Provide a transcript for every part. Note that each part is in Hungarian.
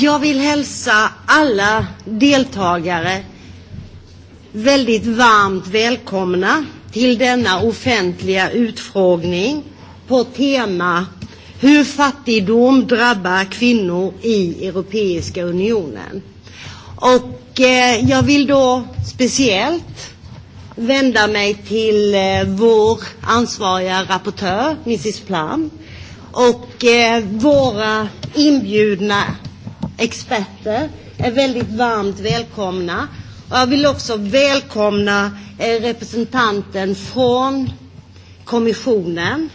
Jag vill hälsa alla deltagare väldigt varmt välkomna till denna offentliga utfrågning på tema Hur fattigdom drabbar kvinnor i Europeiska unionen. Och eh, jag vill då speciellt vända mig till eh, vår ansvariga rapportör, Mrs Plum, och eh, våra inbjudna experter är väldigt varmt välkomna. Och jag vill också välkomna eh, representanten från kommissionen.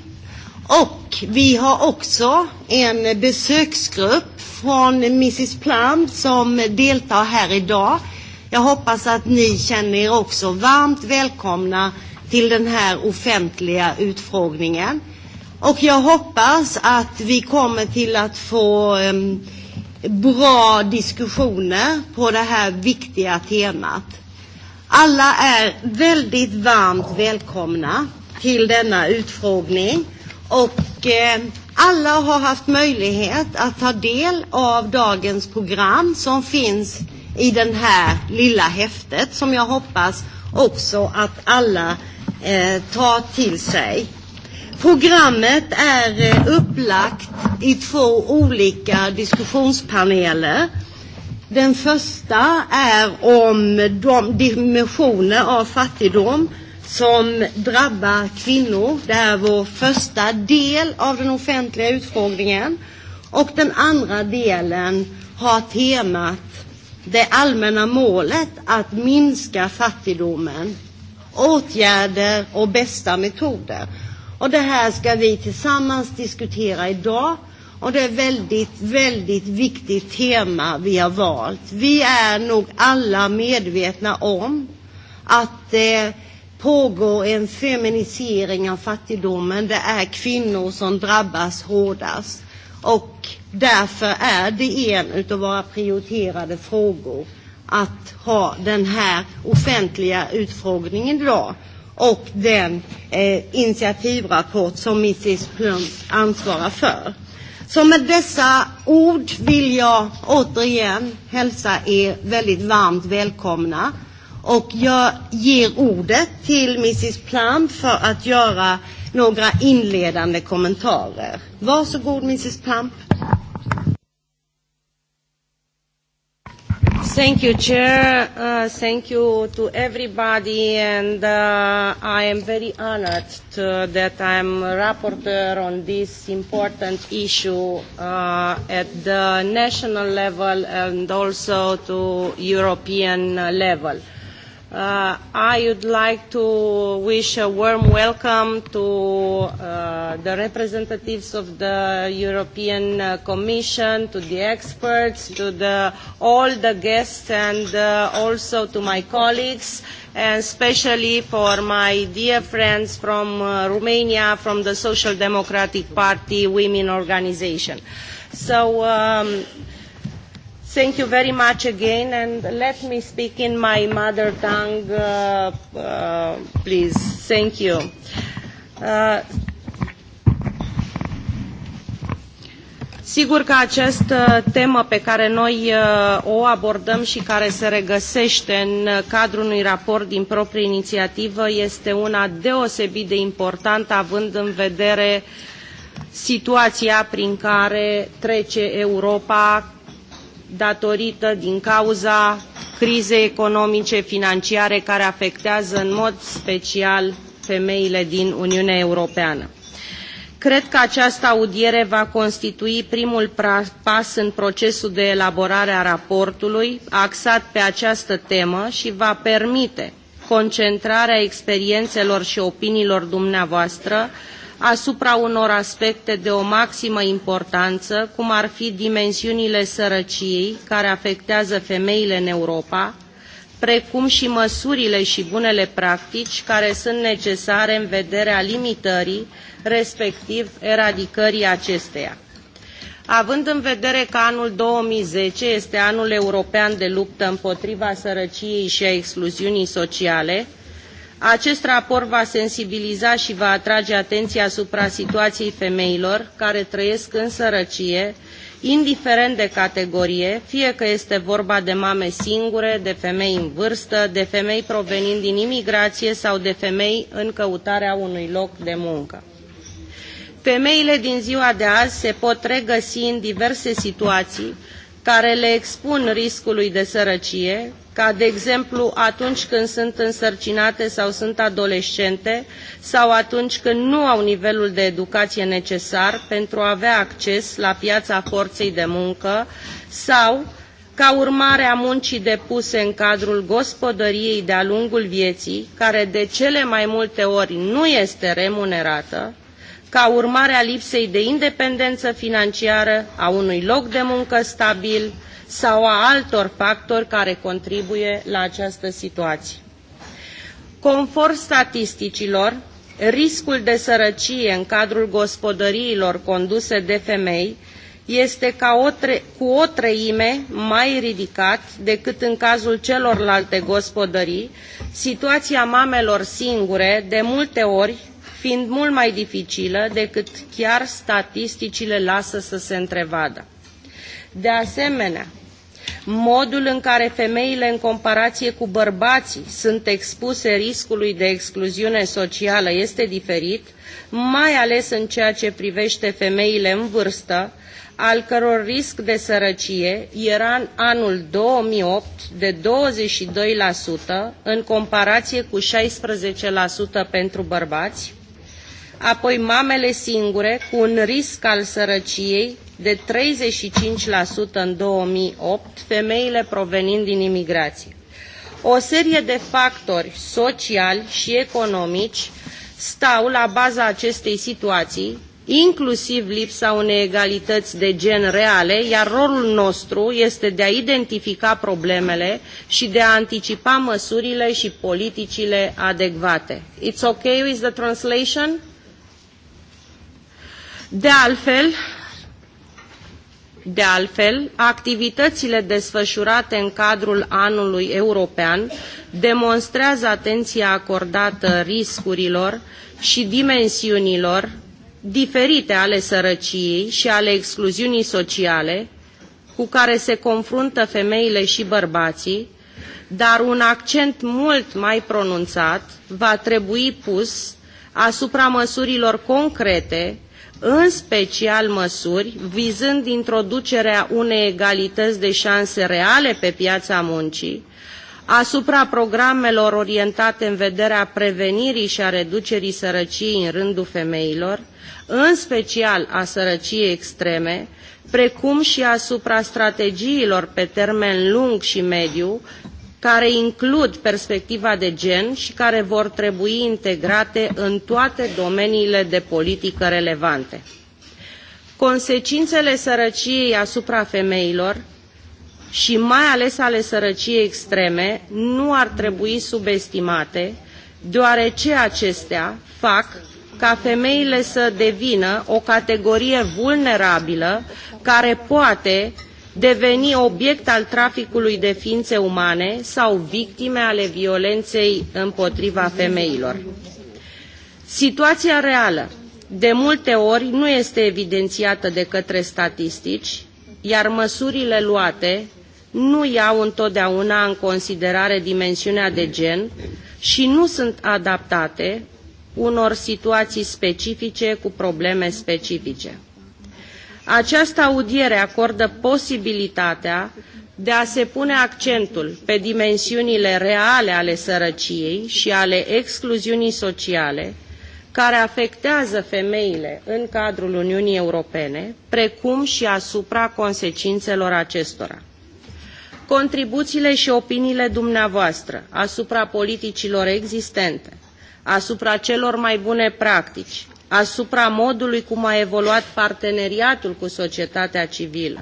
Och vi har också en besöksgrupp från Mrs Plum som deltar här idag. Jag hoppas att ni känner er också varmt välkomna till den här offentliga utfrågningen. Och jag hoppas att vi kommer till att få um, bra diskussioner på det här viktiga temat. Alla är väldigt varmt välkomna till denna utfrågning och eh, alla har haft möjlighet att ta del av dagens program som finns i den här lilla häftet som jag hoppas också att alla eh, tar till sig. Programmet är eh, upplagt i två olika diskussionspaneler. Den första är om de dimensioner av fattigdom som drabbar kvinnor. Det är vår första del av den offentliga utfrågningen. Och den andra delen har temat det allmänna målet att minska fattigdomen, åtgärder och bästa metoder. Och det här ska vi tillsammans diskutera idag. Och det är ett väldigt, väldigt viktigt tema vi har valt. Vi är nog alla medvetna om att det eh, pågår en feminisering av fattigdomen. Det är kvinnor som drabbas hårdast. Och därför är det en av våra prioriterade frågor att ha den här offentliga utfrågningen idag och den eh, initiativrapport som Mrs Plum ansvarar för. Så med dessa ord vill jag återigen hälsa er väldigt varmt välkomna och jag ger ordet till Mrs Plum för att göra några inledande kommentarer. Varsågod Mrs Plump. Thank you, Chair. Uh, thank you to everybody, and uh, I am very honored to, that I'm a rapporteur on this important issue uh, at the national level and also to European level. Uh, Uh, I would like to wish a warm welcome to uh, the representatives of the European uh, Commission, to the experts, to the, all the guests and uh, also to my colleagues and especially for my dear friends from uh, Romania, from the Social Democratic Party Women Organization. So um, Thank you very much again, and let me speak in my mother tongue, uh, uh, please. Thank you. Uh, Sigur că această uh, temă pe care noi uh, o abordăm și care se regăsește în cadrul unui raport din proprie inițiativă este una deosebit de importantă având în vedere situația prin care trece Europa datorită din cauza crizei economice financiare care afectează în mod special femeile din Uniunea Europeană. Cred că această audiere va constitui primul pas în procesul de elaborare a raportului axat pe această temă și va permite concentrarea experiențelor și opiniilor dumneavoastră asupra unor aspecte de o maximă importanță, cum ar fi dimensiunile sărăciei care afectează femeile în Europa, precum și măsurile și bunele practici care sunt necesare în vederea limitării, respectiv eradicării acesteia. Având în vedere că anul 2010 este anul european de luptă împotriva sărăciei și a excluziunii sociale, Acest raport va sensibiliza și va atrage atenția asupra situației femeilor care trăiesc în sărăcie, indiferent de categorie, fie că este vorba de mame singure, de femei în vârstă, de femei provenind din imigrație sau de femei în căutarea unui loc de muncă. Femeile din ziua de azi se pot regăsi în diverse situații, care le expun riscului de sărăcie, ca de exemplu atunci când sunt însărcinate sau sunt adolescente sau atunci când nu au nivelul de educație necesar pentru a avea acces la piața forței de muncă sau ca urmare a muncii depuse în cadrul gospodăriei de-a lungul vieții, care de cele mai multe ori nu este remunerată, ca urmare a lipsei de independență financiară, a unui loc de muncă stabil sau a altor factori care contribuie la această situație. Conform statisticilor, riscul de sărăcie în cadrul gospodăriilor conduse de femei este ca o tre- cu o treime mai ridicat decât în cazul celorlalte gospodării, situația mamelor singure de multe ori fiind mult mai dificilă decât chiar statisticile lasă să se întrevadă. De asemenea, modul în care femeile în comparație cu bărbații sunt expuse riscului de excluziune socială este diferit, mai ales în ceea ce privește femeile în vârstă, al căror risc de sărăcie era în anul 2008 de 22% în comparație cu 16% pentru bărbați, apoi mamele singure cu un risc al sărăciei de 35% în 2008, femeile provenind din imigrație. O serie de factori sociali și economici stau la baza acestei situații, inclusiv lipsa unei egalități de gen reale, iar rolul nostru este de a identifica problemele și de a anticipa măsurile și politicile adecvate. It's okay with the translation? De altfel, de altfel, activitățile desfășurate în cadrul anului european demonstrează atenția acordată riscurilor și dimensiunilor diferite ale sărăciei și ale excluziunii sociale cu care se confruntă femeile și bărbații, dar un accent mult mai pronunțat va trebui pus asupra măsurilor concrete în special măsuri vizând introducerea unei egalități de șanse reale pe piața muncii, asupra programelor orientate în vederea prevenirii și a reducerii sărăciei în rândul femeilor, în special a sărăciei extreme, precum și asupra strategiilor pe termen lung și mediu care includ perspectiva de gen și care vor trebui integrate în toate domeniile de politică relevante. Consecințele sărăciei asupra femeilor și mai ales ale sărăciei extreme nu ar trebui subestimate, deoarece acestea fac ca femeile să devină o categorie vulnerabilă care poate deveni obiect al traficului de ființe umane sau victime ale violenței împotriva femeilor. Situația reală de multe ori nu este evidențiată de către statistici, iar măsurile luate nu iau întotdeauna în considerare dimensiunea de gen și nu sunt adaptate unor situații specifice cu probleme specifice. Această audiere acordă posibilitatea de a se pune accentul pe dimensiunile reale ale sărăciei și ale excluziunii sociale, care afectează femeile în cadrul Uniunii Europene, precum și asupra consecințelor acestora. Contribuțiile și opiniile dumneavoastră asupra politicilor existente, asupra celor mai bune practici, asupra modului cum a evoluat parteneriatul cu societatea civilă,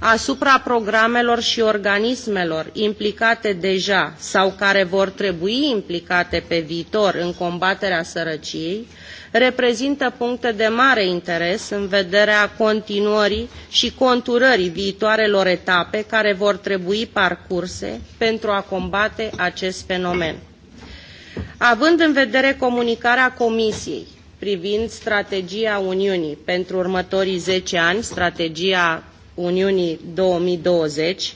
asupra programelor și organismelor implicate deja sau care vor trebui implicate pe viitor în combaterea sărăciei, reprezintă puncte de mare interes în vederea continuării și conturării viitoarelor etape care vor trebui parcurse pentru a combate acest fenomen. Având în vedere comunicarea Comisiei privind strategia Uniunii pentru următorii 10 ani, strategia Uniunii 2020,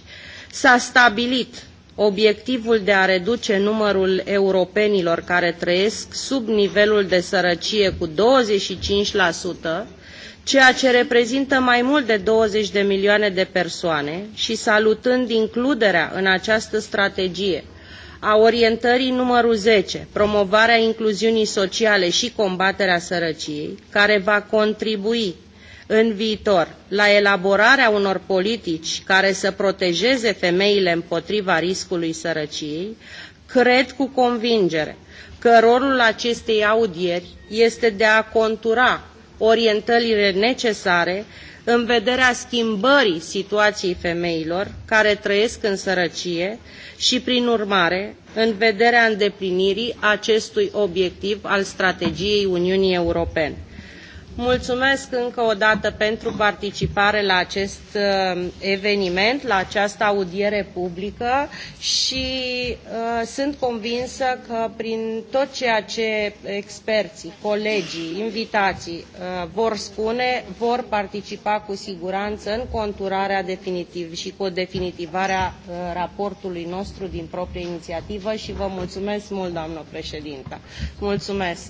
s-a stabilit obiectivul de a reduce numărul europenilor care trăiesc sub nivelul de sărăcie cu 25%, ceea ce reprezintă mai mult de 20 de milioane de persoane și salutând includerea în această strategie a orientării numărul 10, promovarea incluziunii sociale și combaterea sărăciei, care va contribui în viitor la elaborarea unor politici care să protejeze femeile împotriva riscului sărăciei, cred cu convingere că rolul acestei audieri este de a contura orientările necesare în vederea schimbării situației femeilor care trăiesc în sărăcie și, prin urmare, în vederea îndeplinirii acestui obiectiv al strategiei Uniunii Europene. Mulțumesc încă o dată pentru participare la acest uh, eveniment, la această audiere publică și uh, sunt convinsă că prin tot ceea ce experții, colegii, invitații uh, vor spune, vor participa cu siguranță în conturarea definitiv și cu definitivarea raportului nostru din proprie inițiativă și vă mulțumesc mult, doamnă președintă. Mulțumesc!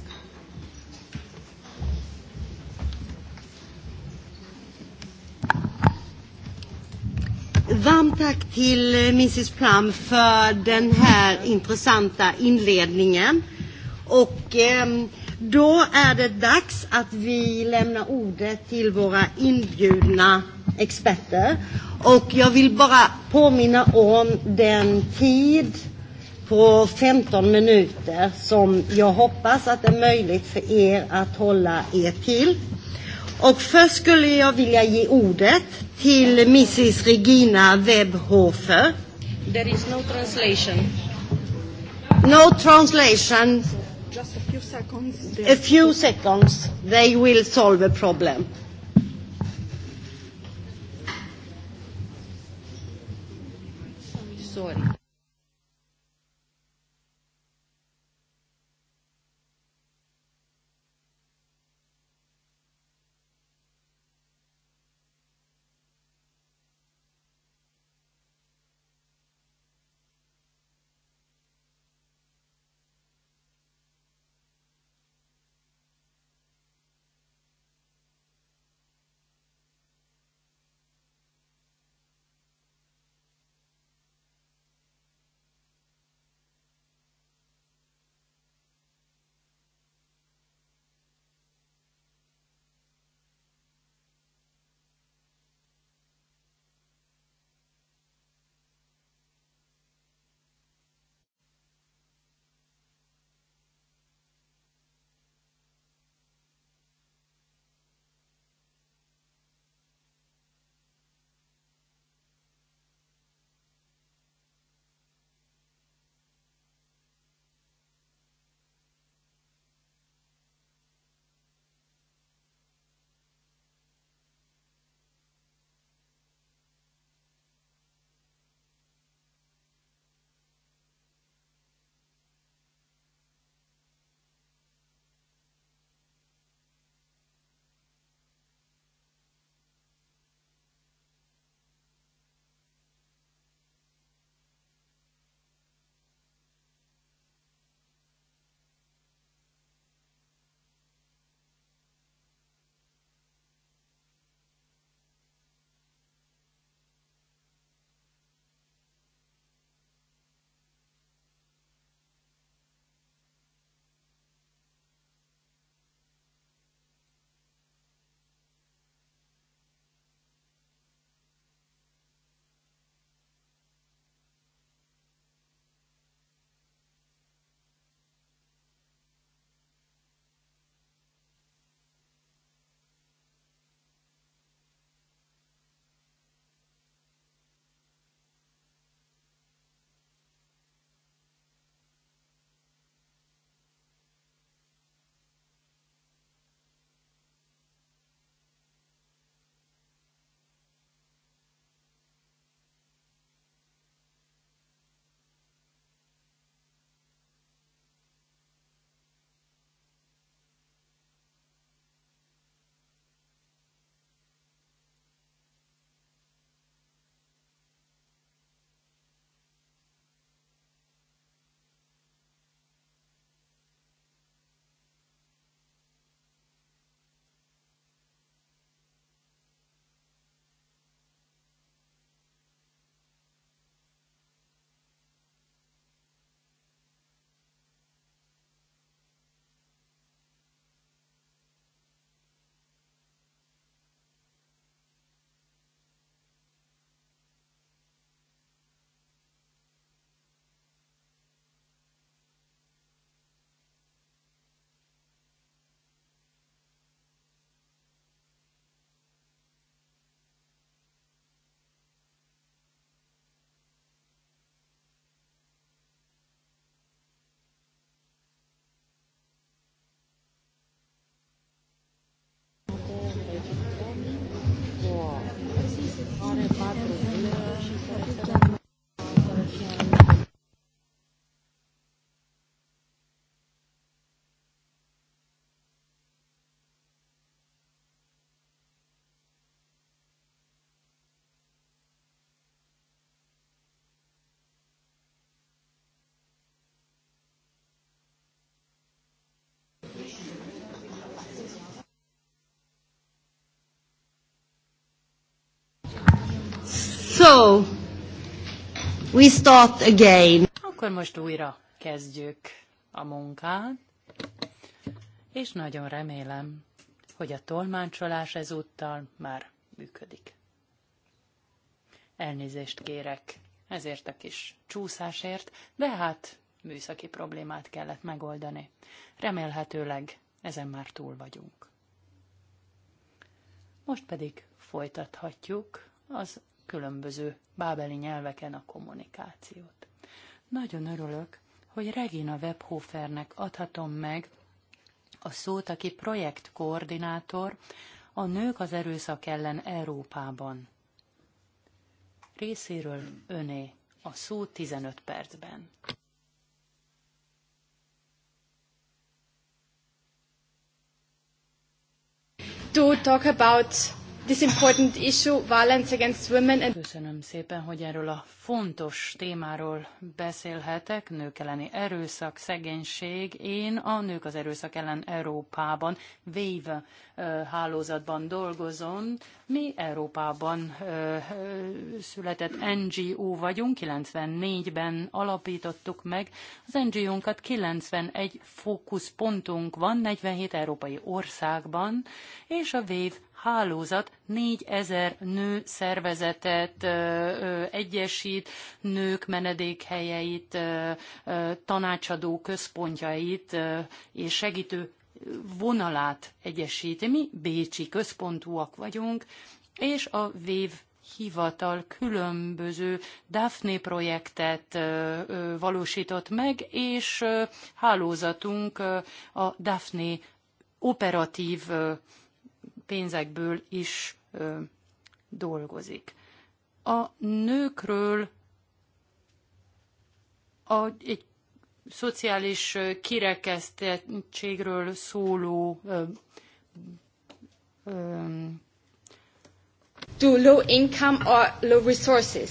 Varmt tack till eh, Mrs Plum för den här intressanta inledningen. Och ehm, då är det dags att vi lämnar ordet till våra inbjudna experter. Och jag vill bara påminna om den tid på 15 minuter som jag hoppas att det är möjligt för er att hålla er till. Och först skulle jag vilja ge ordet till Mrs Regina Webhofer. There is no translation. No translation. Just a few seconds. A few seconds. They will solve a problem. we start again. Akkor most újra kezdjük a munkát, és nagyon remélem, hogy a tolmácsolás ezúttal már működik. Elnézést kérek ezért a kis csúszásért, de hát műszaki problémát kellett megoldani. Remélhetőleg ezen már túl vagyunk. Most pedig folytathatjuk az különböző bábeli nyelveken a kommunikációt. Nagyon örülök, hogy Regina Webhofernek adhatom meg a szót, aki projektkoordinátor a Nők az erőszak ellen Európában. Részéről öné a szó 15 percben. to talk about this important issue, violence against women and... Köszönöm szépen, hogy erről a fontos témáról beszélhetek, nők elleni erőszak, szegénység. Én a Nők az Erőszak ellen Európában, Wave hálózatban dolgozom. Mi Európában született NGO vagyunk, 94-ben alapítottuk meg. Az NGO-nkat 91 fókuszpontunk van, 47 európai országban, és a Wave hálózat 4000 nő szervezetet egyesít, nők menedékhelyeit, tanácsadó központjait és segítő vonalát egyesíti. Mi bécsi központúak vagyunk, és a VÉV hivatal különböző Daphne projektet valósított meg, és hálózatunk a Daphne operatív pénzekből is dolgozik. A nőkről a, egy szociális kirekesztettségről szóló ö, ö, to low income or low resources.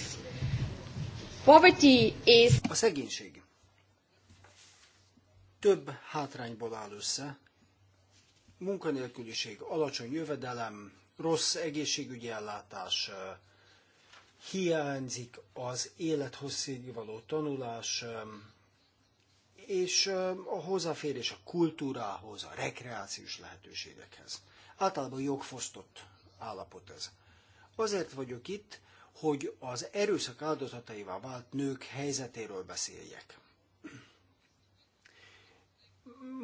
Poverty is... A szegénység több hátrányból áll össze, munkanélküliség, alacsony jövedelem, rossz egészségügyi ellátás, hiányzik az élethosszig való tanulás, és a hozzáférés a kultúrához, a rekreációs lehetőségekhez. Általában jogfosztott állapot ez. Azért vagyok itt, hogy az erőszak áldozataival vált nők helyzetéről beszéljek.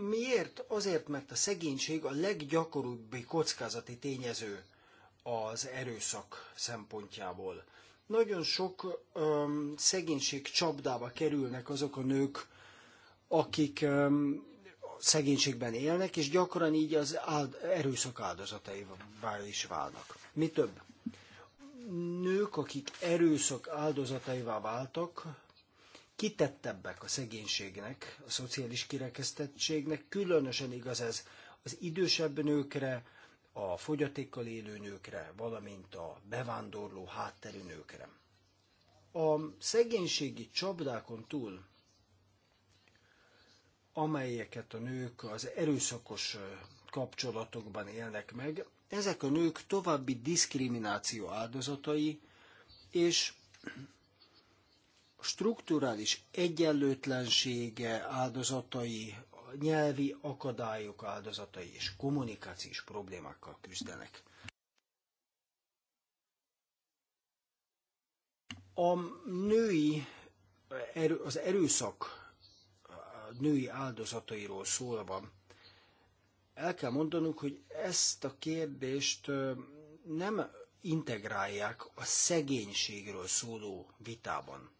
Miért? Azért, mert a szegénység a leggyakoribb kockázati tényező az erőszak szempontjából. Nagyon sok öm, szegénység csapdába kerülnek azok a nők, akik öm, szegénységben élnek, és gyakran így az áld, erőszak áldozataivá is válnak. Mi több? Nők, akik erőszak áldozataivá váltak, kitettebbek a szegénységnek, a szociális kirekesztettségnek, különösen igaz ez az idősebb nőkre, a fogyatékkal élő nőkre, valamint a bevándorló hátterű nőkre. A szegénységi csapdákon túl, amelyeket a nők az erőszakos kapcsolatokban élnek meg, ezek a nők további diszkrimináció áldozatai, és strukturális egyenlőtlensége, áldozatai, nyelvi akadályok áldozatai és kommunikációs problémákkal küzdenek. A női, az erőszak női áldozatairól szólva, el kell mondanunk, hogy ezt a kérdést nem integrálják a szegénységről szóló vitában.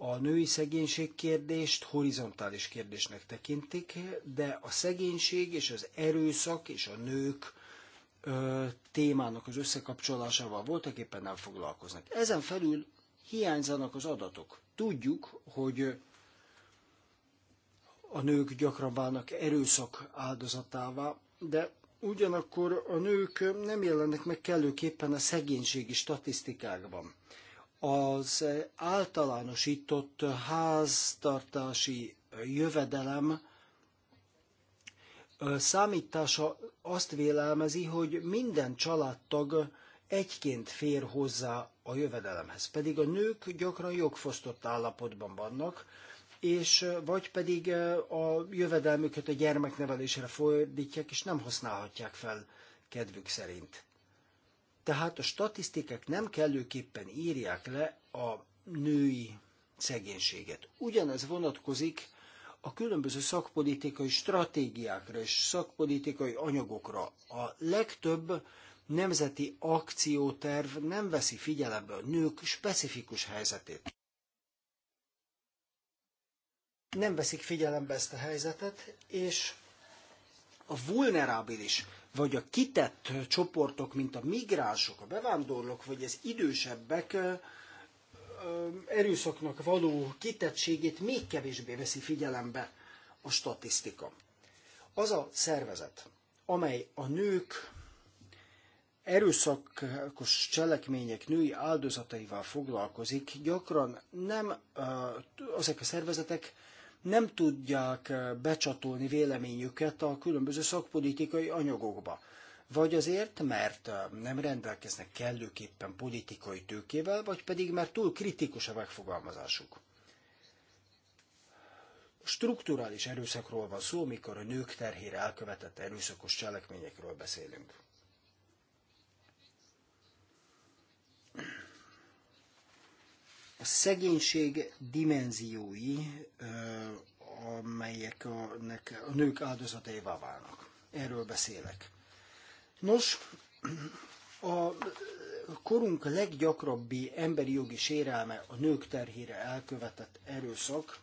A női szegénység kérdést horizontális kérdésnek tekintik, de a szegénység és az erőszak és a nők ö, témának az összekapcsolásával voltak éppen nem foglalkoznak. Ezen felül hiányzanak az adatok. Tudjuk, hogy a nők gyakran válnak erőszak áldozatává, de ugyanakkor a nők nem jelennek meg kellőképpen a szegénységi statisztikákban az általánosított háztartási jövedelem számítása azt vélelmezi, hogy minden családtag egyként fér hozzá a jövedelemhez, pedig a nők gyakran jogfosztott állapotban vannak, és vagy pedig a jövedelmüket a gyermeknevelésre fordítják, és nem használhatják fel kedvük szerint. Tehát a statisztikák nem kellőképpen írják le a női szegénységet. Ugyanez vonatkozik a különböző szakpolitikai stratégiákra és szakpolitikai anyagokra. A legtöbb nemzeti akcióterv nem veszi figyelembe a nők specifikus helyzetét. Nem veszik figyelembe ezt a helyzetet, és a vulnerábilis vagy a kitett csoportok, mint a migránsok, a bevándorlók, vagy az idősebbek erőszaknak való kitettségét még kevésbé veszi figyelembe a statisztika. Az a szervezet, amely a nők erőszakos cselekmények női áldozataival foglalkozik, gyakran nem, ezek a szervezetek nem tudják eh, becsatolni véleményüket a különböző szakpolitikai anyagokba. Vagy azért, mert eh, nem rendelkeznek kellőképpen politikai tőkével, vagy pedig mert túl kritikus a megfogalmazásuk strukturális erőszakról van szó, mikor a nők terhére elkövetett erőszakos cselekményekről beszélünk. A szegénység dimenziói, amelyeknek a nők áldozataivá válnak. Erről beszélek. Nos, a korunk leggyakrabbi emberi jogi sérelme a nők terhére elkövetett erőszak.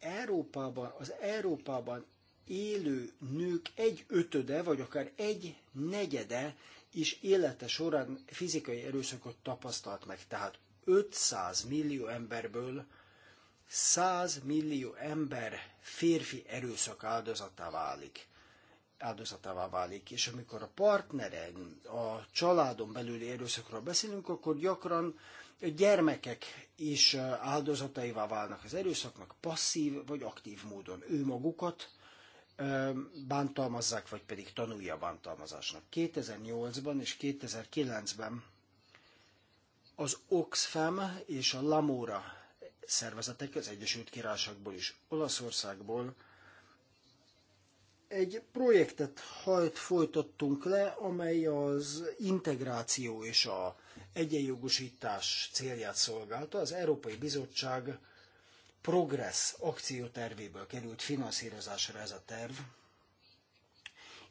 Európában, az Európában élő nők egy ötöde, vagy akár egy negyede is élete során fizikai erőszakot tapasztalt meg. Tehát 500 millió emberből 100 millió ember férfi erőszak áldozatá válik áldozatává válik. És amikor a partneren, a családon belüli erőszakról beszélünk, akkor gyakran gyermekek is áldozataivá válnak az erőszaknak, passzív vagy aktív módon. Ő magukat bántalmazzák, vagy pedig tanulja a bántalmazásnak. 2008-ban és 2009-ben az Oxfam és a Lamora szervezetek az Egyesült Királyságból és Olaszországból egy projektet hajt folytattunk le, amely az integráció és a egyenjogosítás célját szolgálta. Az Európai Bizottság Progress akciótervéből került finanszírozásra ez a terv,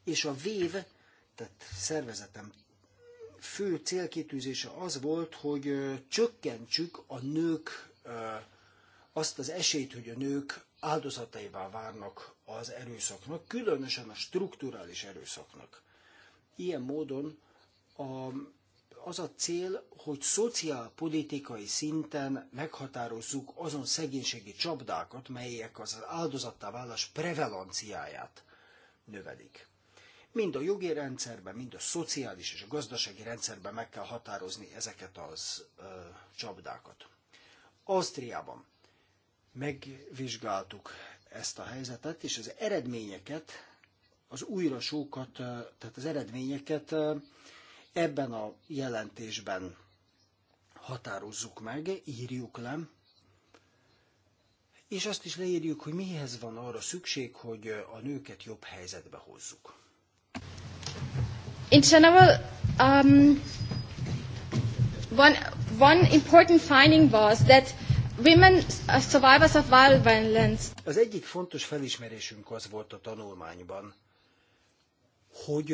és a VÉV, tehát szervezetem fő célkitűzése az volt, hogy csökkentsük a nők azt az esélyt, hogy a nők áldozataivá várnak az erőszaknak, különösen a strukturális erőszaknak. Ilyen módon a az a cél, hogy szociálpolitikai szinten meghatározzuk azon szegénységi csapdákat, melyek az áldozattá válás prevalenciáját növelik. Mind a jogi rendszerben, mind a szociális és a gazdasági rendszerben meg kell határozni ezeket az ö, csapdákat. Ausztriában megvizsgáltuk ezt a helyzetet, és az eredményeket, az újra tehát az eredményeket ebben a jelentésben határozzuk meg, írjuk le, és azt is leírjuk, hogy mihez van arra szükség, hogy a nőket jobb helyzetbe hozzuk. In general, um, one, one important finding was that women uh, survivors of violence. Az egyik fontos felismerésünk az volt a tanulmányban, hogy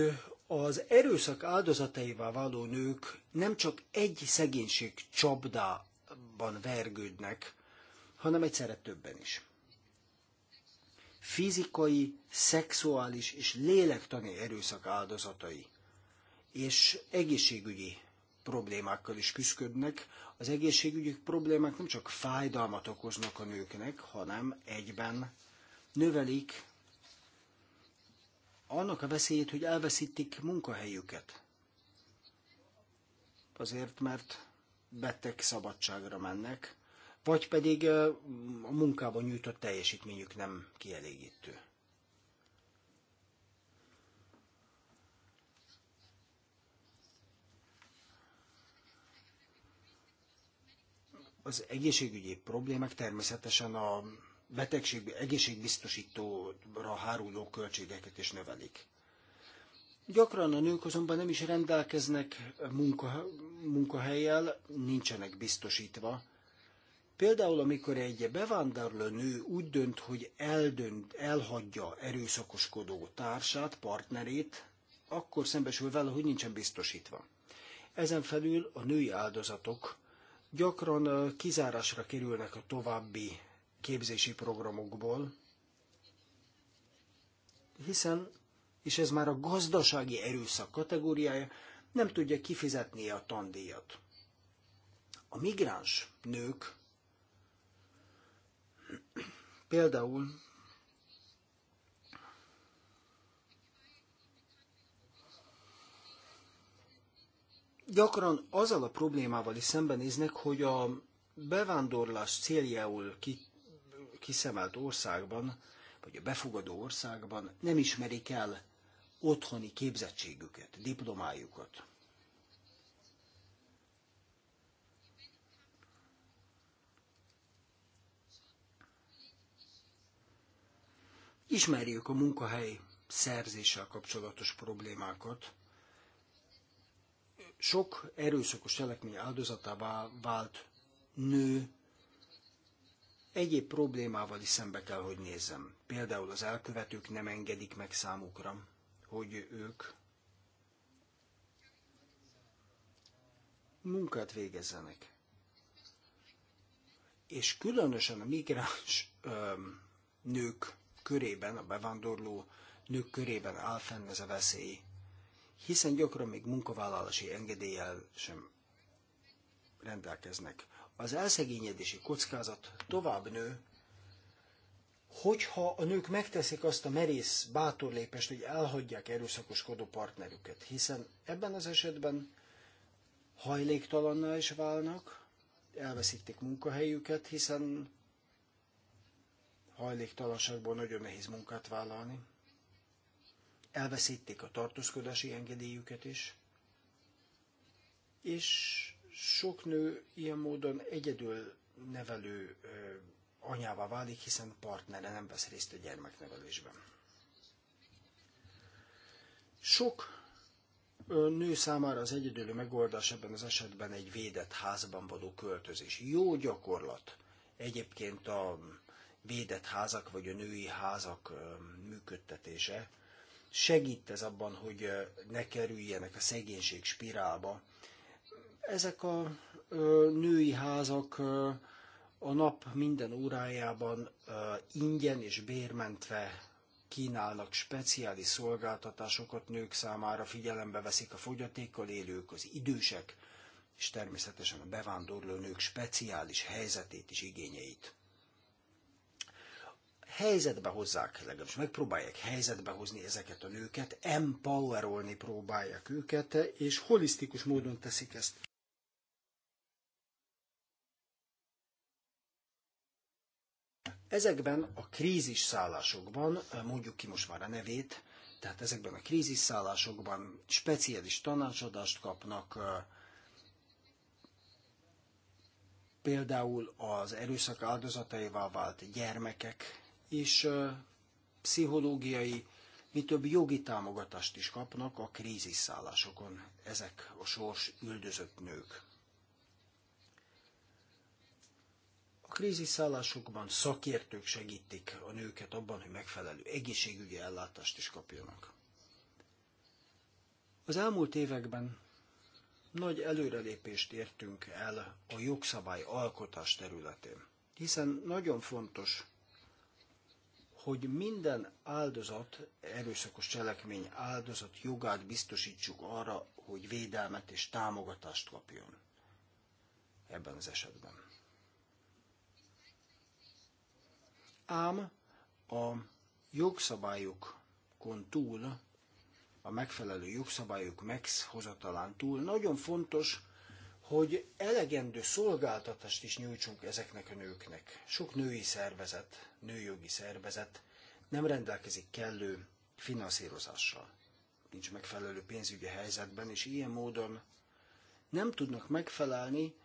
az erőszak áldozataivá váló nők nem csak egy szegénység csapdában vergődnek, hanem egyszerre többen is. Fizikai, szexuális és lélektani erőszak áldozatai, és egészségügyi problémákkal is küzdködnek. Az egészségügyi problémák nem csak fájdalmat okoznak a nőknek, hanem egyben növelik annak a veszélyét, hogy elveszítik munkahelyüket. Azért, mert beteg szabadságra mennek, vagy pedig a munkában nyújtott teljesítményük nem kielégítő. Az egészségügyi problémák természetesen a betegség, egészségbiztosítóra háruló költségeket is növelik. Gyakran a nők azonban nem is rendelkeznek munka, munkahelyel, nincsenek biztosítva. Például, amikor egy bevándorló nő úgy dönt, hogy eldönt, elhagyja erőszakoskodó társát, partnerét, akkor szembesül vele, hogy nincsen biztosítva. Ezen felül a női áldozatok gyakran kizárásra kerülnek a további képzési programokból, hiszen, és ez már a gazdasági erőszak kategóriája, nem tudja kifizetni a tandíjat. A migráns nők például gyakran azzal a problémával is szembenéznek, hogy a bevándorlás céljául ki kiszemelt országban, vagy a befogadó országban nem ismerik el otthoni képzettségüket, diplomájukat. Ismerjük a munkahely szerzéssel kapcsolatos problémákat. Sok erőszakos cselekmény áldozatává vált nő egyéb problémával is szembe kell, hogy nézzem. Például az elkövetők nem engedik meg számukra, hogy ők munkát végezzenek. És különösen a migráns ö, nők körében, a bevándorló nők körében áll fenn ez a veszély, hiszen gyakran még munkavállalási engedéllyel sem rendelkeznek az elszegényedési kockázat tovább nő, hogyha a nők megteszik azt a merész, bátor lépést, hogy elhagyják erőszakoskodó partnerüket, hiszen ebben az esetben hajléktalanná is válnak, elveszítik munkahelyüket, hiszen hajléktalanságból nagyon nehéz munkát vállalni. Elveszítik a tartózkodási engedélyüket is, és sok nő ilyen módon egyedül nevelő anyává válik, hiszen partnere nem vesz részt a gyermeknevelésben. Sok nő számára az egyedüli megoldás ebben az esetben egy védett házban való költözés. Jó gyakorlat. Egyébként a védett házak vagy a női házak működtetése segít ez abban, hogy ne kerüljenek a szegénység spirálba, ezek a női házak a nap minden órájában ingyen és bérmentve kínálnak speciális szolgáltatásokat nők számára, figyelembe veszik a fogyatékkal élők, az idősek, és természetesen a bevándorló nők speciális helyzetét és igényeit. Helyzetbe hozzák, legalábbis megpróbálják helyzetbe hozni ezeket a nőket, empowerolni próbálják őket, és holisztikus módon teszik ezt. Ezekben a krízis szállásokban, mondjuk ki most már a nevét, tehát ezekben a krízis szállásokban speciális tanácsadást kapnak, például az erőszak áldozataival vált gyermekek, és pszichológiai, mi több jogi támogatást is kapnak a szállásokon ezek a sors üldözött nők. krízisállásokban szakértők segítik a nőket abban, hogy megfelelő egészségügyi ellátást is kapjanak. Az elmúlt években nagy előrelépést értünk el a jogszabály alkotás területén, hiszen nagyon fontos, hogy minden áldozat, erőszakos cselekmény áldozat jogát biztosítsuk arra, hogy védelmet és támogatást kapjon ebben az esetben. ám a jogszabályokon túl, a megfelelő jogszabályok meghozatalán túl nagyon fontos, hogy elegendő szolgáltatást is nyújtsunk ezeknek a nőknek. Sok női szervezet, nőjogi szervezet nem rendelkezik kellő finanszírozással. Nincs megfelelő pénzügyi helyzetben, és ilyen módon nem tudnak megfelelni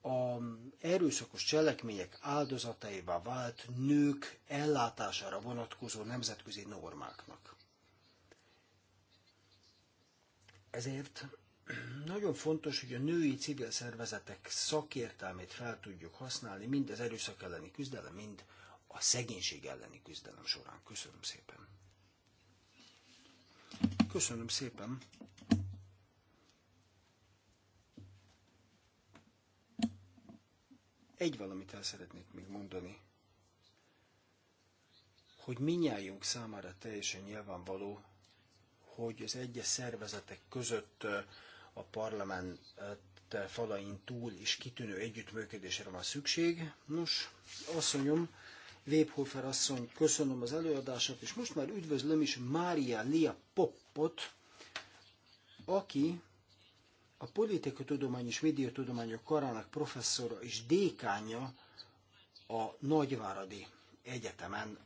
a erőszakos cselekmények áldozataiba vált nők ellátására vonatkozó nemzetközi normáknak. Ezért nagyon fontos, hogy a női civil szervezetek szakértelmét fel tudjuk használni mind az erőszak elleni küzdelem, mind a szegénység elleni küzdelem során. Köszönöm szépen. Köszönöm szépen. Egy valamit el szeretnék még mondani, hogy minnyájunk számára teljesen nyilvánvaló, hogy az egyes szervezetek között a parlament falain túl is kitűnő együttműködésre van szükség. Nos, asszonyom, Webhofer asszony, köszönöm az előadását, és most már üdvözlöm is Mária Lia Poppot, aki a tudomány és médiatudományok karának professzora és dékánya a Nagyváradi Egyetemen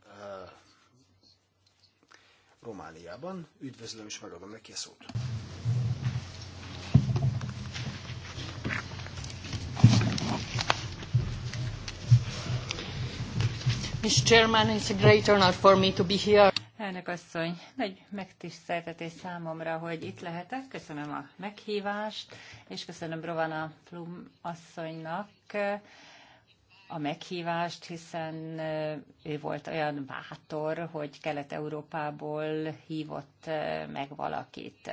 Romániában. Üdvözlöm és megadom neki a szót. Mr. Chairman, it's a great honor for me to be here. Elnök asszony, nagy megtiszteltetés számomra, hogy itt lehetek. Köszönöm a meghívást, és köszönöm Rovana Plum asszonynak a meghívást, hiszen ő volt olyan bátor, hogy Kelet-Európából hívott meg valakit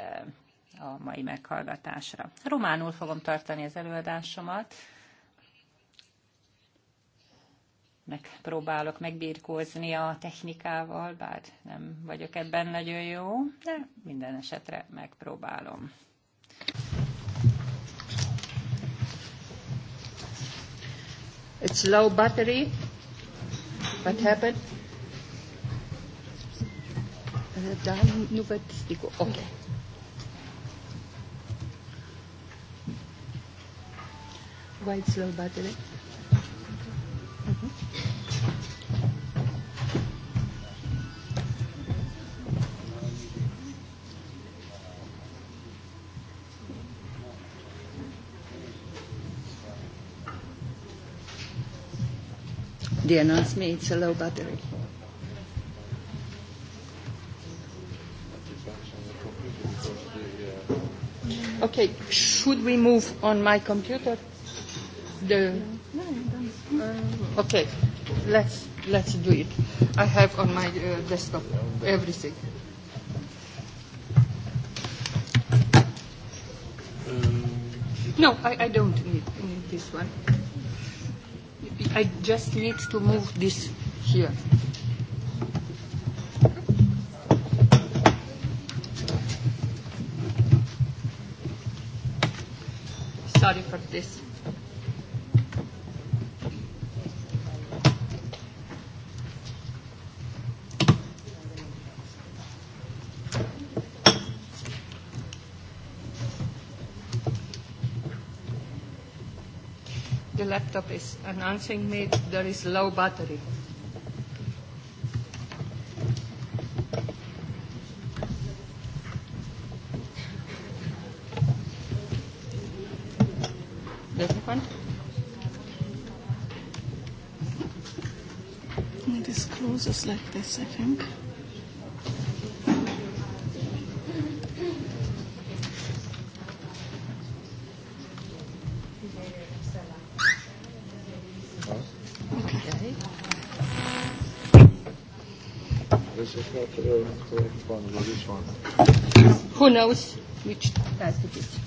a mai meghallgatásra. Románul fogom tartani az előadásomat. megpróbálok megbírkózni a technikával, bár nem vagyok ebben nagyon jó, de minden esetre megpróbálom. It's low battery. What happened? Dan nu văd sticul. Ok. Why it's low battery? Mm-hmm. Indian asked me, it's a low battery. Okay, should we move on my computer? The okay, let's let's do it. I have on my uh, desktop everything. Um, no, I, I don't need, need this one. I just need to move this here. Sorry for this. laptop is announcing me there is low battery. Doesn't want? This closes like this, I think. Who knows which task it is?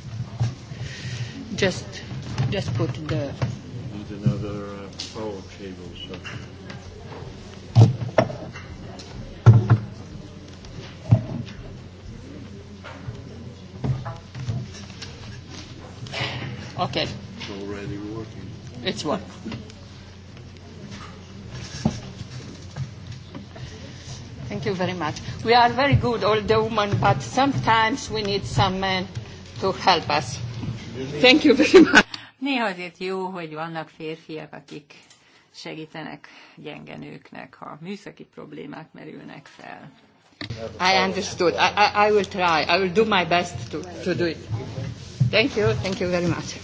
Just, just put the. Need another uh, power cable. So. Okay. It's already working. It's working. you very much. We are very good, all the women, but sometimes we need some men to help us. Thank you very much. Néha azért jó, hogy vannak férfiak, akik segítenek gyenge nőknek, ha műszaki problémák merülnek fel. I understood. I, I, I will try. I will do my best to, to do it. Thank you. Thank you very much.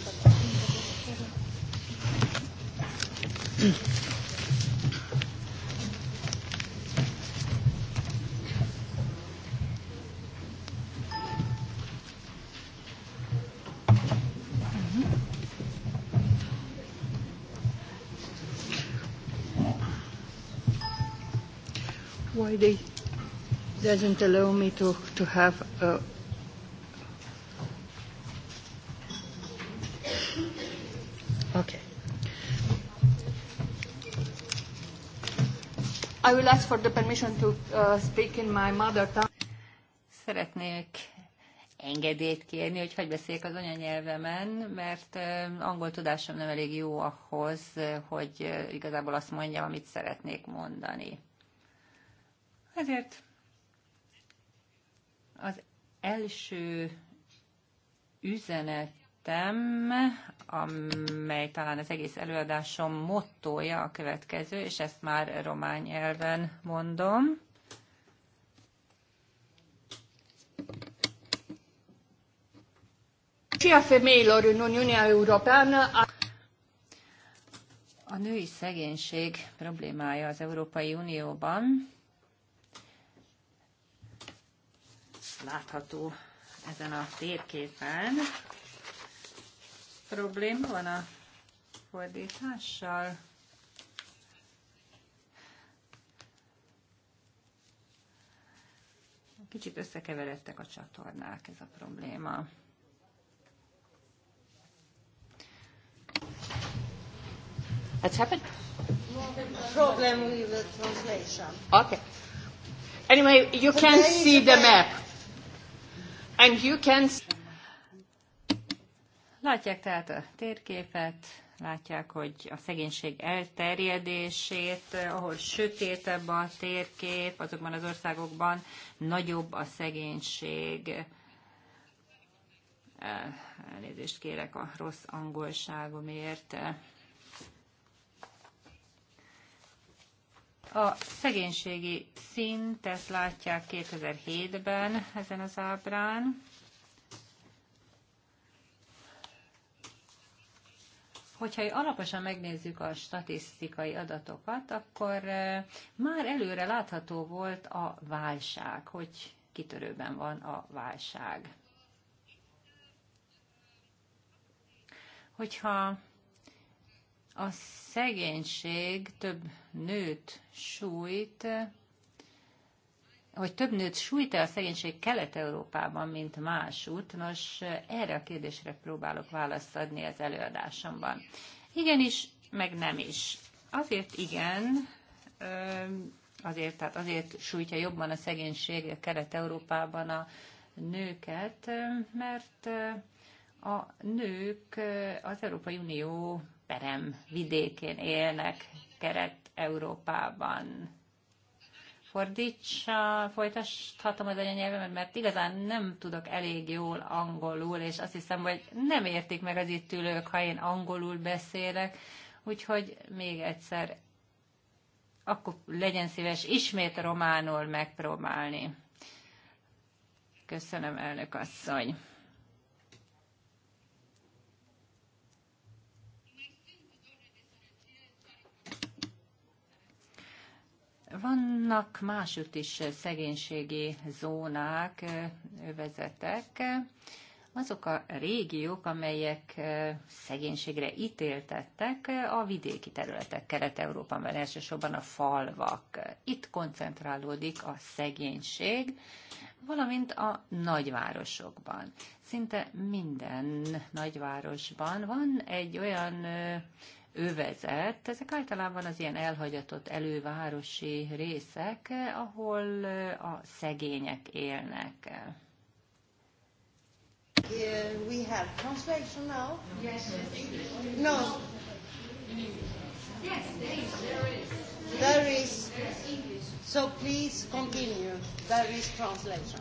doesn't allow me to, to have a Okay. I will ask for the permission to uh, speak in my mother tongue. Szeretnék engedélyt kérni, hogy hagyj beszéljek az anyanyelvemen, mert angol tudásom nem elég jó ahhoz, hogy igazából azt mondjam, amit szeretnék mondani. Ezért az első üzenetem, amely talán az egész előadásom mottója a következő, és ezt már romány nyelven mondom. Sia femeilor în Uniunea a női szegénység problémája az Európai Unióban látható ezen a térképen. Probléma van a fordítással? Kicsit összekeveredtek a csatornák, ez a probléma. What's happened? Problem with the translation. Okay. Anyway, you can see the map. And you can... Látják tehát a térképet, látják, hogy a szegénység elterjedését, eh, ahol sötétebb a térkép, azokban az országokban nagyobb a szegénység. Eh, elnézést kérek a rossz angolságomért. A szegénységi szintet látják 2007-ben ezen az ábrán. hogyha alaposan megnézzük a statisztikai adatokat, akkor eh, már előre látható volt a válság, hogy kitörőben van a válság. Hogyha a szegénység több nőt sújt, hogy több nőt sújt-e a szegénység Kelet-Európában, mint másút? Nos, erre a kérdésre próbálok választ adni az előadásomban. Igenis, meg nem is. Azért igen, azért, tehát azért sújtja jobban a szegénység Kelet-Európában a nőket, mert a nők az Európai Unió perem vidékén élnek keret európában Fordítsa, folytathatom az anyanyelvemet, mert igazán nem tudok elég jól angolul, és azt hiszem, hogy nem értik meg az itt ülők, ha én angolul beszélek, úgyhogy még egyszer akkor legyen szíves ismét románul megpróbálni. Köszönöm, elnök asszony. Vannak másutt is szegénységi zónák, övezetek, azok a régiók, amelyek szegénységre ítéltettek, a vidéki területek Kelet-Európában, elsősorban a falvak. Itt koncentrálódik a szegénység, valamint a nagyvárosokban. Szinte minden nagyvárosban van egy olyan övezet, ezek általában az ilyen elhagyatott elővárosi részek, ahol eh, a szegények élnek. We have translation now? Yes, No. Yes, there is. There is. So please continue. There is translation.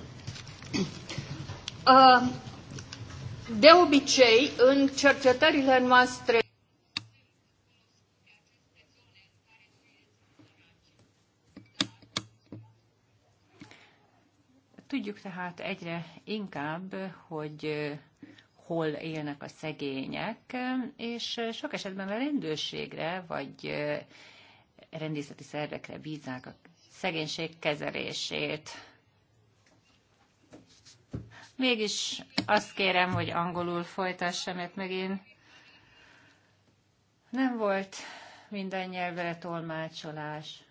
Uh, obicei, în cercetările noastre Tudjuk tehát egyre inkább, hogy hol élnek a szegények, és sok esetben a rendőrségre vagy rendészeti szervekre bízák a szegénység kezelését. Mégis azt kérem, hogy angolul folytassam, mert megint nem volt minden nyelvre tolmácsolás.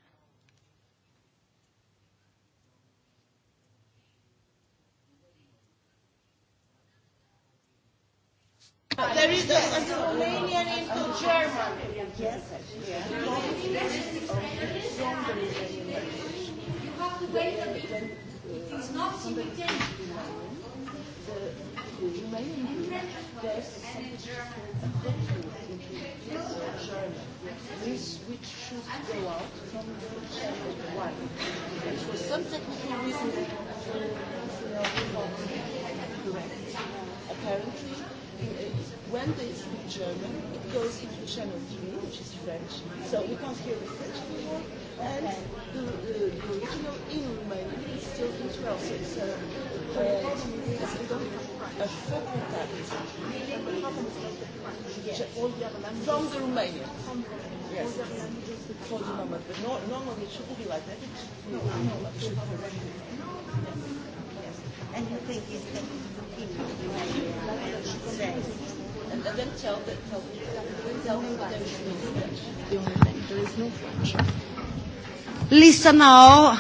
there is a, a Romanian into German. Yes, yeah. You have to wait a bit. It's not simultaneous. The Romanian and in German. This which should go out from the channel one. Which was some technical reason. Apparently, in, uh, when they speak German, it goes into channel three, which is French, so we can't hear the French anymore, and the, the, the original in Romanian is still in 12, so it's a, uh, uh, it's a, a full contact from the Romanian. Yes, for the moment, but no, normally it shouldn't be like that. It no, no, it should be. And you think it's Listen now,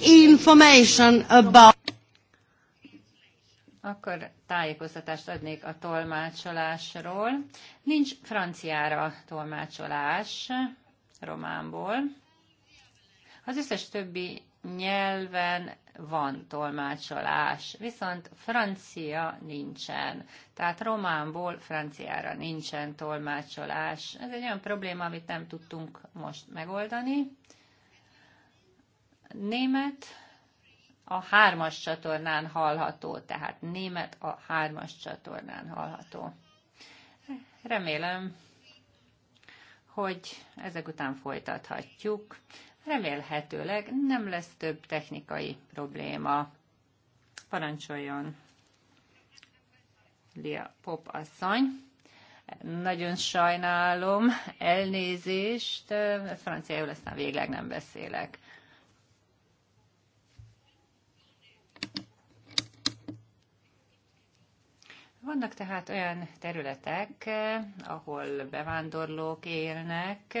information about akkor tájékoztatást adnék a tolmácsolásról. Nincs franciára tolmácsolás románból. Az összes többi nyelven van tolmácsolás, viszont francia nincsen. Tehát románból franciára nincsen tolmácsolás. Ez egy olyan probléma, amit nem tudtunk most megoldani. Német a hármas csatornán hallható, tehát német a hármas csatornán hallható. Remélem, hogy ezek után folytathatjuk. Remélhetőleg nem lesz több technikai probléma. Parancsoljon, Lia Pop asszony. Nagyon sajnálom, elnézést, franciául aztán végleg nem beszélek. Vannak tehát olyan területek, ahol bevándorlók élnek,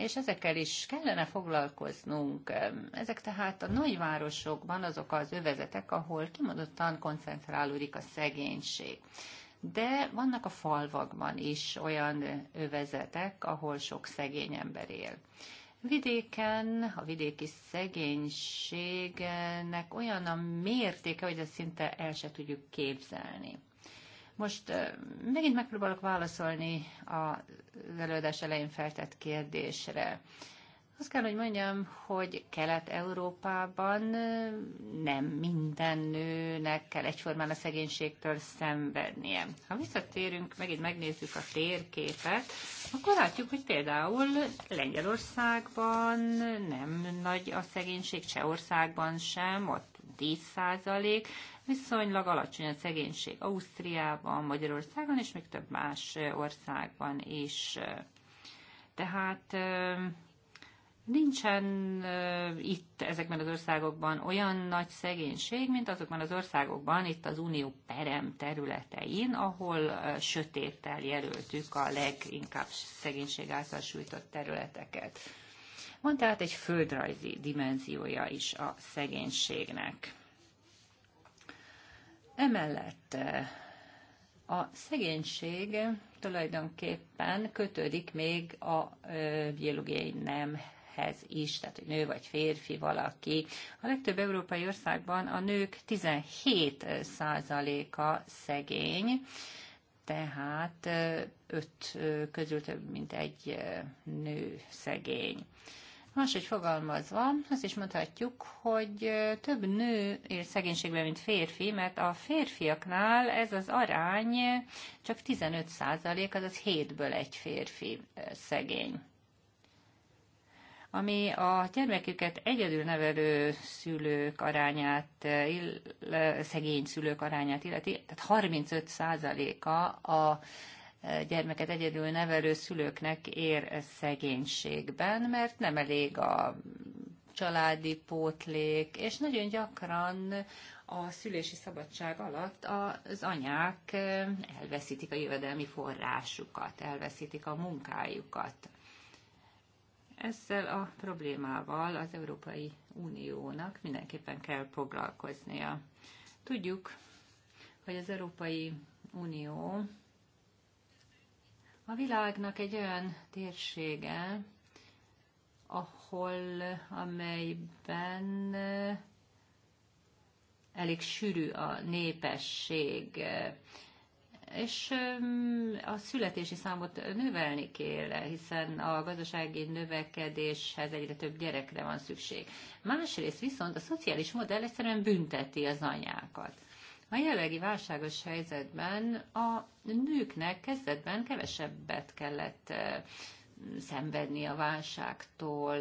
és ezekkel is kellene foglalkoznunk. Ezek tehát a nagyvárosokban azok az övezetek, ahol kimondottan koncentrálódik a szegénység. De vannak a falvakban is olyan övezetek, ahol sok szegény ember él. Vidéken, a vidéki szegénységnek olyan a mértéke, hogy ezt szinte el se tudjuk képzelni. Most megint megpróbálok válaszolni az előadás elején feltett kérdésre. Azt kell, hogy mondjam, hogy Kelet-Európában nem minden nőnek kell egyformán a szegénységtől szenvednie. Ha visszatérünk, megint megnézzük a térképet, akkor látjuk, hogy például Lengyelországban nem nagy a szegénység, Csehországban sem, ott 10%, viszonylag alacsony a szegénység Ausztriában, Magyarországon és még több más országban is. Tehát nincsen itt ezekben az országokban olyan nagy szegénység, mint azokban az országokban, itt az Unió perem területein, ahol sötéttel jelöltük a leginkább szegénység által sújtott területeket. Van tehát egy földrajzi dimenziója is a szegénységnek. Emellett eh, a szegénység tulajdonképpen kötődik még a eh, biológiai nemhez is, tehát hogy nő vagy férfi valaki. A legtöbb európai országban a nők 17%-a eh, szegény, tehát öt közül több mint egy nő szegény. Máshogy fogalmazva, azt is mondhatjuk, hogy több nő él szegénységben, mint férfi, mert a férfiaknál ez az arány csak 15 százalék, azaz 7-ből egy férfi szegény. Ami a gyermeküket egyedül nevelő szülők arányát, ill, szegény szülők arányát illeti, tehát 35 százaléka a gyermeket egyedül nevelő szülőknek ér szegénységben, mert nem elég a családi pótlék, és nagyon gyakran a szülési szabadság alatt az anyák elveszítik a jövedelmi forrásukat, elveszítik a munkájukat. Ezzel a problémával az Európai Uniónak mindenképpen kell foglalkoznia. Tudjuk, hogy az Európai Unió a világnak egy olyan térsége, ahol, amelyben eh, elég sűrű a népesség, eh, és a születési számot növelni kell, hiszen a gazdasági növekedéshez egyre több gyerekre van szükség. Másrészt viszont a szociális modell egyszerűen bünteti az anyákat. A jelenlegi válságos helyzetben a nőknek kezdetben kevesebbet kellett szenvedni a válságtól,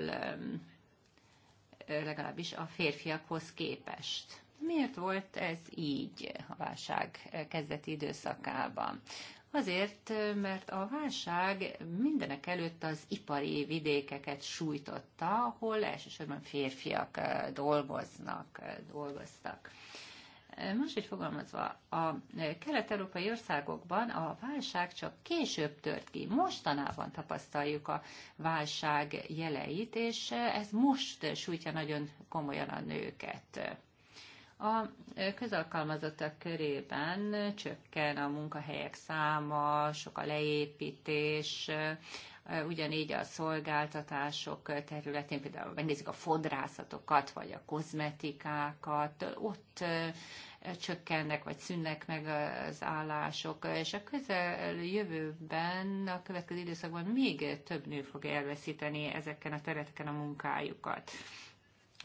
legalábbis a férfiakhoz képest. Miért volt ez így a válság kezdeti időszakában? Azért, mert a válság mindenek előtt az ipari vidékeket sújtotta, ahol elsősorban férfiak dolgoznak, dolgoztak. Máshogy fogalmazva, a kelet-európai országokban a válság csak később tört ki. Mostanában tapasztaljuk a válság jeleit, és ez most sújtja nagyon komolyan a nőket. A közalkalmazottak körében csökken a munkahelyek száma, sok a leépítés, ugyanígy a szolgáltatások területén, például megnézzük a fodrászatokat, vagy a kozmetikákat, ott csökkennek, vagy szűnnek meg az állások, és a közel jövőben, a következő időszakban még több nő fog elveszíteni ezeken a területeken a munkájukat.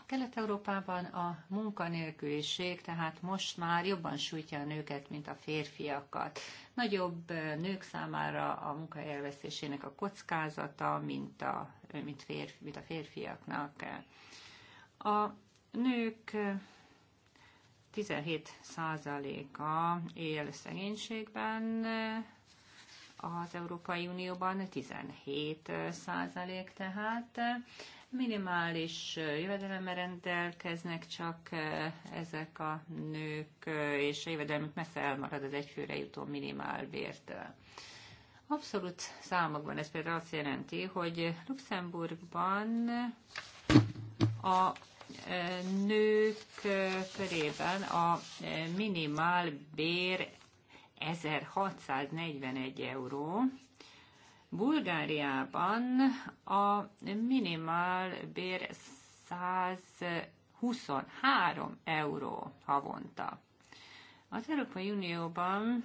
Kelet-Európában a munkanélküliség tehát most már jobban sújtja a nőket, mint a férfiakat. Nagyobb nők számára a munkahelyvesztésének a kockázata, mint a, mint, férfi, mint a férfiaknak. A nők 17%-a él szegénységben, az Európai Unióban 17 százalék tehát minimális jövedelemre rendelkeznek csak ezek a nők, és a jövedelmük messze elmarad az egyfőre jutó minimálbértől. Abszolút számokban ez például azt jelenti, hogy Luxemburgban a nők körében a minimál bér 1641 euró, Bulgáriában a minimál bér 123 euró havonta. Az Európai Unióban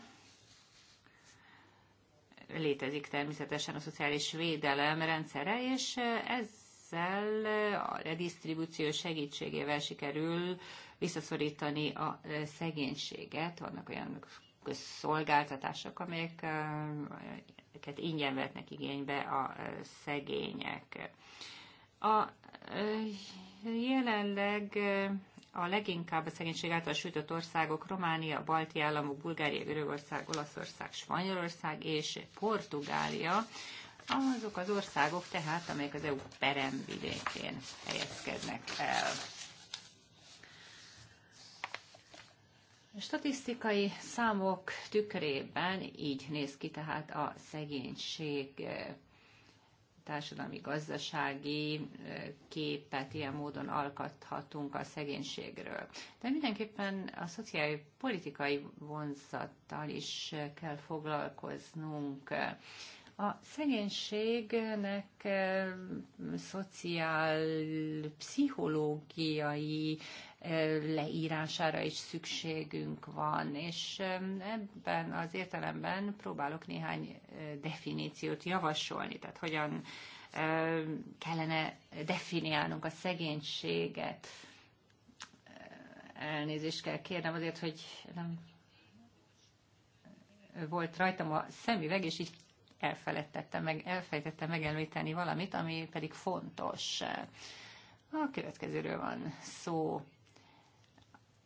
létezik természetesen a szociális védelem rendszere, és ezzel a redistribúció segítségével sikerül visszaszorítani a szegénységet. Vannak olyan közszolgáltatások, amelyeket ingyen vetnek igénybe a szegények. A jelenleg a leginkább a szegénység által sújtott országok Románia, Balti államok, Bulgária, Görögország, Olaszország, Spanyolország és Portugália, azok az országok tehát, amelyek az EU peremvidékén helyezkednek el. Statisztikai számok tükrében így néz ki tehát a szegénység eh, társadalmi-gazdasági eh, képet ilyen módon alkathatunk a szegénységről. De mindenképpen a szociális politikai vonzattal is kell foglalkoznunk. A szegénységnek eh, szociál, pszichológiai eh, leírására is szükségünk van, és eh, ebben az értelemben próbálok néhány definíciót javasolni, tehát hogyan kellene definiálnunk a szegénységet. Elnézést kell kérnem azért, hogy nem volt rajtam a szemüveg, és így elfelejtettem meg, elfelejtette megemlíteni valamit, ami pedig fontos. A következőről van szó.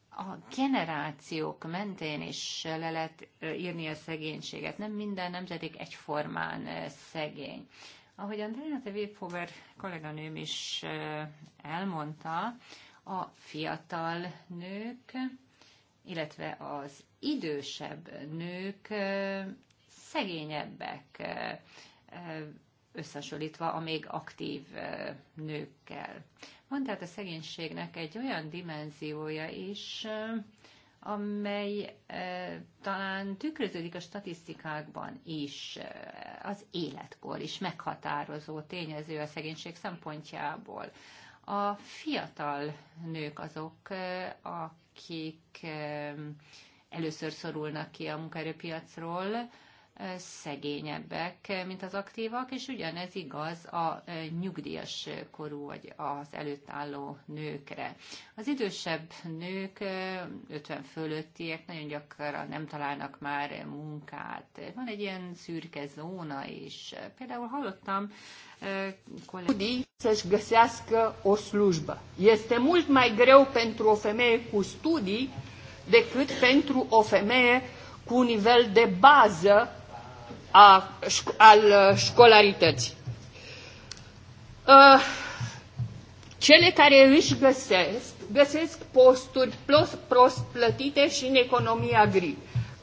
A generációk mentén is le lehet írni a szegénységet. Nem minden nemzedék egyformán szegény. Ahogyan Renate Webhover kolléganőm is elmondta, a fiatal nők, illetve az idősebb nők szegényebbek, összehasonlítva a még aktív nőkkel. Van tehát a szegénységnek egy olyan dimenziója is, amely talán tükröződik a statisztikákban is, az életkor is meghatározó tényező a szegénység szempontjából. A fiatal nők azok, akik először szorulnak ki a munkaerőpiacról, szegényebbek, mint az aktívak, és ugyanez igaz a nyugdíjas korú vagy az előtt álló nőkre. Az idősebb nők, 50 fölöttiek nagyon gyakran nem találnak már munkát. Van egy ilyen szürke zóna is. Például hallottam colegii să-și găsească o slujbă. Este mult mai greu pentru o femeie cu studii decât pentru o femeie cu un nivel de bază al școlarității. Cele care își găsesc, găsesc posturi prost plătite și în economia gri.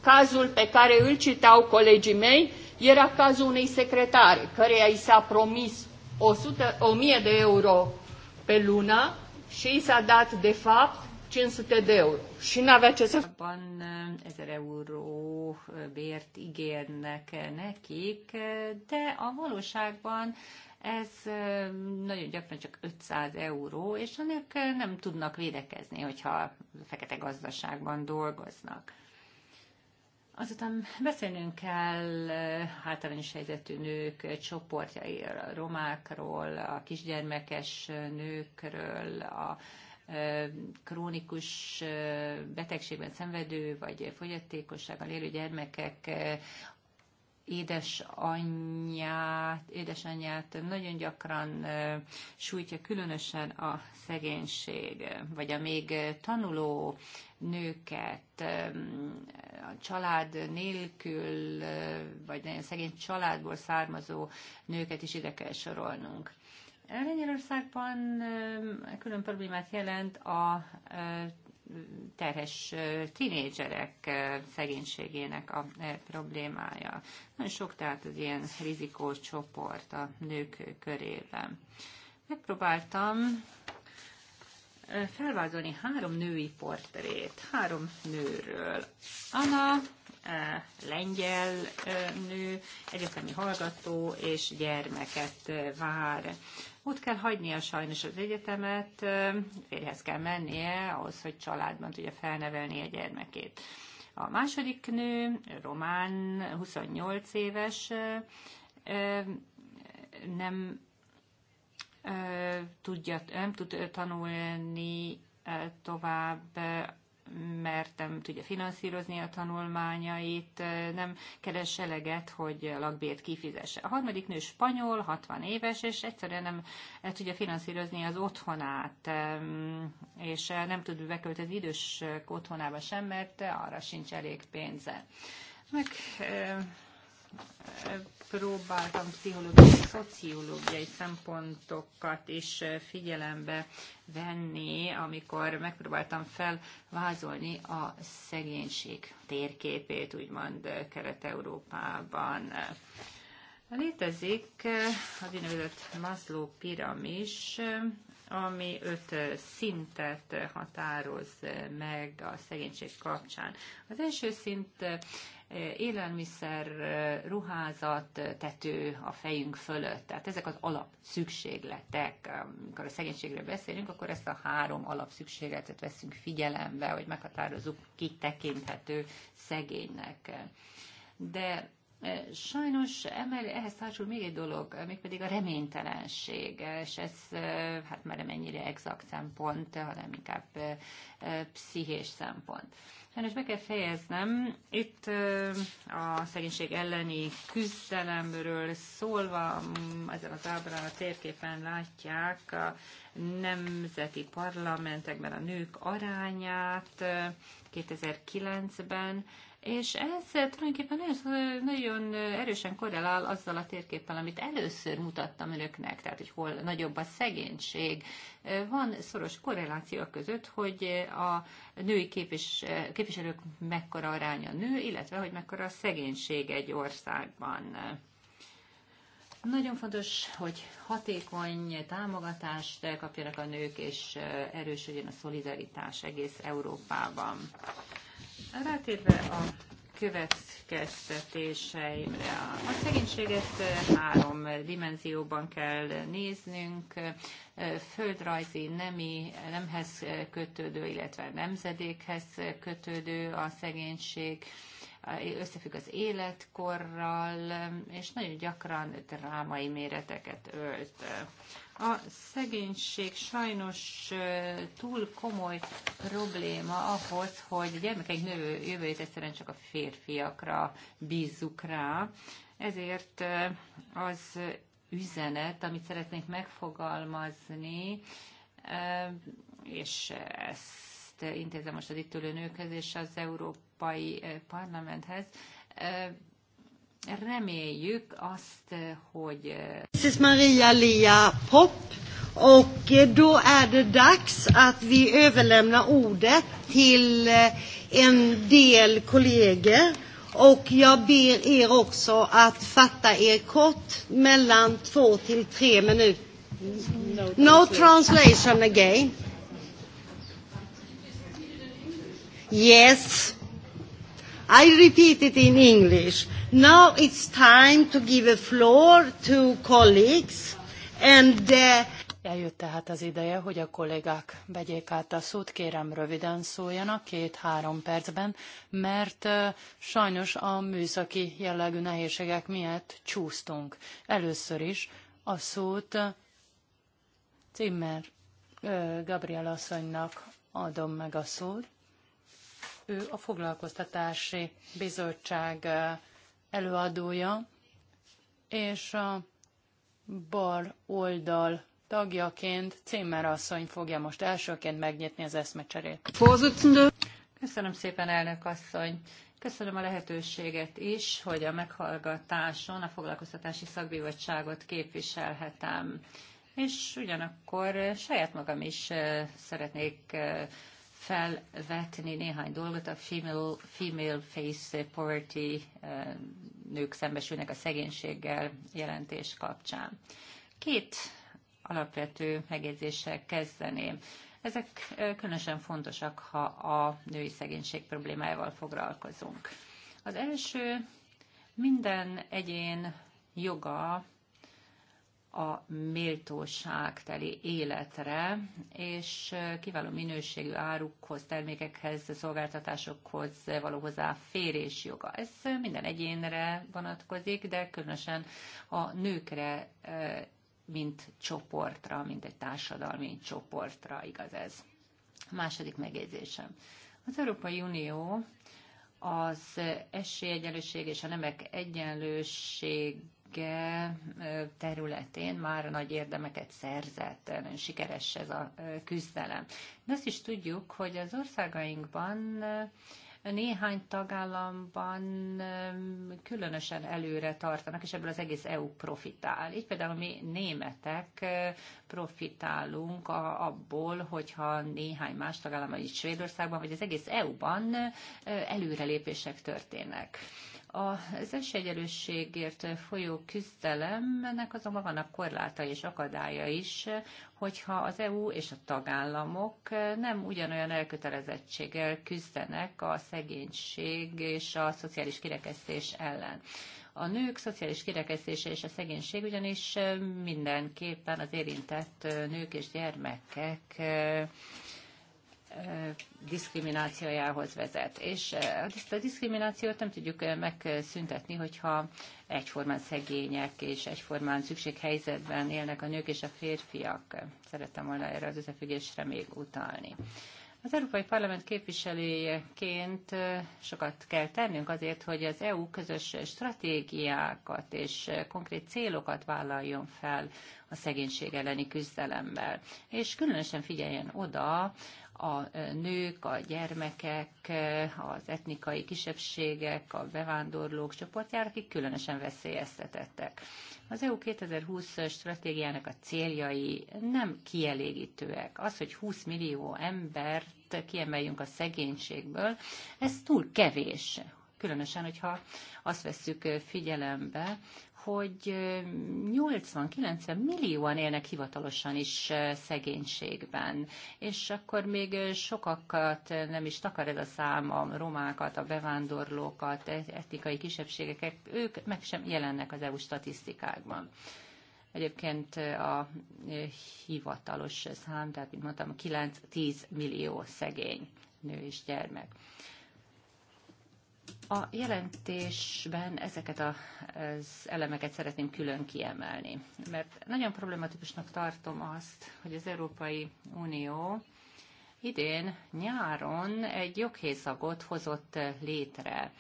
Cazul pe care îl citau colegii mei era cazul unei secretare, căreia i s-a promis 100, 1000 de euro pe lună și i s-a dat, de fapt, 500 de euro. Și n-avea ce să... Ban 1000 eh, euró eh, bért ígérnek eh, nekik, de a valóságban ez nagyon gyakran csak 500 euró, és önök nem tudnak védekezni, hogyha fekete gazdaságban dolgoznak. Azután beszélnünk kell hátrányos helyzetű nők csoportjairól, a romákról, a kisgyermekes nőkről, a krónikus betegségben szenvedő vagy fogyatékossággal élő gyermekek édesanyját, édesanyját nagyon gyakran sújtja különösen a szegénység, vagy a még tanuló nőket, a család nélkül, vagy nagyon szegény családból származó nőket is ide kell sorolnunk. Lengyelországban külön problémát jelent a terhes tinédzserek szegénységének a problémája. Nagyon sok tehát az ilyen rizikós csoport a nők körében. Megpróbáltam felvázolni három női portrét, három nőről. Anna, lengyel nő, egyetemi hallgató és gyermeket vár ott kell hagynia sajnos az egyetemet, férjhez kell mennie ahhoz, hogy családban tudja felnevelni a gyermekét. A második nő, román, 28 éves, nem tudja, nem tud tanulni tovább mert nem tudja finanszírozni a tanulmányait, nem keres eleget, hogy lakbért kifizesse. A harmadik nő spanyol, 60 éves, és egyszerűen nem tudja finanszírozni az otthonát, és nem tud beköltözni idős otthonába sem, mert arra sincs elég pénze. Meg próbáltam pszichológiai, szociológiai szempontokat is figyelembe venni, amikor megpróbáltam felvázolni a szegénység térképét, úgymond Kelet-Európában. Létezik az úgynevezett Maslow piramis, ami öt szintet határoz meg a szegénység kapcsán. Az első szint élelmiszer, ruházat, tető a fejünk fölött. Tehát ezek az alapszükségletek. Amikor a szegénységről beszélünk, akkor ezt a három alapszükségletet veszünk figyelembe, hogy meghatározzuk, ki tekinthető szegénynek. De e, Sajnos emel, ehhez társul még egy dolog, mégpedig a reménytelenség, és ez e, hát már nem ennyire exakt szempont, hanem inkább e, pszichés szempont. Sajnos be kell fejeznem. Itt a szegénység elleni küzdelemről szólva, mm, ezen az ábrán a térképen látják a nemzeti parlamentekben a nők arányát 2009-ben és ez tulajdonképpen ez nagyon erősen korrelál azzal a térképpel, amit először mutattam önöknek, tehát hogy hol nagyobb a szegénység. Van szoros korreláció között, hogy a női képvis, képviselők mekkora aránya nő, illetve hogy mekkora a szegénység egy országban. Nagyon fontos, hogy hatékony támogatást kapjanak a nők, és erősödjön a szolidaritás egész Európában. Rátérve a következtetéseimre. A szegénységet három dimenzióban kell néznünk, földrajzi, nemi, nemhez kötődő, illetve nemzedékhez kötődő a szegénység, összefügg az életkorral, és nagyon gyakran drámai méreteket ölt. A szegénység sajnos túl komoly probléma ahhoz, hogy a gyermekeink növő jövőjét egyszerűen csak a férfiakra bízzuk rá. Ezért az üzenet, amit szeretnék megfogalmazni, és ezt intézem most az itt ülő nőkhez és az Európai Parlamenthez, reméljük azt, hogy... This is Maria Lia Pop och eh, då är det dags att vi överlämnar ordet till eh, en del kollegor. Och jag ber er också att fatta er kort mellan två till tre minuter. No, no translation again. Yes. I repeat it in English. Now it's time to give a floor to colleagues and uh, Eljött tehát az ideje, hogy a kollégák vegyék át a szót, kérem röviden szóljanak, két-három percben, mert uh, sajnos a műszaki jellegű nehézségek miatt csúsztunk. Először is a szót uh, Zimmer uh, Gabriel asszonynak adom meg a szót ő a Foglalkoztatási Bizottság előadója, és a bal oldal tagjaként Cimmer asszony fogja most elsőként megnyitni az eszmecserét. Köszönöm szépen, elnök asszony! Köszönöm a lehetőséget is, hogy a meghallgatáson a foglalkoztatási szakbizottságot képviselhetem. És ugyanakkor saját magam is szeretnék felvetni néhány dolgot. A female, female face poverty eh, nők szembesülnek a szegénységgel jelentés kapcsán. Két alapvető megjegyzéssel kezdeném. Ezek eh, különösen fontosak, ha a női szegénység problémájával foglalkozunk. Az első, minden egyén joga a méltóság teli életre, és kiváló minőségű árukhoz, termékekhez, szolgáltatásokhoz való hozzáférés joga. Ez minden egyénre vonatkozik, de különösen a nőkre, mint csoportra, mint egy társadalmi csoportra igaz ez. A második megjegyzésem. Az Európai Unió az esélyegyenlőség és a nemek egyenlőség területén már nagy érdemeket szerzett, nagyon sikeres ez a küzdelem. De azt is tudjuk, hogy az országainkban néhány tagállamban különösen előre tartanak, és ebből az egész EU profitál. Így például mi németek profitálunk abból, hogyha néhány más tagállam, így Svédországban, vagy az egész EU-ban előrelépések történnek. Az esélyegyelősségért folyó küzdelemnek azonban vannak korlátai és akadálya is, hogyha az EU és a tagállamok nem ugyanolyan elkötelezettséggel küzdenek a szegénység és a szociális kirekesztés ellen. A nők szociális kirekesztése és a szegénység ugyanis mindenképpen az érintett nők és gyermekek diszkriminációjához vezet. És ezt a diszkriminációt nem tudjuk megszüntetni, hogyha egyformán szegények és egyformán szükséghelyzetben élnek a nők és a férfiak. Szerettem volna erre az összefüggésre még utalni. Az Európai Parlament képviselőjeként sokat kell tennünk azért, hogy az EU közös stratégiákat és konkrét célokat vállaljon fel a szegénység elleni küzdelemben, és különösen figyeljen oda a nők, a gyermekek, az etnikai kisebbségek, a bevándorlók csoportjára, akik különösen veszélyeztetettek. Az EU 2020 stratégiának a céljai nem kielégítőek. Az, hogy 20 millió embert kiemeljünk a szegénységből, ez túl kevés különösen, hogyha azt vesszük figyelembe, hogy 80-90 millióan élnek hivatalosan is szegénységben, és akkor még sokakat nem is takar ez a szám, a romákat, a bevándorlókat, e, etnikai kisebbségeket, ők meg sem jelennek az EU statisztikákban. Egyébként a hivatalos szám, tehát mint mondtam, 9-10 millió szegény nő és gyermek. A jelentésben ezeket az elemeket szeretném külön kiemelni, mert nagyon problematikusnak tartom azt, hogy az Európai Unió idén nyáron egy joghészagot hozott létre.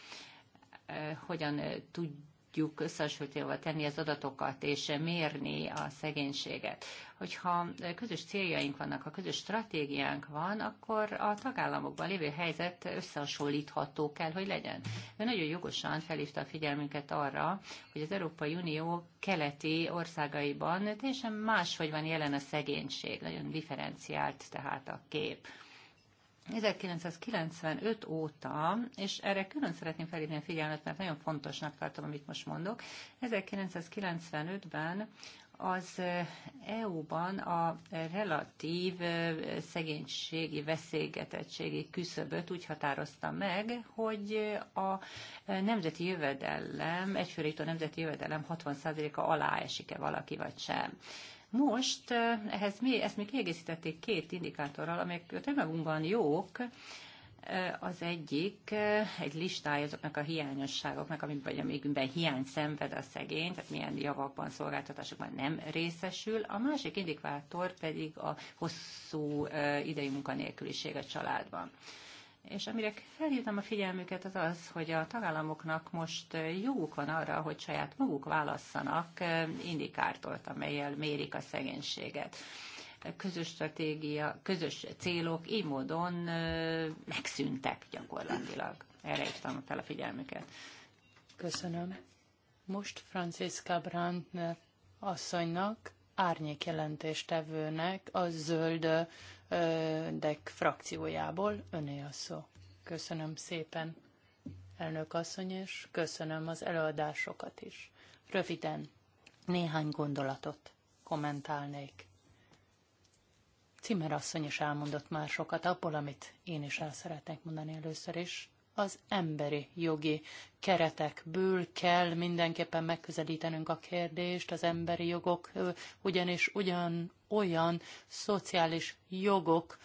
Hogyan tud tudjuk összehasonlítva tenni az adatokat és mérni a szegénységet. Hogyha közös céljaink vannak, ha közös stratégiánk van, akkor a tagállamokban lévő helyzet összehasonlítható kell, hogy legyen. Ő nagyon jogosan felhívta a figyelmünket arra, hogy az Európai Unió keleti országaiban teljesen máshogy van jelen a szegénység, nagyon differenciált tehát a kép. 1995 óta, és erre külön szeretném felhívni a figyelmet, mert nagyon fontosnak tartom, amit most mondok, 1995-ben az EU-ban a relatív szegénységi, veszélygetettségi küszöböt úgy határozta meg, hogy a nemzeti jövedelem, egyfőre jutó nemzeti jövedelem 60%-a alá esik-e valaki vagy sem. Most ehhez mi, ezt még kiegészítették két indikátorral, amelyek önmagunkban jók, az egyik, egy listája azoknak a hiányosságoknak, amiben, amikben hiány szenved a szegény, tehát milyen javakban, szolgáltatásokban nem részesül. A másik indikátor pedig a hosszú idejű munkanélküliség a családban. És amire felhívtam a figyelmüket, az az, hogy a tagállamoknak most joguk van arra, hogy saját maguk válasszanak indikátort, amelyel mérik a szegénységet közös stratégia, közös célok, így módon megszűntek gyakorlatilag. Erre hívtam fel a figyelmüket. Köszönöm. Most Franciszka Brandt asszonynak, árnyék jelentéstevőnek a zöld Dek frakciójából. Öné a szó. Köszönöm szépen, elnök asszony, és köszönöm az előadásokat is. Röviden néhány gondolatot kommentálnék. Cimer asszony is elmondott már sokat abból, amit én is el szeretnék mondani először is az emberi jogi keretekből kell mindenképpen megközelítenünk a kérdést, az emberi jogok ugyanis ugyan olyan szociális jogok,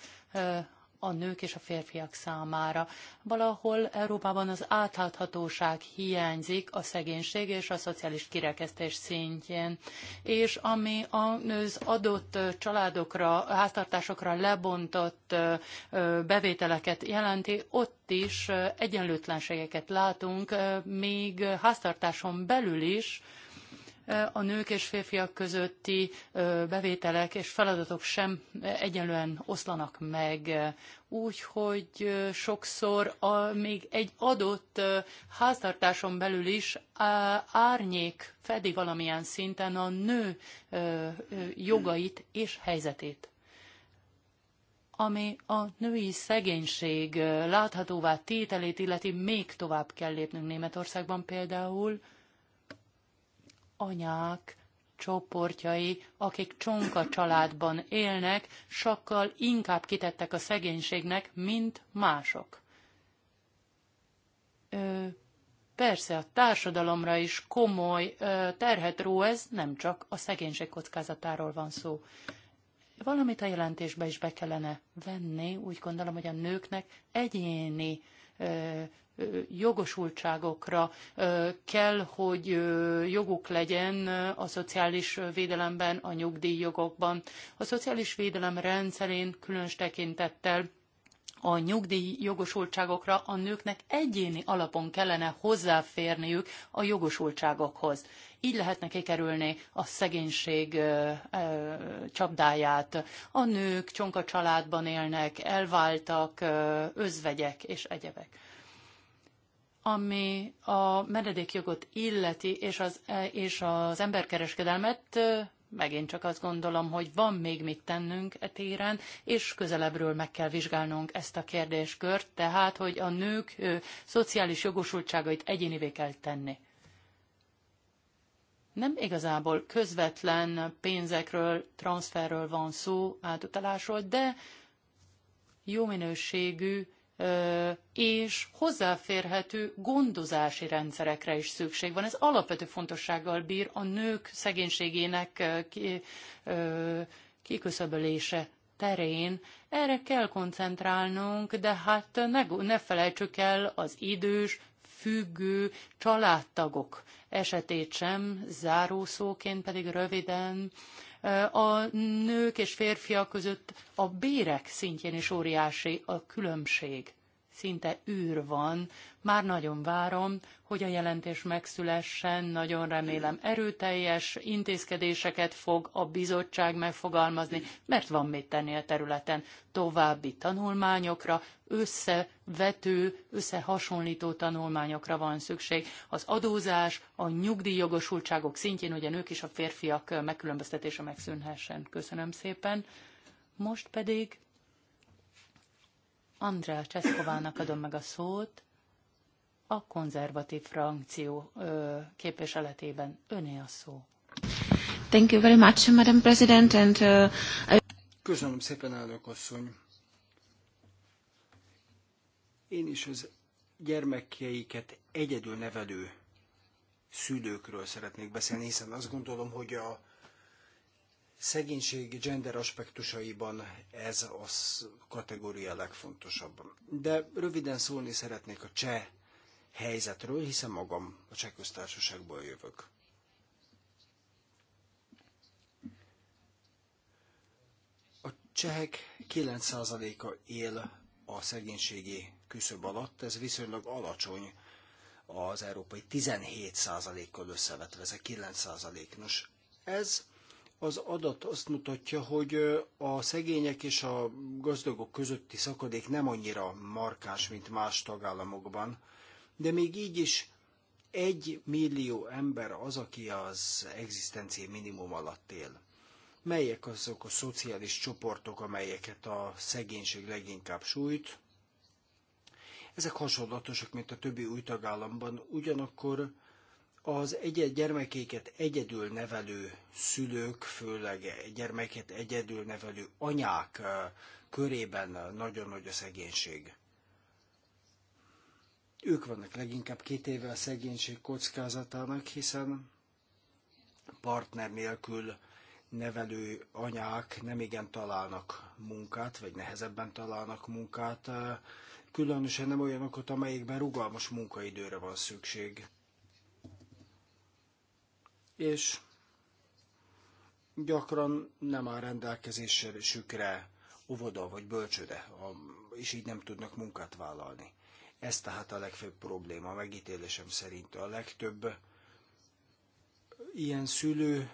a nők és a férfiak számára. Valahol Európában az átláthatóság hiányzik a szegénység és a szociális kirekesztés szintjén, és ami az adott családokra, háztartásokra lebontott bevételeket jelenti, ott is egyenlőtlenségeket látunk, még háztartáson belül is, a nők és férfiak közötti bevételek és feladatok sem egyenlően oszlanak meg. Úgyhogy sokszor a, még egy adott háztartáson belül is árnyék fedi valamilyen szinten a nő jogait és helyzetét ami a női szegénység láthatóvá tételét illeti, még tovább kell lépnünk Németországban például, anyák csoportjai, akik csonka családban élnek, sokkal inkább kitettek a szegénységnek, mint mások. Ö, persze a társadalomra is komoly ö, terhet ró ez, nem csak a szegénység kockázatáról van szó. Valamit a jelentésbe is be kellene venni, úgy gondolom, hogy a nőknek egyéni ö, jogosultságokra kell, hogy joguk legyen a szociális védelemben, a nyugdíjjogokban. A szociális védelem rendszerén különös tekintettel a nyugdíj jogosultságokra a nőknek egyéni alapon kellene hozzáférniük a jogosultságokhoz. Így lehetne kikerülni a szegénység ö, ö, csapdáját. A nők csonka családban élnek, elváltak, ö, özvegyek és egyebek ami a menedékjogot illeti, és az, e, és az emberkereskedelmet megint csak azt gondolom, hogy van még mit tennünk e téren, és közelebbről meg kell vizsgálnunk ezt a kérdéskört, tehát, hogy a nők ő szociális jogosultságait egyénivé kell tenni. Nem igazából közvetlen pénzekről, transferről van szó, átutalásról, de jó minőségű és hozzáférhető gondozási rendszerekre is szükség van. Ez alapvető fontossággal bír a nők szegénységének kiküszöbölése terén. Erre kell koncentrálnunk, de hát ne, ne felejtsük el az idős, függő családtagok esetét sem, zárószóként pedig röviden a nők és férfiak között a bérek szintjén is óriási a különbség szinte űr van. Már nagyon várom, hogy a jelentés megszülessen, nagyon remélem erőteljes intézkedéseket fog a bizottság megfogalmazni, mert van mit tenni a területen. További tanulmányokra, összevető, összehasonlító tanulmányokra van szükség. Az adózás, a nyugdíjjogosultságok szintjén, hogy a nők és a férfiak megkülönböztetése megszűnhessen. Köszönöm szépen. Most pedig Andrea Cseszkovának adom meg a szót, a konzervatív frakció ö, képviseletében. Öné a szó. Thank you very much, Madam President, and, uh, I... Köszönöm szépen, elnök asszony. Én is az gyermekjeiket egyedül nevelő szülőkről szeretnék beszélni, hiszen azt gondolom, hogy a szegénység gender aspektusaiban ez a kategória legfontosabb. De röviden szólni szeretnék a cseh helyzetről, hiszen magam a cseh köztársaságból jövök. A csehek 9%-a él a szegénységi küszöb alatt, ez viszonylag alacsony az európai 17%-kal összevetve, ez a 9%. Nos, ez az adat azt mutatja, hogy a szegények és a gazdagok közötti szakadék nem annyira markáns, mint más tagállamokban, de még így is egy millió ember az, aki az egzisztencié minimum alatt él. Melyek azok a szociális csoportok, amelyeket a szegénység leginkább sújt? Ezek hasonlatosak, mint a többi új tagállamban, ugyanakkor az egyed gyermekéket egyedül nevelő szülők, főleg gyermeket egyedül nevelő anyák eh, körében nagyon nagy a szegénység. Ők vannak leginkább két éve a szegénység kockázatának, hiszen partner nélkül nevelő anyák nem igen találnak munkát, vagy nehezebben találnak munkát, eh, különösen nem olyanokat, amelyekben rugalmas munkaidőre van szükség és gyakran nem áll rendelkezésükre óvoda vagy bölcsőde, és így nem tudnak munkát vállalni. Ez tehát a legfőbb probléma, megítélésem szerint a legtöbb ilyen szülő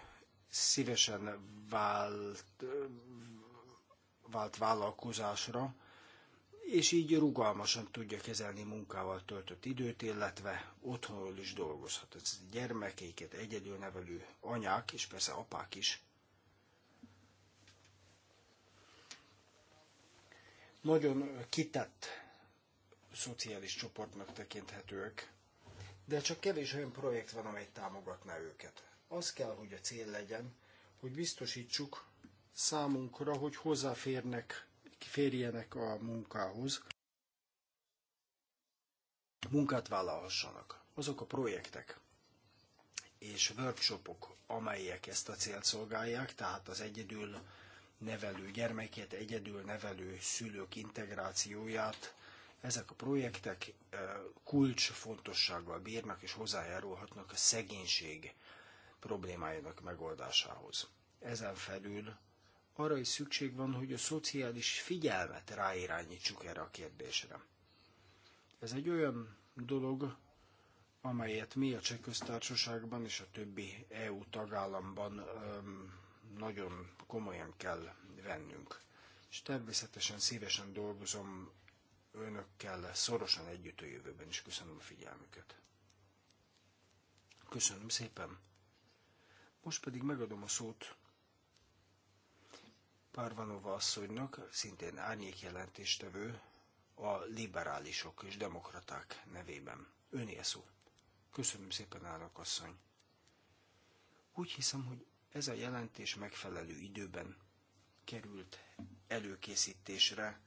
szívesen vált, vált vállalkozásra, és így rugalmasan tudja kezelni munkával töltött időt, illetve otthonról is dolgozhat. Ez gyermekeiket egyedül nevelő anyák, és persze apák is. Nagyon kitett szociális csoportnak tekinthetők, de csak kevés olyan projekt van, amely támogatná őket. Az kell, hogy a cél legyen, hogy biztosítsuk számunkra, hogy hozzáférnek férjenek a munkához, munkát vállalhassanak. Azok a projektek és workshopok, amelyek ezt a célt szolgálják, tehát az egyedül nevelő gyermeket, egyedül nevelő szülők integrációját, ezek a projektek eh, kulcsfontossággal bírnak és hozzájárulhatnak a szegénység problémájának megoldásához. Ezen felül arra is szükség van, hogy a szociális figyelmet ráirányítsuk erre a kérdésre. Ez egy olyan dolog, amelyet mi a Cseh Köztársaságban és a többi EU tagállamban nagyon komolyan kell vennünk. És természetesen szívesen dolgozom önökkel szorosan együtt a jövőben is. Köszönöm a figyelmüket. Köszönöm szépen. Most pedig megadom a szót Parvanova asszonynak, szintén árnyék jelentéstevő a liberálisok és demokraták nevében. Önél szó. Köszönöm szépen, állok asszony. Úgy hiszem, hogy ez a jelentés megfelelő időben került előkészítésre,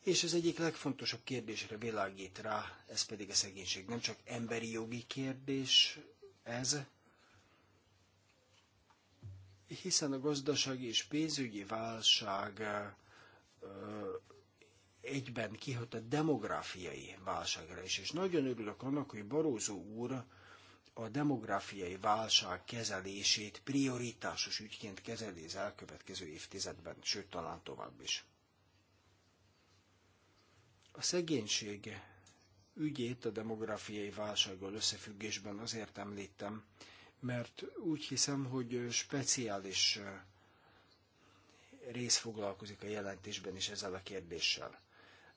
és az egyik legfontosabb kérdésre világít rá, ez pedig a szegénység. Nem csak emberi jogi kérdés ez, hiszen a gazdasági és pénzügyi válság egyben kihat a demográfiai válságra is. És nagyon örülök annak, hogy Barózó úr a demográfiai válság kezelését prioritásos ügyként kezeli az elkövetkező évtizedben, sőt talán tovább is. A szegénység ügyét a demográfiai válsággal összefüggésben azért említem, mert úgy hiszem, hogy speciális rész foglalkozik a jelentésben is ezzel a kérdéssel.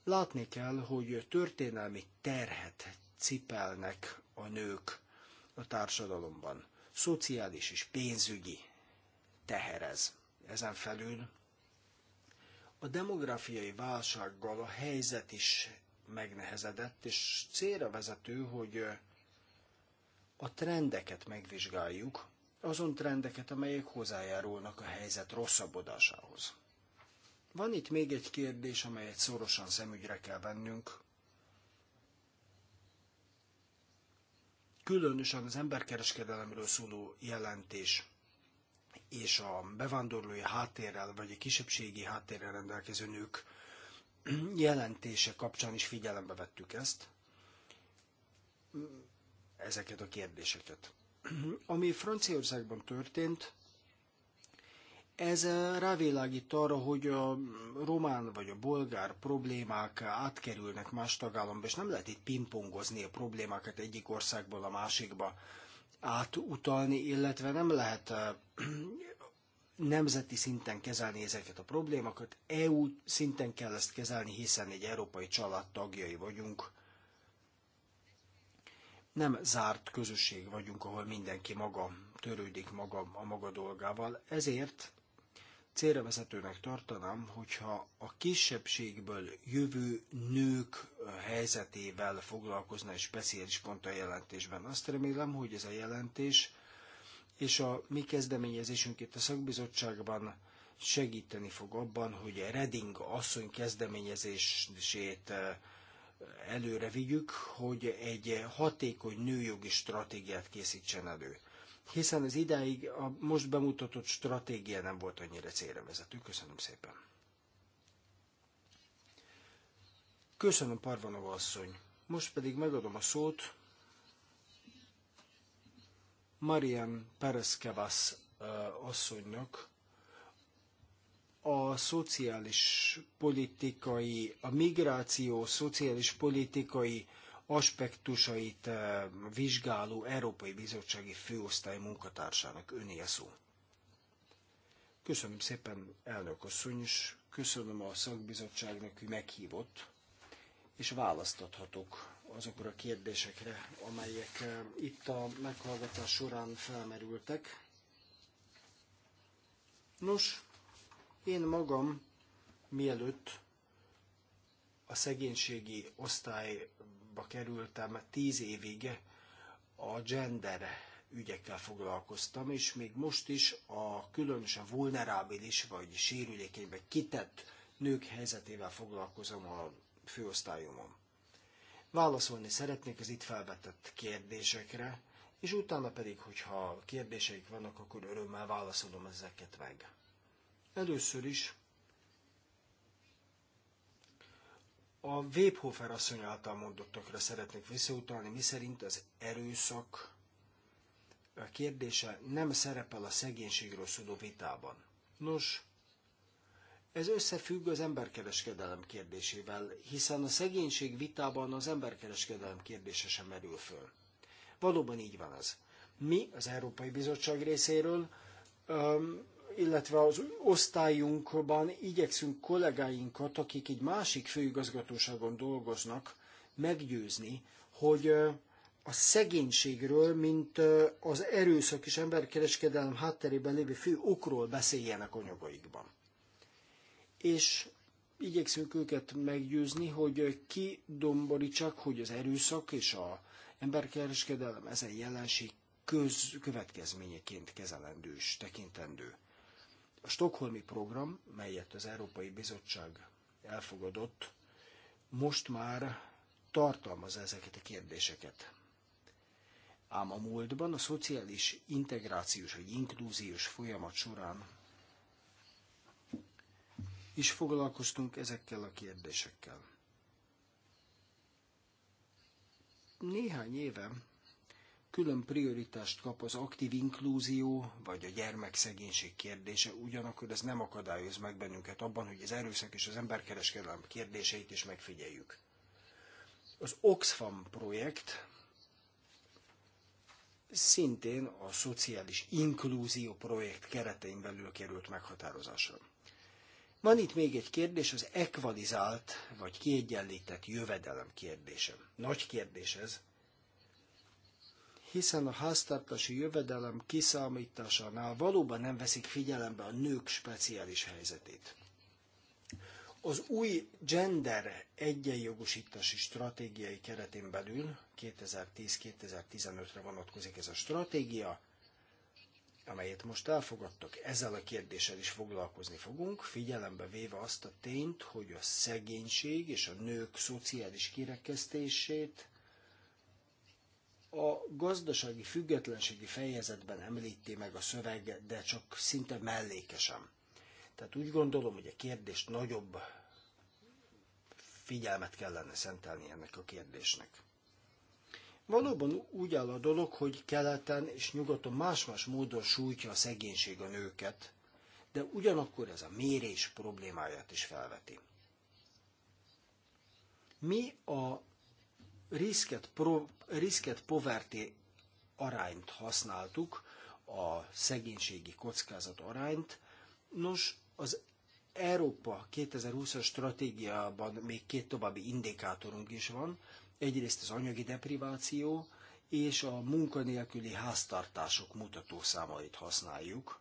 Látni kell, hogy történelmi terhet cipelnek a nők a társadalomban. Szociális és pénzügyi teherez. Ezen felül a demográfiai válsággal a helyzet is megnehezedett, és célra vezető, hogy a trendeket megvizsgáljuk, azon trendeket, amelyek hozzájárulnak a helyzet rosszabbodásához. Van itt még egy kérdés, amelyet szorosan szemügyre kell vennünk. Különösen az emberkereskedelemről szóló jelentés és a bevándorlói háttérrel, vagy a kisebbségi háttérrel rendelkező nők jelentése kapcsán is figyelembe vettük ezt ezeket a kérdéseket. Ami Franciaországban történt, ez eh, rávilágít arra, hogy a román vagy a bolgár problémák átkerülnek más tagállamba, és nem lehet itt pingpongozni a problémákat egyik országból a másikba átutalni, illetve nem lehet eh, nemzeti szinten kezelni ezeket a problémákat. EU szinten kell ezt kezelni, hiszen egy európai család tagjai vagyunk, nem zárt közösség vagyunk, ahol mindenki maga törődik maga a maga dolgával, ezért célra vezetőnek tartanám, hogyha a kisebbségből jövő nők helyzetével foglalkozna egy speciális pont a jelentésben. Azt remélem, hogy ez a jelentés és a mi kezdeményezésünk itt a szakbizottságban segíteni fog abban, hogy a Reding asszony kezdeményezését eh, előre vigyük, hogy egy hatékony nőjogi stratégiát készítsen elő. Hiszen az idáig a most bemutatott stratégia nem volt annyira célra vezető. Köszönöm szépen. Köszönöm, Parvanova asszony. Most pedig megadom a szót Marian Perez-Kevas asszonynak, a szociális politikai, a migráció szociális politikai aspektusait eh, vizsgáló Európai Bizottsági Főosztály munkatársának öné szó. Köszönöm szépen, elnök asszony, és köszönöm a szakbizottságnak, hogy meghívott, és választathatok azokra a kérdésekre, amelyek eh, itt a meghallgatás során felmerültek. Nos, én magam, mielőtt a szegénységi osztályba kerültem, tíz évig a gender ügyekkel foglalkoztam, és még most is a különösen vulnerábilis vagy sérülékeny vagy kitett nők helyzetével foglalkozom a főosztályomon. Válaszolni szeretnék az itt felvetett kérdésekre, és utána pedig, hogyha kérdéseik vannak, akkor örömmel válaszolom ezeket meg. Először is a Webhofer asszony által mondottakra szeretnék visszautalni, miszerint az erőszak a kérdése nem szerepel a szegénységről szóló vitában. Nos, ez összefügg az emberkereskedelem kérdésével, hiszen a szegénység vitában az emberkereskedelem kérdése sem merül föl. Valóban így van az. Mi az Európai Bizottság részéről illetve az osztályunkban igyekszünk kollégáinkat, akik egy másik főigazgatóságon dolgoznak, meggyőzni, hogy a szegénységről, mint az erőszak és emberkereskedelem hátterében lévő fő okról beszéljenek anyagaikban. És igyekszünk őket meggyőzni, hogy kidomborítsák, hogy az erőszak és az emberkereskedelem ezen jelenség köz, következményeként kezelendő és tekintendő. A Stockholmi program, melyet az Európai Bizottság elfogadott, most már tartalmaz ezeket a kérdéseket. Ám a múltban a szociális integrációs vagy inkluziós folyamat során is foglalkoztunk ezekkel a kérdésekkel. Néhány éve külön prioritást kap az aktív inklúzió vagy a gyermekszegénység kérdése, ugyanakkor ez nem akadályoz meg bennünket abban, hogy az erőszak és az emberkereskedelem kérdéseit is megfigyeljük. Az Oxfam projekt szintén a szociális inklúzió projekt keretein belül került meghatározásra. Van itt még egy kérdés, az ekvalizált vagy kiegyenlített jövedelem kérdése. Nagy kérdés ez, hiszen a háztartási jövedelem kiszámításánál valóban nem veszik figyelembe a nők speciális helyzetét. Az új gender egyenjogosítási stratégiai keretén belül 2010-2015-re vonatkozik ez a stratégia, amelyet most elfogadtak, ezzel a kérdéssel is foglalkozni fogunk, figyelembe véve azt a tényt, hogy a szegénység és a nők szociális kirekesztését a gazdasági függetlenségi fejezetben említi meg a szöveg, de csak szinte mellékesen. Tehát úgy gondolom, hogy a kérdést nagyobb figyelmet kellene szentelni ennek a kérdésnek. Valóban úgy áll a dolog, hogy keleten és nyugaton más-más módon sújtja a szegénység a nőket, de ugyanakkor ez a mérés problémáját is felveti. Mi a riszket, pro, riszket poverté arányt használtuk, a szegénységi kockázat arányt. Nos, az Európa 2020-as stratégiában még két további indikátorunk is van. Egyrészt az anyagi depriváció és a munkanélküli háztartások mutatószámait használjuk,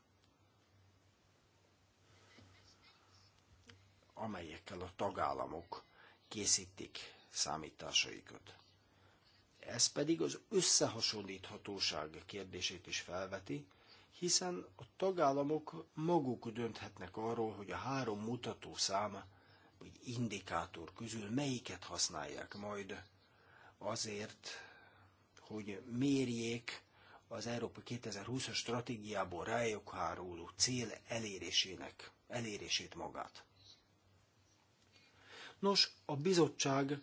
amelyekkel a tagállamok készítik számításaikat. Ez pedig az összehasonlíthatóság kérdését is felveti, hiszen a tagállamok maguk dönthetnek arról, hogy a három mutató száma vagy indikátor közül melyiket használják majd azért, hogy mérjék az Európa 2020-as stratégiából rájuk háruló cél elérésének, elérését magát. Nos, a bizottság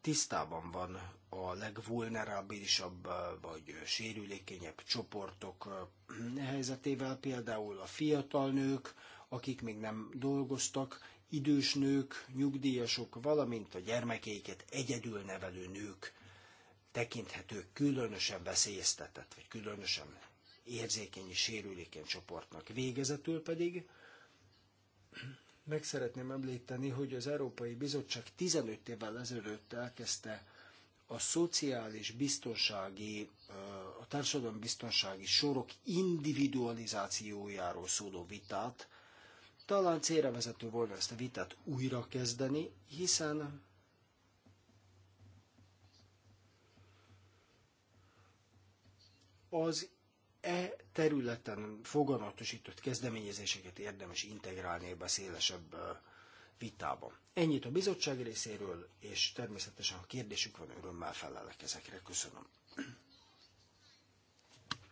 tisztában van a legvulnerabilisabb vagy sérülékenyebb csoportok eh, helyzetével, például a fiatal nők, akik még nem dolgoztak, idős nők, nyugdíjasok, valamint a gyermekeiket egyedül nevelő nők tekinthetők különösen veszélyeztetett, vagy különösen érzékeny és sérülékeny csoportnak. Végezetül pedig meg szeretném említeni, hogy az Európai Bizottság 15 évvel ezelőtt elkezdte a szociális biztonsági, a társadalmi biztonsági sorok individualizációjáról szóló vitát. Talán célra vezető volna ezt a vitát újra kezdeni, hiszen az e területen foganatosított kezdeményezéseket érdemes integrálni ebbe a szélesebb vitában. Ennyit a bizottság részéről, és természetesen, ha kérdésük van, örömmel felelek ezekre. Köszönöm.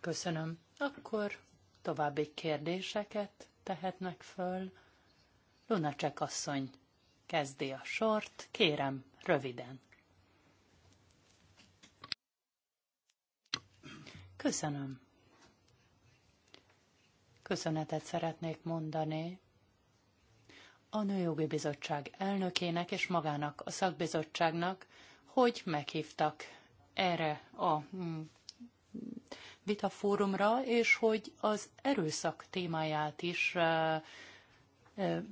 Köszönöm. Akkor további kérdéseket tehetnek föl. Lunacek asszony kezdi a sort. Kérem, röviden. Köszönöm köszönetet szeretnék mondani a Nőjogi Bizottság elnökének és magának a szakbizottságnak, hogy meghívtak erre a mm, vitafórumra, és hogy az erőszak témáját is e, e,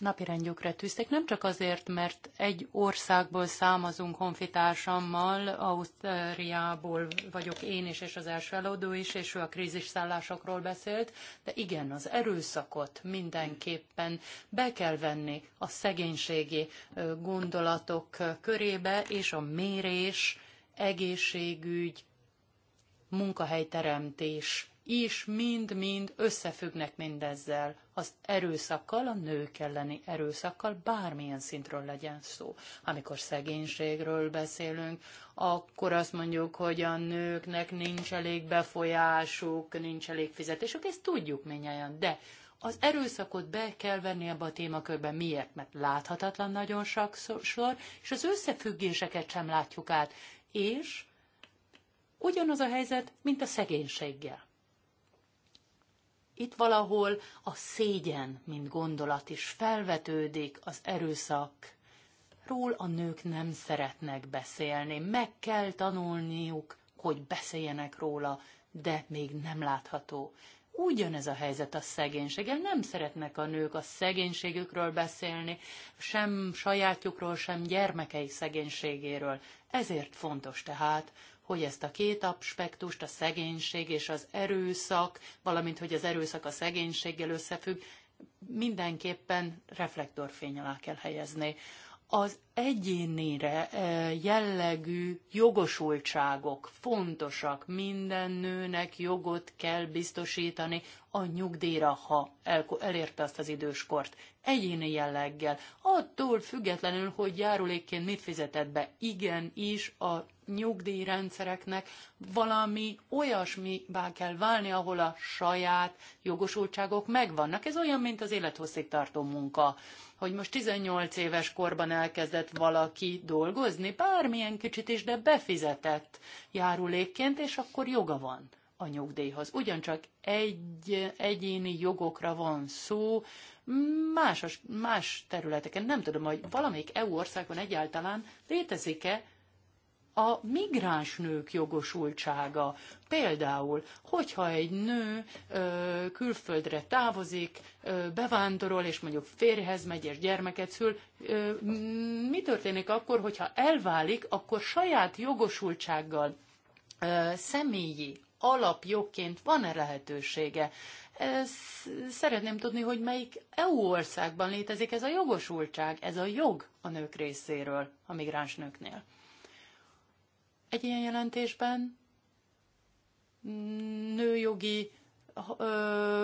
napirendjükre tűztek, nem csak azért, mert egy országból számozunk honfitársammal, Ausztriából vagyok én is, és az első előadó is, és ő a krízisszállásokról beszélt, de igen, az erőszakot mindenképpen be kell venni a szegénységi gondolatok körébe, és a mérés, egészségügy, munkahelyteremtés is mind-mind összefüggnek mindezzel az erőszakkal, a nők elleni erőszakkal, bármilyen szintről legyen szó. Amikor szegénységről beszélünk, akkor azt mondjuk, hogy a nőknek nincs elég befolyásuk, nincs elég fizetésük, ezt tudjuk minnyáján, de az erőszakot be kell venni ebbe a témakörbe. Miért? Mert láthatatlan nagyon sokszor, és az összefüggéseket sem látjuk át. És ugyanaz a helyzet, mint a szegénységgel. Itt valahol a szégyen, mint gondolat is felvetődik az erőszak Ról a nők nem szeretnek beszélni, meg kell tanulniuk, hogy beszéljenek róla, de még nem látható. Ugyanez a helyzet a szegénységgel. Nem szeretnek a nők a szegénységükről beszélni, sem sajátjukról, sem gyermekei szegénységéről. Ezért fontos tehát, hogy ezt a két aspektust, a szegénység és az erőszak, valamint hogy az erőszak a szegénységgel összefügg, mindenképpen reflektorfény alá kell helyezni. Az egyénire eh, jellegű jogosultságok fontosak. Minden nőnek jogot kell biztosítani a nyugdíjra, ha el, elérte azt az időskort. Egyéni jelleggel, attól függetlenül, hogy járulékként mit fizetett be, igen is a nyugdíjrendszereknek valami olyasmi, bá kell válni, ahol a saját jogosultságok megvannak. Ez olyan, mint az élethosszígtartó munka hogy most 18 éves korban elkezdett valaki dolgozni, bármilyen kicsit is, de befizetett járulékként, és akkor joga van a nyugdíjhoz. Ugyancsak egy egyéni jogokra van szó, más, más területeken. Nem tudom, hogy valamelyik EU országban egyáltalán létezik-e a migráns nők jogosultsága. Például, hogyha egy nő ö, külföldre távozik, ö, bevándorol, és mondjuk férjhez megy és gyermeket szül, ö, mi történik akkor, hogyha elválik, akkor saját jogosultsággal személyi alapjogként van-e lehetősége. Szeretném tudni, hogy melyik EU országban létezik ez a jogosultság, ez a jog a nők részéről, a migráns nőknél. Egy ilyen jelentésben nőjogi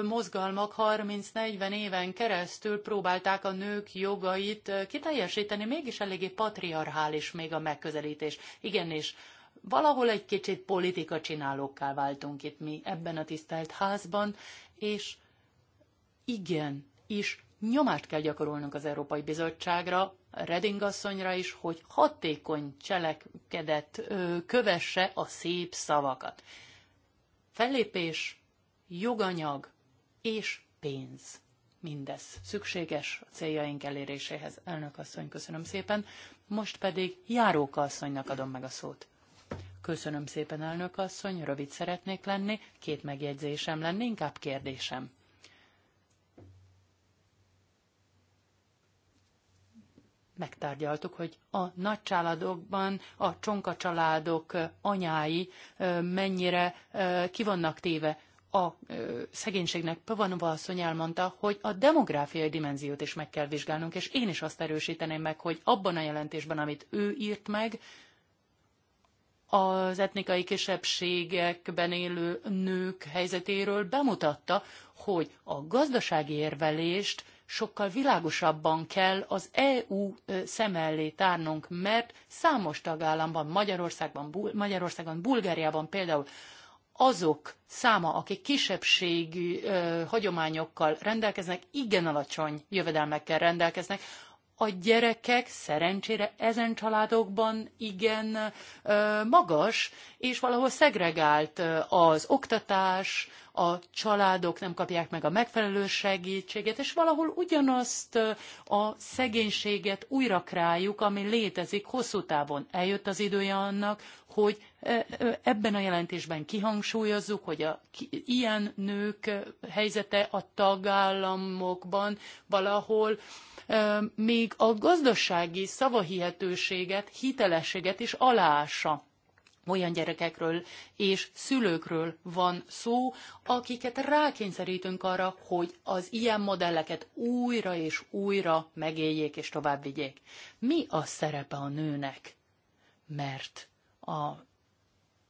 mozgalmak 30-40 éven keresztül próbálták a nők jogait kiteljesíteni, mégis eléggé patriarchális még a megközelítés. Igenis, Valahol egy kicsit politika csinálókká váltunk itt mi ebben a tisztelt házban, és igen, is nyomást kell gyakorolnunk az Európai Bizottságra, Reding asszonyra is, hogy hatékony cselekedet kövesse a szép szavakat. Fellépés, joganyag és pénz. Mindez szükséges a céljaink eléréséhez. Elnök asszony, köszönöm szépen. Most pedig Járóka asszonynak adom meg a szót. Köszönöm szépen, elnök asszony, rövid szeretnék lenni, két megjegyzésem lenne, inkább kérdésem. megtárgyaltuk, hogy a nagy családokban a csonka családok anyái mennyire kivannak téve. A szegénységnek Pavanova asszony elmondta, hogy a demográfiai dimenziót is meg kell vizsgálnunk, és én is azt erősíteném meg, hogy abban a jelentésben, amit ő írt meg, az etnikai kisebbségekben élő nők helyzetéről bemutatta, hogy a gazdasági érvelést sokkal világosabban kell az EU szem elé tárnunk, mert számos tagállamban, Magyarországban, Bul- Magyarországon, Bulgáriában például azok száma, akik kisebbségi ö, hagyományokkal rendelkeznek, igen alacsony jövedelmekkel rendelkeznek, a gyerekek szerencsére ezen családokban igen magas, és valahol szegregált az oktatás, a családok nem kapják meg a megfelelő segítséget, és valahol ugyanazt a szegénységet újra krájuk, ami létezik hosszú távon. Eljött az idője annak, hogy ebben a jelentésben kihangsúlyozzuk, hogy a, ilyen nők helyzete a tagállamokban valahol még a gazdasági szavahihetőséget, hitelességet is aláássa olyan gyerekekről és szülőkről van szó, akiket rákényszerítünk arra, hogy az ilyen modelleket újra és újra megéljék és tovább vigyék. Mi a szerepe a nőnek? Mert a,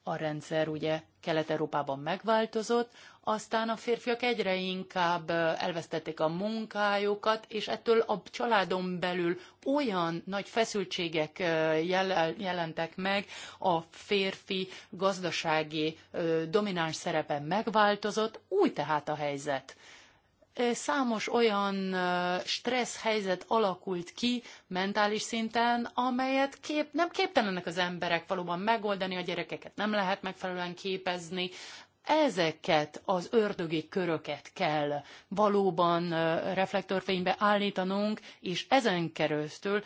a rendszer ugye Kelet-Európában megváltozott, aztán a férfiak egyre inkább elvesztették a munkájukat, és ettől a családon belül olyan nagy feszültségek jelentek meg, a férfi gazdasági domináns szerepe megváltozott, új tehát a helyzet számos olyan stressz helyzet alakult ki mentális szinten, amelyet kép, nem képtelenek az emberek valóban megoldani, a gyerekeket nem lehet megfelelően képezni, ezeket az ördögi köröket kell valóban reflektorfénybe állítanunk, és ezen keresztül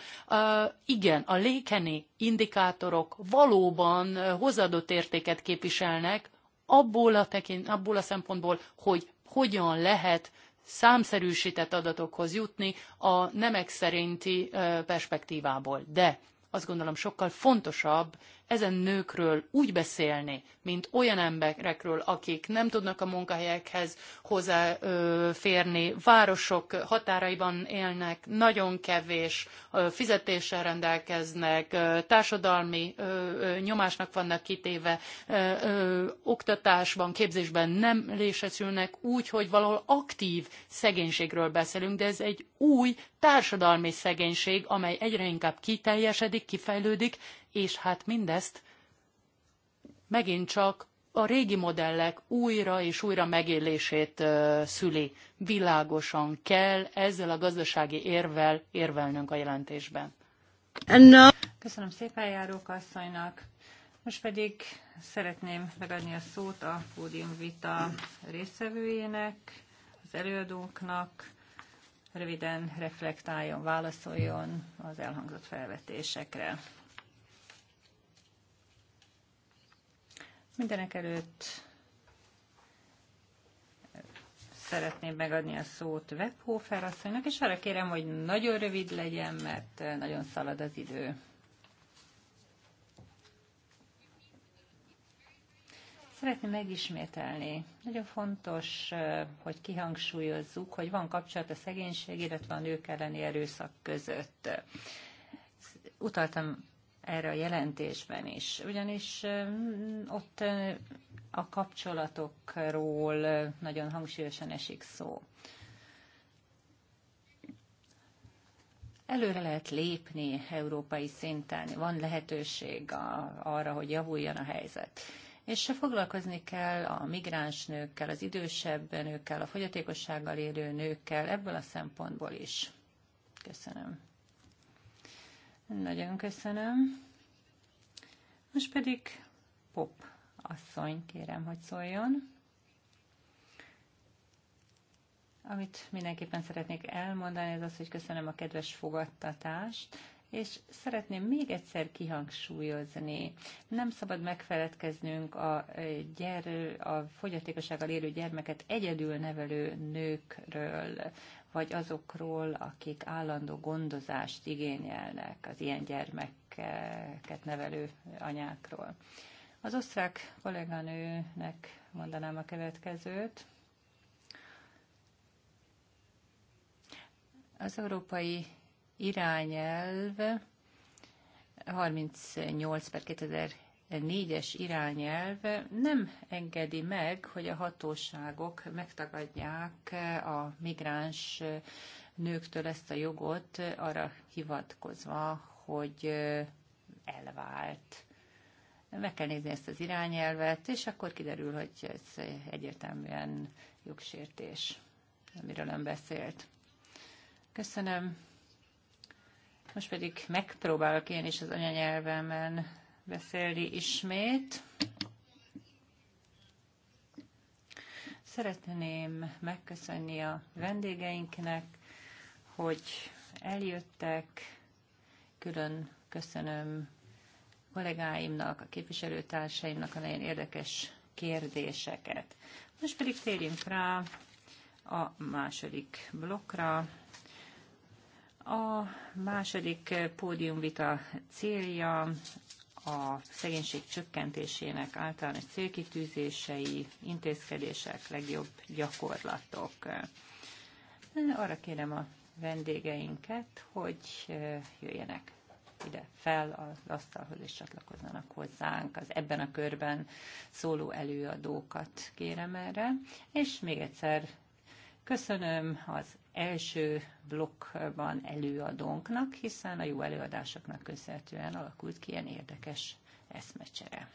igen, a lékeni indikátorok valóban hozadott értéket képviselnek abból a, tekint, abból a szempontból, hogy hogyan lehet számszerűsített adatokhoz jutni a nemek szerinti perspektívából. De azt gondolom sokkal fontosabb ezen nőkről úgy beszélni, mint olyan emberekről, akik nem tudnak a munkahelyekhez hozzáférni, városok határaiban élnek, nagyon kevés fizetéssel rendelkeznek, társadalmi nyomásnak vannak kitéve, oktatásban, képzésben nem részesülnek, úgy, hogy valahol aktív szegénységről beszélünk, de ez egy új társadalmi szegénység, amely egyre inkább kiteljesedik, kifejlődik, és hát mindezt megint csak a régi modellek újra és újra megélését szüli. Világosan kell ezzel a gazdasági érvel érvelnünk a jelentésben. Köszönöm szépen járók asszonynak. Most pedig szeretném megadni a szót a vita részvevőjének, az előadónknak, röviden reflektáljon, válaszoljon az elhangzott felvetésekre. Mindenek előtt szeretném megadni a szót Webhofer asszonynak, és arra kérem, hogy nagyon rövid legyen, mert nagyon szalad az idő. Szeretném megismételni. Nagyon fontos, hogy kihangsúlyozzuk, hogy van kapcsolat a szegénység, illetve a nők elleni erőszak között. Utaltam erre a jelentésben is, ugyanis ott a kapcsolatokról nagyon hangsúlyosan esik szó. Előre lehet lépni európai szinten, van lehetőség arra, hogy javuljon a helyzet és foglalkozni kell a migráns nőkkel, az idősebb nőkkel, a fogyatékossággal élő nőkkel ebből a szempontból is. Köszönöm. Nagyon köszönöm. Most pedig Pop asszony, kérem, hogy szóljon. Amit mindenképpen szeretnék elmondani, ez az, hogy köszönöm a kedves fogadtatást, és szeretném még egyszer kihangsúlyozni, nem szabad megfeledkeznünk a, gyer, a fogyatékossággal élő gyermeket egyedül nevelő nőkről, vagy azokról, akik állandó gondozást igényelnek az ilyen gyermekeket nevelő anyákról. Az osztrák kolléganőnek mondanám a következőt. Az Európai irányelv, 38 per 2004-es irányelv nem engedi meg, hogy a hatóságok megtagadják a migráns nőktől ezt a jogot, arra hivatkozva, hogy elvált. Meg kell nézni ezt az irányelvet, és akkor kiderül, hogy ez egyértelműen jogsértés, amiről ön beszélt. Köszönöm. Most pedig megpróbálok én is az anyanyelvemen beszélni ismét. Szeretném megköszönni a vendégeinknek, hogy eljöttek. Külön köszönöm kollégáimnak, a képviselőtársaimnak a nagyon érdekes kérdéseket. Most pedig térjünk rá a második blokkra, a második pódiumvita célja a szegénység csökkentésének általános célkitűzései, intézkedések, legjobb gyakorlatok. Arra kérem a vendégeinket, hogy jöjjenek ide fel az asztalhoz, és csatlakozzanak hozzánk. Az ebben a körben szóló előadókat kérem erre. És még egyszer köszönöm az első blokkban előadónknak, hiszen a jó előadásoknak köszönhetően alakult ki ilyen érdekes eszmecsere.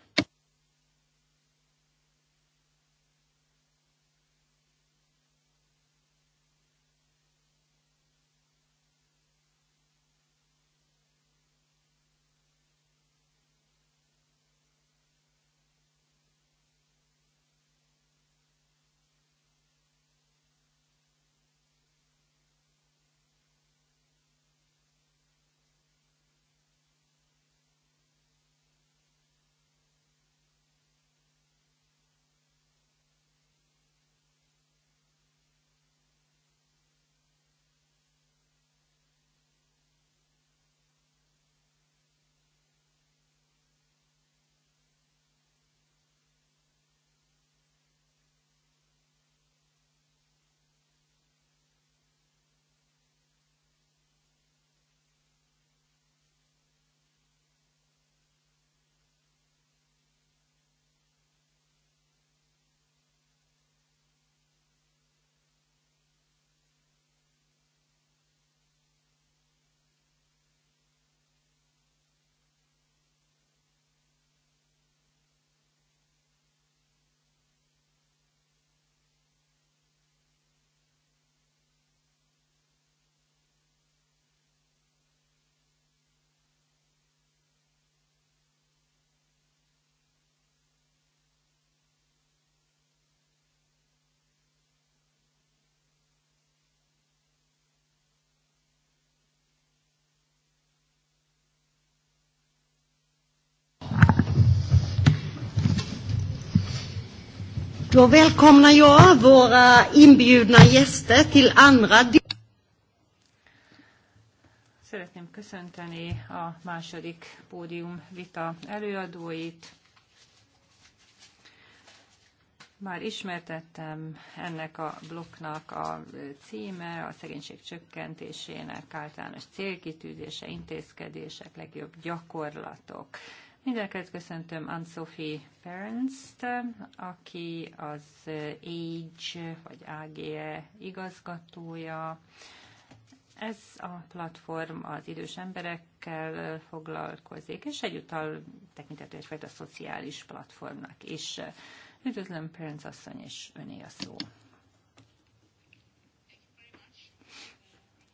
Då välkomnar jag våra inbjudna gäster till andra Szeretném köszönteni a második pódium vita előadóit. Már ismertettem ennek a blokknak a címe, a szegénység csökkentésének általános célkitűzése, intézkedések, legjobb gyakorlatok. Mindeneket köszöntöm Ann sophie Ferenc-t, aki az AGE vagy AGE igazgatója. Ez a platform az idős emberekkel foglalkozik, és egyúttal tekintető egyfajta szociális platformnak is. Üdvözlöm, Perenc asszony, és öné a szó.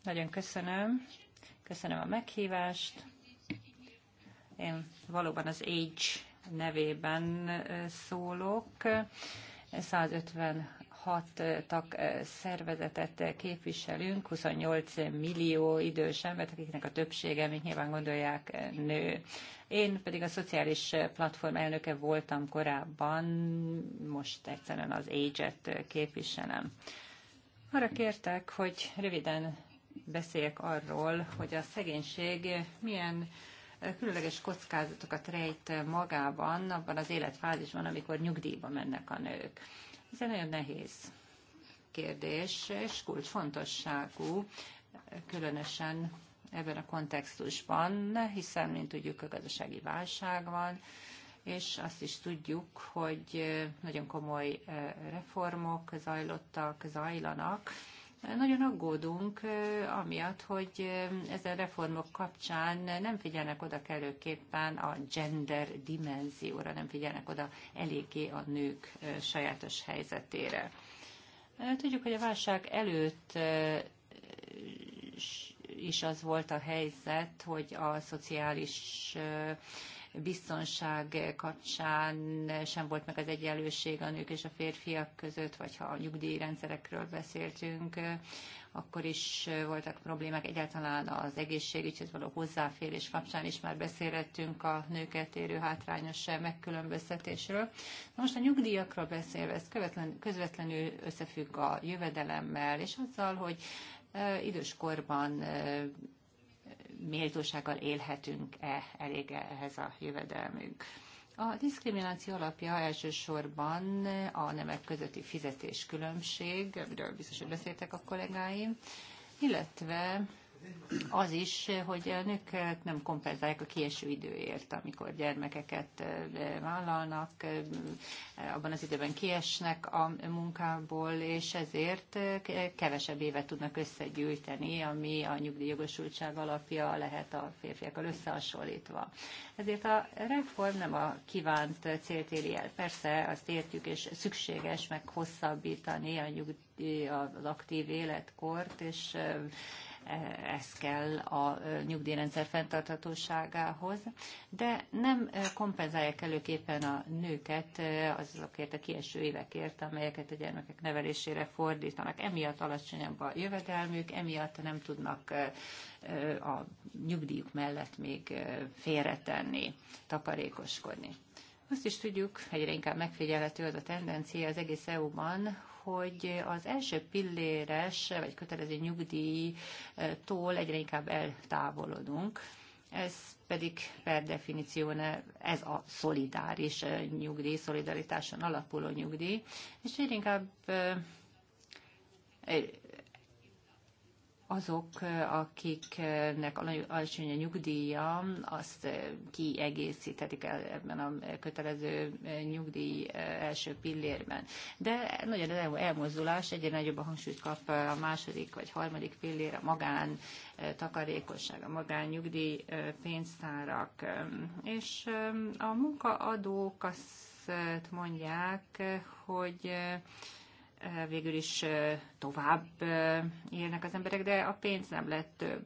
Nagyon köszönöm. Köszönöm a meghívást. Én valóban az Age nevében szólok. 156 tag szervezetet képviselünk, 28 millió idős ember, akiknek a többsége, mint nyilván gondolják, nő. Én pedig a szociális platform elnöke voltam korábban, most egyszerűen az Age-et képviselem. Arra kértek, hogy röviden beszéljek arról, hogy a szegénység milyen különleges kockázatokat rejt magában abban az életfázisban, amikor nyugdíjba mennek a nők. Ez egy nagyon nehéz kérdés, és kulcsfontosságú, különösen ebben a kontextusban, hiszen, mint tudjuk, a gazdasági válság van, és azt is tudjuk, hogy nagyon komoly eh, reformok zajlottak, zajlanak, nagyon aggódunk amiatt, hogy ezen reformok kapcsán nem figyelnek oda kellőképpen a gender dimenzióra, nem figyelnek oda eléggé a nők sajátos helyzetére. Tudjuk, hogy a válság előtt is az volt a helyzet, hogy a szociális biztonság kapcsán sem volt meg az egyenlőség a nők és a férfiak között, vagy ha a nyugdíjrendszerekről beszéltünk, akkor is voltak problémák. Egyáltalán az egészségügyhöz való hozzáférés kapcsán is már beszélettünk a nőket érő hátrányos megkülönböztetésről. Na most a nyugdíjakról beszélve, ez követlen, közvetlenül összefügg a jövedelemmel, és azzal, hogy e, időskorban e, méltósággal élhetünk-e elég ehhez a jövedelmünk. A diszkrimináció alapja elsősorban a nemek közötti fizetéskülönbség, amiről biztos, hogy beszéltek a kollégáim, illetve az is, hogy a nők nem kompenzálják a késő időért, amikor gyermekeket vállalnak, abban az időben kiesnek a munkából, és ezért kevesebb évet tudnak összegyűjteni, ami a nyugdíjjogosultság alapja lehet a férfiakkal összehasonlítva. Ezért a reform nem a kívánt célt éri el. Persze azt értjük, és szükséges meg hosszabbítani a nyugdíj, az aktív életkort, és ez kell a nyugdíjrendszer fenntarthatóságához, de nem kompenzálják előképpen a nőket azokért a kieső évekért, amelyeket a gyermekek nevelésére fordítanak. Emiatt alacsonyabb a jövedelmük, emiatt nem tudnak a nyugdíjuk mellett még félretenni, takarékoskodni. Azt is tudjuk, egyre inkább megfigyelhető az a tendencia az egész EU-ban, hogy az első pilléres vagy kötelező nyugdíjtól eh, egyre inkább eltávolodunk. Ez pedig per definíció ez a szolidáris eh, nyugdíj, szolidaritáson alapuló nyugdíj, és egyre inkább eh, azok, akiknek alacsony a nyugdíja, azt kiegészíthetik ebben a kötelező nyugdíj első pillérben. De nagyon az elmozdulás egyre nagyobb a hangsúlyt kap a második vagy harmadik pillér, a magán takarékosság, a magán nyugdíj pénztárak. És a munkaadók azt mondják, hogy végül is tovább élnek az emberek, de a pénz nem lett több.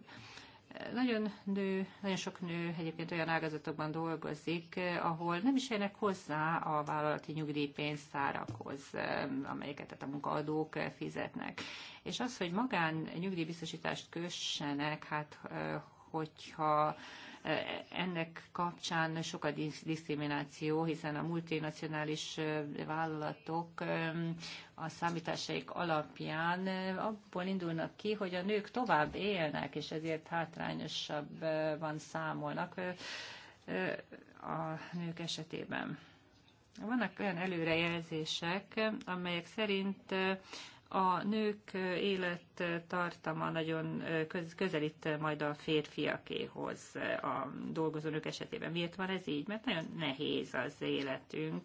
Nagyon nő, nagyon sok nő egyébként olyan ágazatokban dolgozik, ahol nem is élnek hozzá a vállalati nyugdíjpénztárakhoz, amelyeket tehát a munkaadók fizetnek. És az, hogy magán nyugdíjbiztosítást kössenek, hát hogyha ennek kapcsán sok a diszkrimináció, hiszen a multinacionális vállalatok a számításaik alapján abból indulnak ki, hogy a nők tovább élnek, és ezért van számolnak a nők esetében. Vannak olyan előrejelzések, amelyek szerint a nők élettartama nagyon közelít majd a férfiakéhoz a dolgozó nők esetében. Miért van ez így? Mert nagyon nehéz az életünk,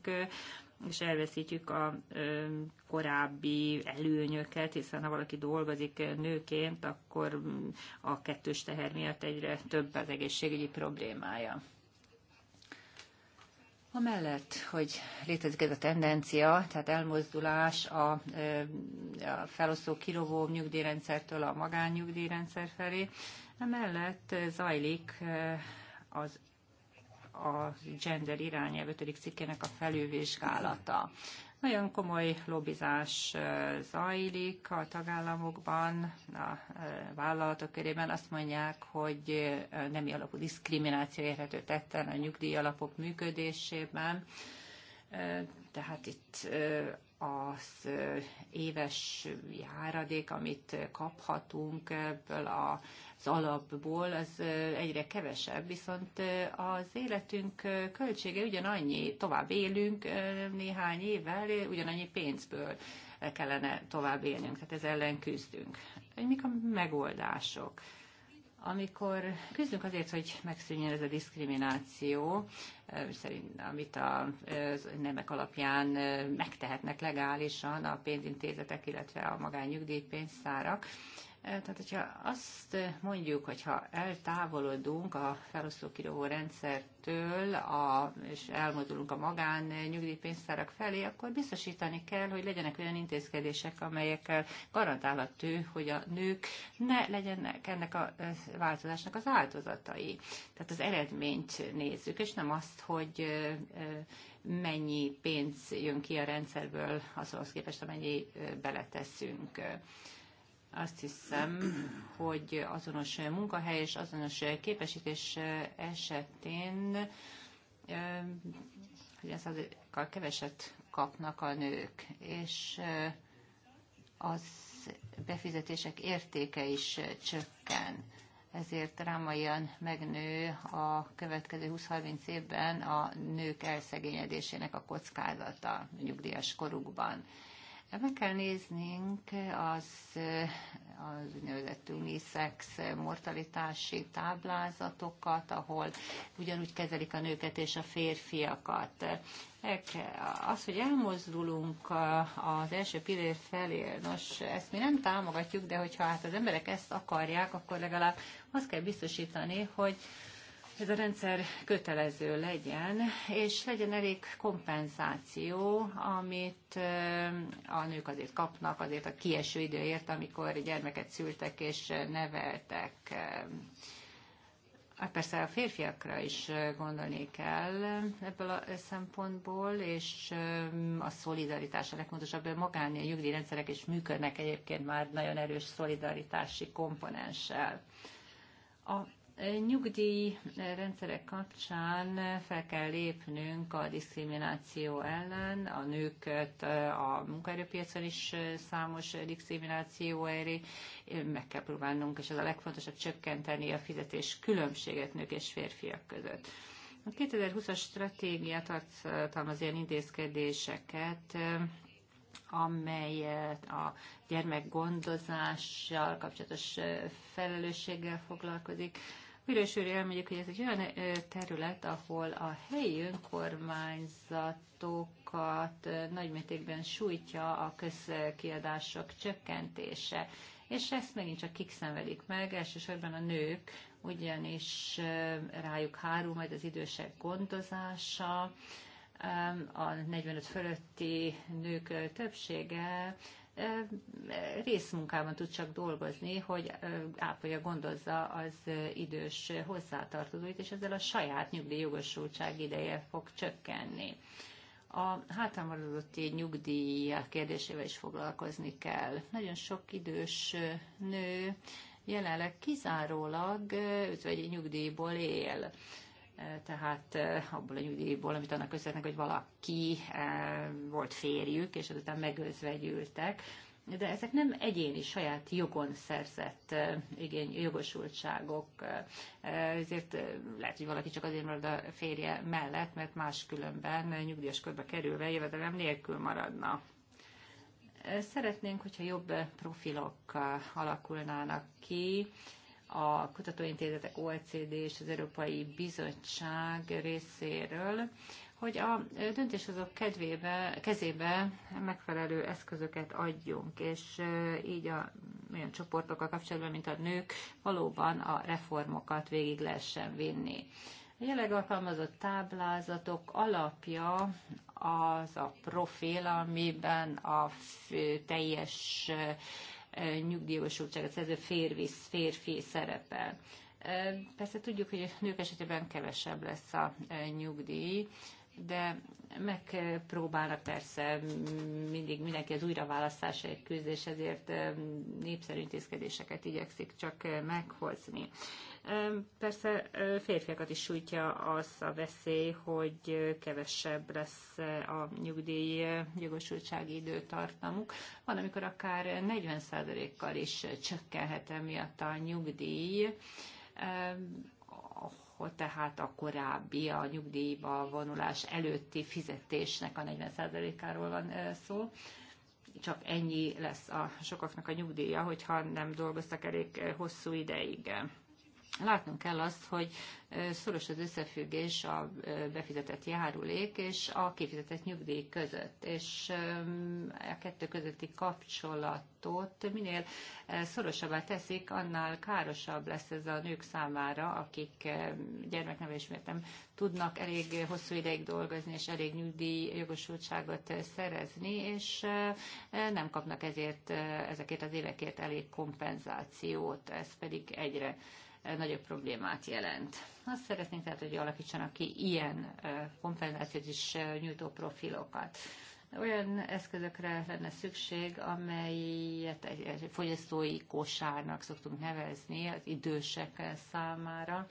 és elveszítjük a korábbi előnyöket, hiszen ha valaki dolgozik nőként, akkor mm, a kettős teher miatt egyre több az egészségügyi problémája. Amellett, hogy létezik ez a tendencia, tehát elmozdulás a, a felosztó kirovó nyugdíjrendszertől a magánnyugdíjrendszer felé, emellett zajlik az a gender irányelv 5. cikkének a felülvizsgálata. Nagyon komoly lobbizás zajlik a tagállamokban, a vállalatok körében azt mondják, hogy nem alapú diszkrimináció érhető tetten a nyugdíj alapok működésében. Tehát itt az éves járadék, amit kaphatunk ebből az alapból, az egyre kevesebb, viszont az életünk költsége ugyanannyi, tovább élünk néhány évvel, ugyanannyi pénzből kellene tovább élnünk, tehát ez ellen küzdünk. Mik a megoldások? amikor küzdünk azért, hogy megszűnjön ez a diszkrimináció, szerint, amit a nemek alapján megtehetnek legálisan a pénzintézetek, illetve a magányugdíjpénztárak, Eh, tehát, hogyha azt eh, mondjuk, hogyha eltávolodunk a felosztókirovó rendszertől, a, és elmozdulunk a magán eh, nyugdíjpénztárak felé, akkor biztosítani kell, hogy legyenek olyan intézkedések, amelyekkel garantálható, hogy a nők ne legyenek ennek a változásnak az áldozatai. Tehát az eredményt nézzük, és nem azt, hogy mennyi pénz jön ki a rendszerből, azonhoz képest, amennyi beleteszünk azt hiszem, hogy azonos munkahely és azonos képesítés esetén hogy ez azokkal keveset kapnak a nők, és az befizetések értéke is csökken. Ezért rámaian megnő a következő 20-30 évben a nők elszegényedésének a kockázata nyugdíjas korukban. Hát meg kell néznünk az, az úgynevezett unisex mortalitási táblázatokat, ahol ugyanúgy kezelik a nőket és a férfiakat. Az, hogy elmozdulunk az első pillér felé, nos, ezt mi nem támogatjuk, de hogyha hát az emberek ezt akarják, akkor legalább azt kell biztosítani, hogy ez a rendszer kötelező legyen, és legyen elég kompenzáció, amit a nők azért kapnak, azért a kieső időért, amikor gyermeket szültek és neveltek. Hát persze a férfiakra is gondolni kell ebből a szempontból, és a szolidaritás a legfontosabb, hogy magán a rendszerek is működnek egyébként már nagyon erős szolidaritási komponenssel. A nyugdíjrendszerek eh, kapcsán fel kell lépnünk a diszkrimináció ellen, a nőket eh, a munkaerőpiacon is eh, számos diszkrimináció éri, meg kell próbálnunk, és ez a legfontosabb, csökkenteni a fizetés különbséget nők és férfiak között. A 2020-as stratégia tartalmaz ilyen intézkedéseket, amelyet a gyermekgondozással kapcsolatos felelősséggel foglalkozik. Pirősőre elmegyek, hogy ez egy olyan terület, ahol a helyi önkormányzatokat nagymértékben sújtja a közkiadások csökkentése. És ezt megint csak kik szenvedik meg, elsősorban a nők, ugyanis rájuk hárul majd az idősek gondozása, a 45 fölötti nők többsége részmunkában tud csak dolgozni, hogy ápolja, gondozza az idős hozzátartozóit, és ezzel a saját nyugdíjjogosultság ideje fog csökkenni. A hátramaradotté nyugdíj kérdésével is foglalkozni kell. Nagyon sok idős nő jelenleg kizárólag ötvegyi nyugdíjból él. Eh, tehát eh, abból a nyugdíjból, amit annak köszönhetnek, hogy valaki eh, volt férjük, és azután megőzve gyűltek. De ezek nem egyéni, saját jogon szerzett igény, jogosultságok. Ezért lehet, hogy valaki csak azért marad a férje mellett, mert máskülönben nyugdíjas körbe kerülve jövedelem nélkül maradna. Szeretnénk, hogyha jobb profilok alakulnának ki, a kutatóintézetek OECD és az Európai Bizottság részéről, hogy a döntéshozók kedvébe, kezébe megfelelő eszközöket adjunk, és így a olyan csoportokkal kapcsolatban, mint a nők, valóban a reformokat végig lehessen vinni. A jelenleg alkalmazott táblázatok alapja az a profil, amiben a teljes nyugdíjosultságot szerző férfi, férfi szerepel. Persze tudjuk, hogy a nők esetében kevesebb lesz a nyugdíj, de megpróbálnak persze mindig mindenki az újraválasztásért küzdés, ezért népszerű intézkedéseket igyekszik csak meghozni. Persze férfiakat is sújtja az a veszély, hogy kevesebb lesz a nyugdíj jogosultsági időtartamuk. Van, amikor akár 40%-kal is csökkenhet emiatt a nyugdíj, hogy tehát a korábbi, a nyugdíjba vonulás előtti fizetésnek a 40%-áról van szó csak ennyi lesz a sokaknak a nyugdíja, hogyha nem dolgoztak elég hosszú ideig. Látnunk kell azt, hogy szoros az összefüggés a befizetett járulék és a kifizetett nyugdíj között, és a kettő közötti kapcsolatot minél szorosabbá teszik, annál károsabb lesz ez a nők számára, akik gyermeknevelés miért nem tudnak elég hosszú ideig dolgozni, és elég nyugdíj jogosultságot szerezni, és nem kapnak ezért, ezekért az évekért elég kompenzációt, ez pedig egyre Eh, nagyobb problémát jelent. Azt szeretnénk tehát, hogy alakítsanak ki ilyen eh, kompenzációt is eh, nyújtó profilokat olyan eszközökre lenne szükség, amelyet egy, fogyasztói kosárnak szoktunk nevezni az idősek számára,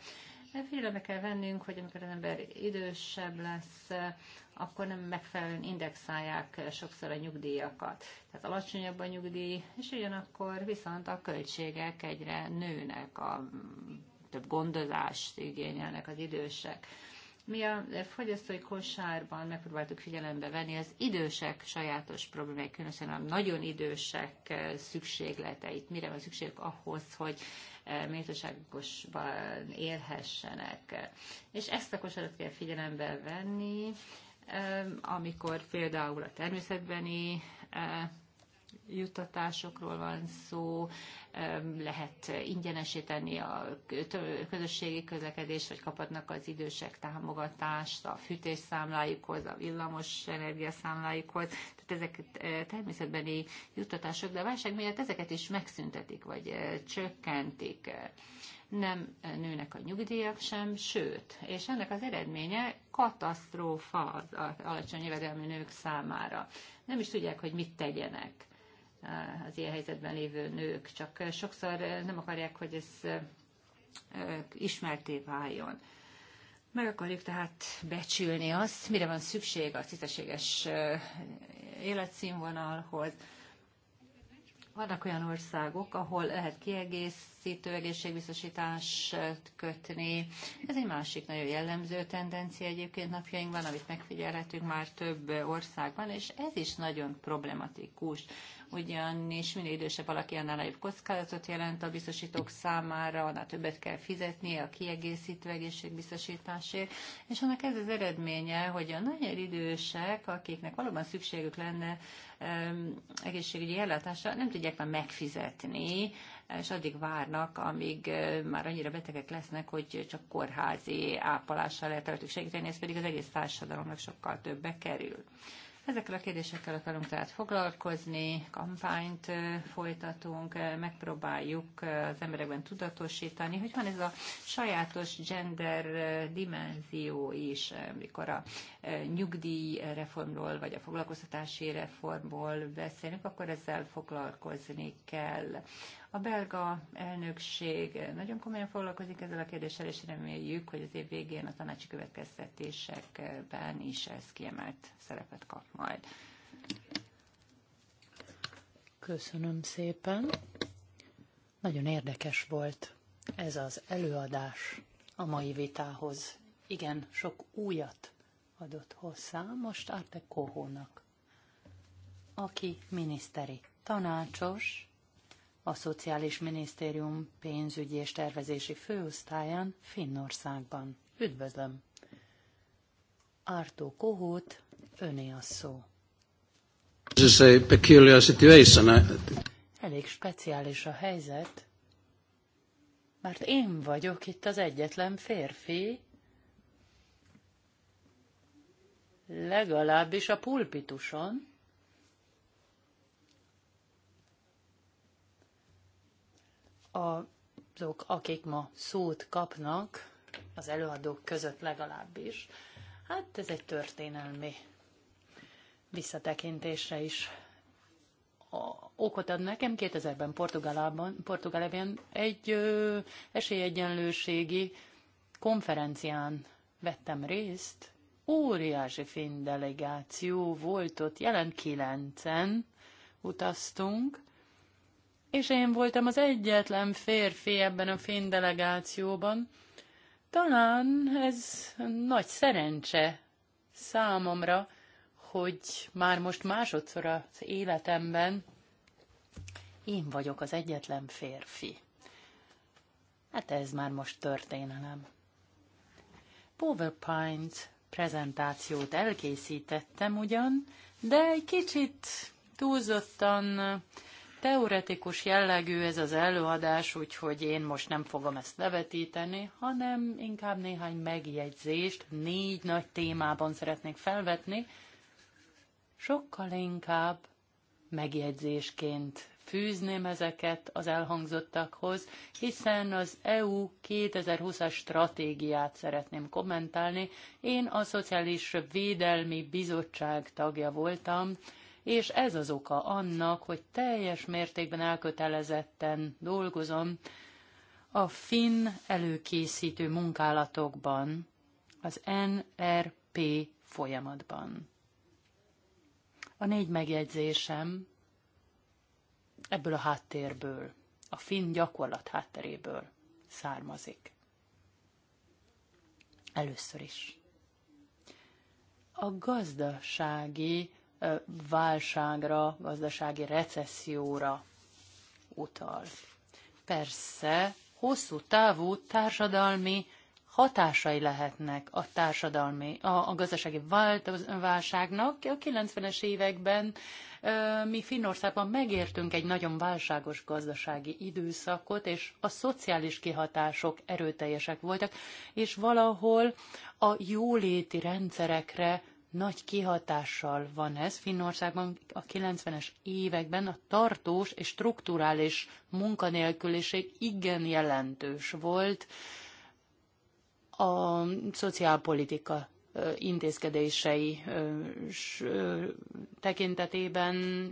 Figyelembe kell vennünk, hogy amikor az ember idősebb lesz, akkor nem megfelelően indexálják sokszor a nyugdíjakat. Tehát alacsonyabb a nyugdíj, és ugyanakkor viszont a költségek egyre nőnek, a több gondozást igényelnek az idősek. Mi a fogyasztói kosárban megpróbáltuk figyelembe venni az idősek sajátos problémáit, különösen a nagyon idősek szükségleteit, mire van szükség ahhoz, hogy méltóságosban élhessenek. És ezt a kosarat kell figyelembe venni, eh, amikor például a természetbeni eh, juttatásokról van szó, lehet ingyenesíteni a közösségi közlekedés, vagy kaphatnak az idősek támogatást a fűtésszámlájukhoz, a villamos energiaszámlájukhoz. Tehát ezek eh, természetbeni juttatások, de a válság miatt ezeket is megszüntetik, vagy eh, csökkentik nem eh, nőnek a nyugdíjak sem, sőt, és ennek az eredménye katasztrófa az alacsony jövedelmi nők számára. Nem is tudják, hogy mit tegyenek az ilyen helyzetben lévő nők, csak sokszor eh, nem akarják, hogy ez eh, eh, ismerté váljon. Meg akarjuk tehát becsülni azt, mire van szükség a tisztességes életszínvonalhoz. Vannak olyan országok, ahol lehet kiegészítő egészségbiztosítást kötni. Ez egy másik nagyon jellemző tendencia egyébként napjainkban, amit megfigyelhetünk már több országban, és ez is nagyon problematikus ugyanis minél idősebb valaki, annál nagyobb kockázatot jelent a biztosítók számára, annál többet kell fizetni a kiegészítő egészségbiztosításért, és annak ez az eredménye, hogy a nagyon idősek, akiknek valóban szükségük lenne egészségügyi ellátásra, nem tudják már megfizetni, és addig várnak, amíg már annyira betegek lesznek, hogy csak kórházi ápolással lehet előttük segíteni, ez pedig az egész társadalomnak sokkal többe kerül. Ezekkel a kérdésekkel akarunk tehát foglalkozni, kampányt folytatunk, megpróbáljuk az emberekben tudatosítani, hogy van ez a sajátos gender dimenzió is, mikor a nyugdíjreformról vagy a foglalkoztatási reformból beszélünk, akkor ezzel foglalkozni kell. A belga elnökség nagyon komolyan foglalkozik ezzel a kérdéssel, és reméljük, hogy az év végén a tanácsi következtetésekben is ez kiemelt szerepet kap majd. Köszönöm szépen. Nagyon érdekes volt ez az előadás a mai vitához. Igen, sok újat adott hozzá most Arte Kohónak, aki miniszteri tanácsos, a Szociális Minisztérium pénzügyi és tervezési főosztályán Finnországban. Üdvözlöm! Ártó Kohót, öné a szó. peculiar Elég speciális a helyzet, mert én vagyok itt az egyetlen férfi, legalábbis a pulpituson, azok, akik ma szót kapnak, az előadók között legalábbis, hát ez egy történelmi visszatekintésre is a, okot ad nekem. 2000-ben Portugálában, Portugálában egy ö, esélyegyenlőségi konferencián vettem részt. Óriási finn delegáció volt ott, jelen kilencen utaztunk, és én voltam az egyetlen férfi ebben a fény delegációban. Talán ez nagy szerencse számomra, hogy már most másodszor az életemben én vagyok az egyetlen férfi. Hát ez már most történelem. PowerPoint prezentációt elkészítettem ugyan, de egy kicsit túlzottan teoretikus jellegű ez az előadás, úgyhogy én most nem fogom ezt levetíteni, hanem inkább néhány megjegyzést négy nagy témában szeretnék felvetni, sokkal inkább megjegyzésként fűzném ezeket az elhangzottakhoz, hiszen az EU 2020-as stratégiát szeretném kommentálni. Én a Szociális Védelmi Bizottság tagja voltam, és ez az oka annak, hogy teljes mértékben elkötelezetten dolgozom a finn előkészítő munkálatokban, az NRP folyamatban. A négy megjegyzésem ebből a háttérből, a finn gyakorlat hátteréből származik. Először is. A gazdasági válságra, gazdasági recesszióra utal. Persze, hosszú távú társadalmi hatásai lehetnek a társadalmi, a, a gazdasági válságnak. A 90-es években mi Finnországban megértünk egy nagyon válságos gazdasági időszakot, és a szociális kihatások erőteljesek voltak, és valahol a jóléti rendszerekre nagy kihatással van ez Finnországban a 90-es években a tartós és strukturális munkanélküliség igen jelentős volt a szociálpolitika intézkedései tekintetében.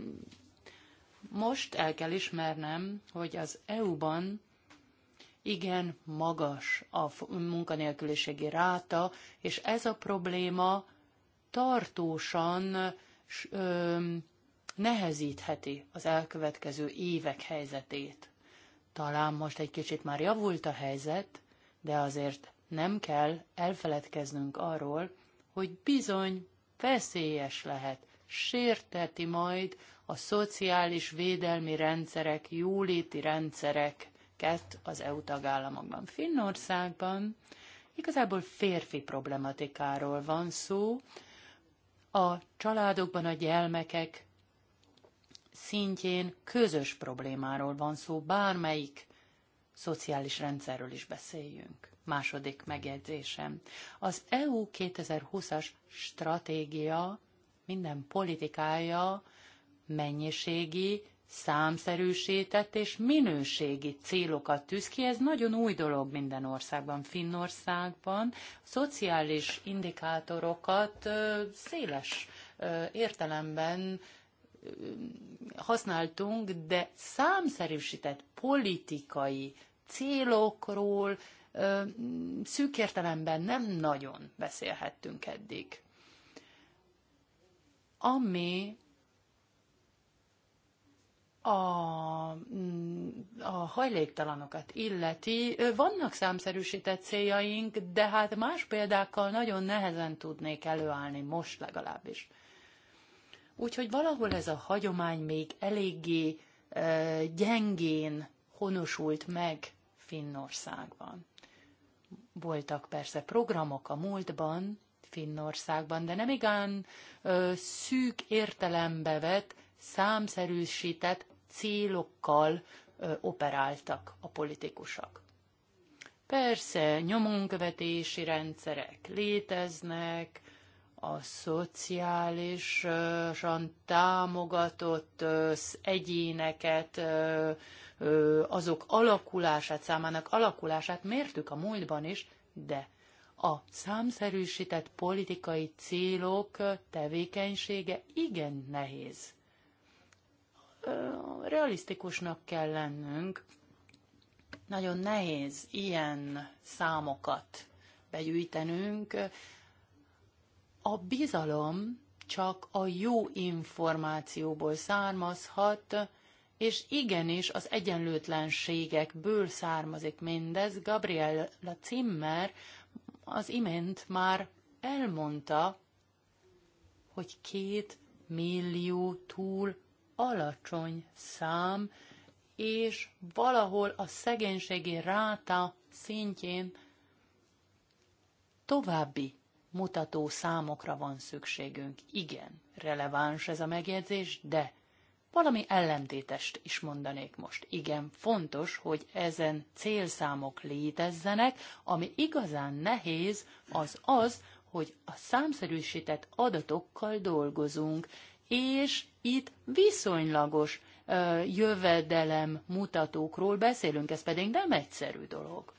Most el kell ismernem, hogy az EU-ban igen magas a munkanélküliségi ráta, és ez a probléma tartósan ö, nehezítheti az elkövetkező évek helyzetét. Talán most egy kicsit már javult a helyzet, de azért nem kell elfeledkeznünk arról, hogy bizony veszélyes lehet, sérteti majd a szociális védelmi rendszerek, jóléti rendszereket az EU tagállamokban. Finnországban igazából férfi problematikáról van szó, a családokban a gyermekek szintjén közös problémáról van szó, bármelyik szociális rendszerről is beszéljünk. Második megjegyzésem. Az EU 2020-as stratégia minden politikája mennyiségi számszerűsített és minőségi célokat tűz ki. Ez nagyon új dolog minden országban. Finnországban szociális indikátorokat széles értelemben használtunk, de számszerűsített politikai célokról szűk értelemben nem nagyon beszélhettünk eddig. Ami a, mm, a hajléktalanokat illeti, vannak számszerűsített céljaink, de hát más példákkal nagyon nehezen tudnék előállni most legalábbis. Úgyhogy valahol ez a hagyomány még eléggé e, gyengén honosult meg Finnországban. Voltak persze programok a múltban, Finnországban, de nem igán ö, szűk értelembe vett, számszerűsített célokkal operáltak a politikusok. Persze, nyomonkövetési rendszerek léteznek, a szociálisan támogatott egyéneket, azok alakulását, számának alakulását mértük a múltban is, de a számszerűsített politikai célok tevékenysége igen nehéz realisztikusnak kell lennünk. Nagyon nehéz ilyen számokat begyűjtenünk. A bizalom csak a jó információból származhat, és igenis az egyenlőtlenségekből származik mindez. Gabriella Zimmer az imént már elmondta, hogy két millió túl alacsony szám, és valahol a szegénységi ráta szintjén további mutató számokra van szükségünk. Igen, releváns ez a megjegyzés, de valami ellentétest is mondanék most. Igen, fontos, hogy ezen célszámok létezzenek, ami igazán nehéz, az az, hogy a számszerűsített adatokkal dolgozunk, és itt viszonylagos jövedelem mutatókról beszélünk, ez pedig nem egyszerű dolog.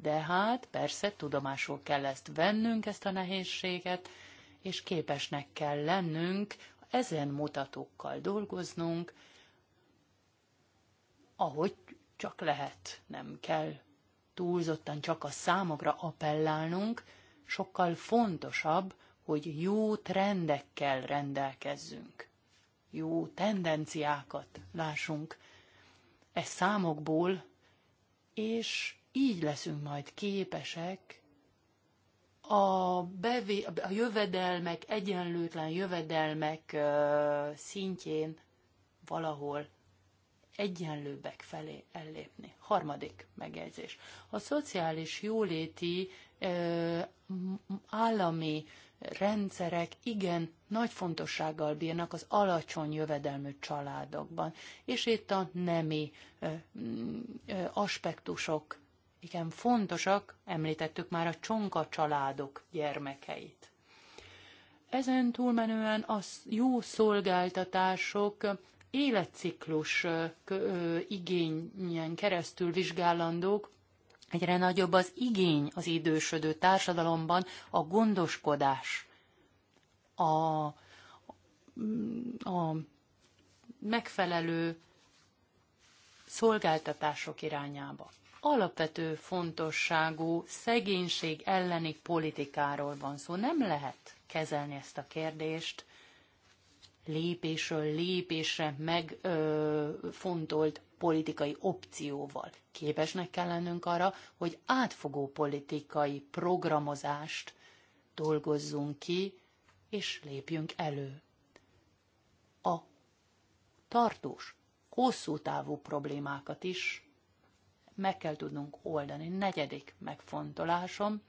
De hát persze tudomásul kell ezt vennünk, ezt a nehézséget, és képesnek kell lennünk ezen mutatókkal dolgoznunk, ahogy csak lehet, nem kell túlzottan csak a számokra appellálnunk, sokkal fontosabb, hogy jó trendekkel rendelkezzünk, jó tendenciákat lássunk e számokból, és így leszünk majd képesek a, bevé, a jövedelmek, egyenlőtlen jövedelmek ö, szintjén valahol egyenlőbbek felé ellépni. Harmadik megjegyzés. A szociális jóléti ö, állami rendszerek igen nagy fontossággal bírnak az alacsony jövedelmű családokban, és itt a nemi aspektusok igen fontosak, említettük már a csonka családok gyermekeit. Ezen túlmenően a jó szolgáltatások életciklus igényen keresztül vizsgálandók, Egyre nagyobb az igény az idősödő társadalomban a gondoskodás, a, a megfelelő szolgáltatások irányába. Alapvető fontosságú szegénység elleni politikáról van szó. Nem lehet kezelni ezt a kérdést lépésről lépésre megfontolt politikai opcióval. Képesnek kell lennünk arra, hogy átfogó politikai programozást dolgozzunk ki, és lépjünk elő. A tartós, hosszú távú problémákat is meg kell tudnunk oldani. Negyedik megfontolásom.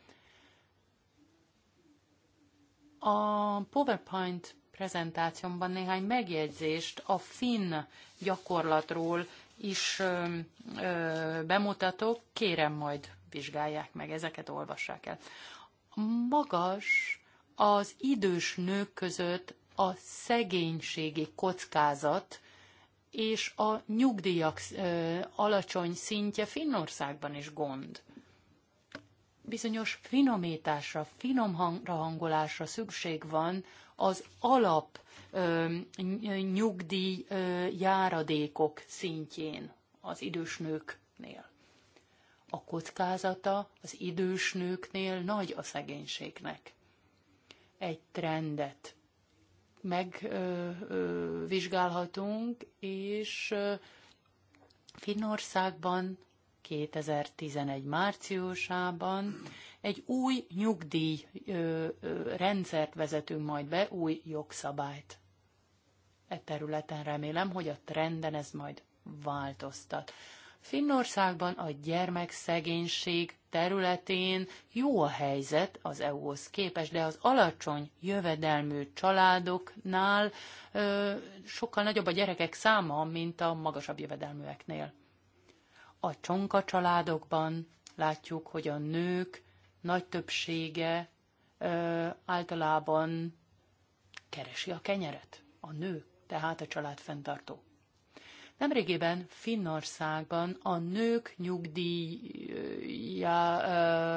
A PowerPoint prezentációmban néhány megjegyzést a finn gyakorlatról is bemutatok, kérem majd vizsgálják meg ezeket, olvassák el. Magas az idős nők között a szegénységi kockázat és a nyugdíjak alacsony szintje Finnországban is gond. Bizonyos finomításra, finom hangra hangolásra szükség van az alap nyugdíj járadékok szintjén az idős nőknél. A kockázata az idős nőknél nagy a szegénységnek. Egy trendet megvizsgálhatunk, és Finnországban 2011 márciusában egy új nyugdíj rendszert vezetünk majd be, új jogszabályt e területen remélem, hogy a trenden ez majd változtat. Finnországban a gyermekszegénység területén jó a helyzet az EU-hoz képest, de az alacsony jövedelmű családoknál ö, sokkal nagyobb a gyerekek száma, mint a magasabb jövedelműeknél. A csonka családokban látjuk, hogy a nők nagy többsége ö, általában keresi a kenyeret. A nők tehát a család fenntartó. Nemrégében Finnországban a nők nyugdíja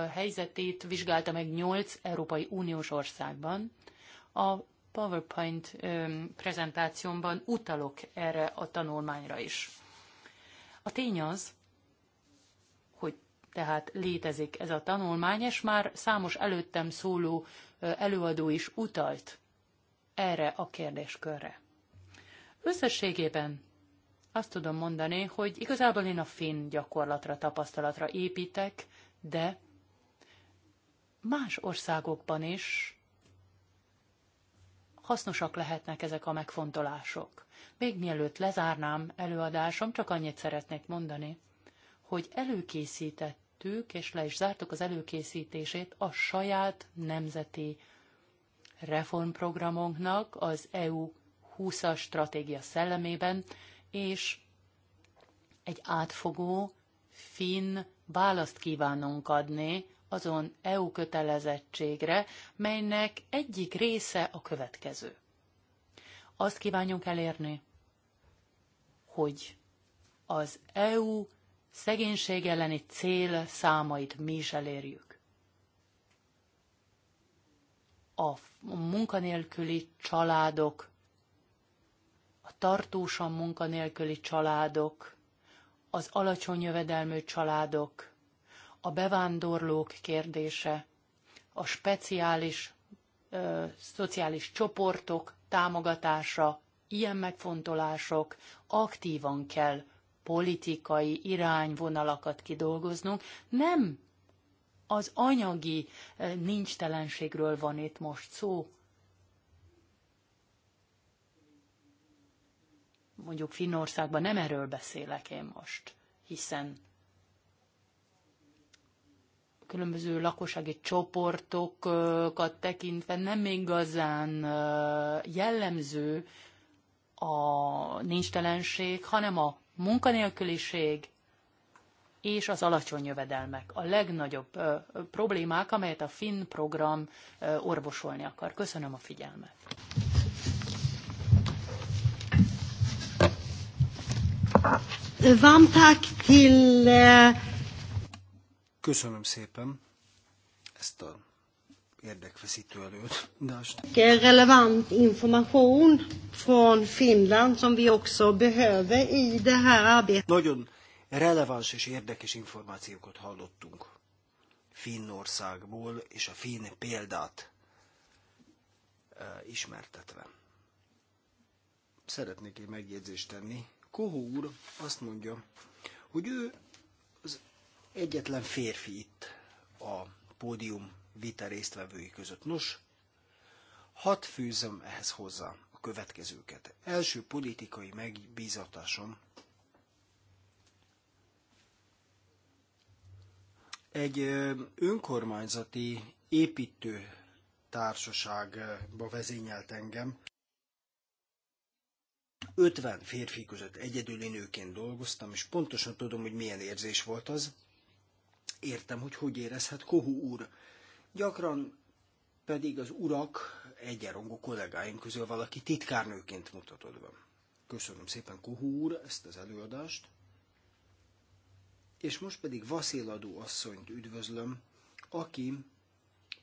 helyzetét vizsgálta meg 8 Európai Uniós országban. A PowerPoint prezentációmban utalok erre a tanulmányra is. A tény az, hogy tehát létezik ez a tanulmány, és már számos előttem szóló előadó is utalt erre a kérdéskörre. Összességében azt tudom mondani, hogy igazából én a finn gyakorlatra, tapasztalatra építek, de más országokban is hasznosak lehetnek ezek a megfontolások. Még mielőtt lezárnám előadásom, csak annyit szeretnék mondani, hogy előkészítettük, és le is zártuk az előkészítését a saját nemzeti reformprogramunknak, az EU 2020-as stratégia szellemében, és egy átfogó, finn választ kívánunk adni azon EU kötelezettségre, melynek egyik része a következő. Azt kívánjuk elérni, hogy az EU szegénység elleni cél számait mi is elérjük. A munkanélküli családok a tartósan munkanélküli családok, az alacsony jövedelmű családok, a bevándorlók kérdése, a speciális ö, szociális csoportok támogatása, ilyen megfontolások aktívan kell politikai irányvonalakat kidolgoznunk. Nem az anyagi nincstelenségről van itt most szó, mondjuk Finnországban, nem erről beszélek én most, hiszen különböző lakossági csoportokat tekintve nem igazán jellemző a nincstelenség, hanem a munkanélküliség és az alacsony jövedelmek. A legnagyobb problémák, amelyet a Finn program orvosolni akar. Köszönöm a figyelmet. Varmt tack till... Eh, Köszönöm szépen ezt a érdekfeszítő előadást. Relevant information från Finland som vi också behöver i det här arbetet. Nagyon releváns és érdekes információkat hallottunk Finnországból, és a finn példát eh, ismertetve. Szeretnék egy megjegyzést tenni, Kohó úr azt mondja, hogy ő az egyetlen férfi itt a pódium vita résztvevői között. Nos, Hat fűzöm ehhez hozzá a következőket. Első politikai megbízatásom egy önkormányzati építő társaságba vezényelt engem, 50 férfi között egyedüli nőként dolgoztam, és pontosan tudom, hogy milyen érzés volt az. Értem, hogy hogy érezhet Kohu úr. Gyakran pedig az urak, egyenrangú kollégáim közül valaki titkárnőként mutatott be. Köszönöm szépen, Kohu úr, ezt az előadást. És most pedig Vaszéladó asszonyt üdvözlöm, aki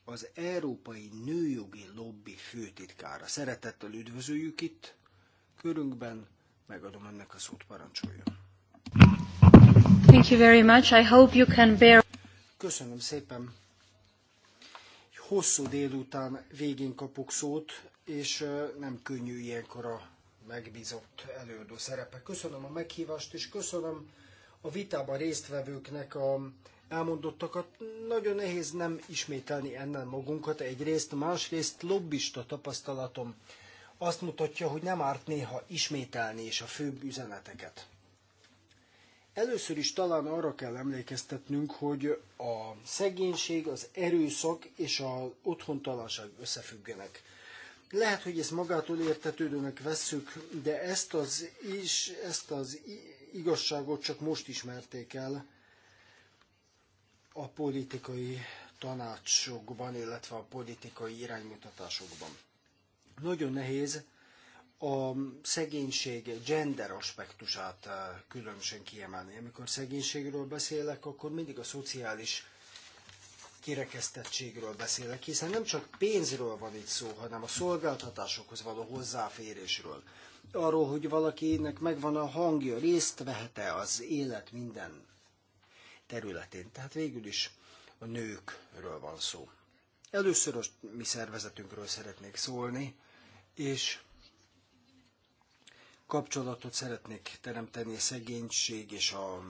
az Európai Nőjogi Lobby főtitkára. Szeretettel üdvözöljük itt körünkben. Megadom ennek a szót, parancsoljon. Thank you very much. I hope you can bear... Köszönöm szépen. Hosszú délután végén kapok szót, és nem könnyű ilyenkor a megbízott előadó szerepe. Köszönöm a meghívást, és köszönöm a vitában résztvevőknek a elmondottakat. Nagyon nehéz nem ismételni ennen magunkat egyrészt, másrészt lobbista tapasztalatom azt mutatja, hogy nem árt néha ismételni is a főbb üzeneteket. Először is talán arra kell emlékeztetnünk, hogy a szegénység, az erőszak és az otthontalanság összefüggenek. Lehet, hogy ezt magától értetődőnek vesszük, de ezt az, is, ezt az igazságot csak most ismerték el a politikai tanácsokban, illetve a politikai iránymutatásokban. Nagyon nehéz a szegénység gender aspektusát eh, különösen kiemelni. Amikor szegénységről beszélek, akkor mindig a szociális kirekesztettségről beszélek, hiszen nem csak pénzről van itt szó, hanem a szolgáltatásokhoz való hozzáférésről. Arról, hogy valakinek megvan a hangja, részt vehet-e az élet minden területén. Tehát végül is a nőkről van szó. Először a mi szervezetünkről szeretnék szólni, és kapcsolatot szeretnék teremteni a szegénység és a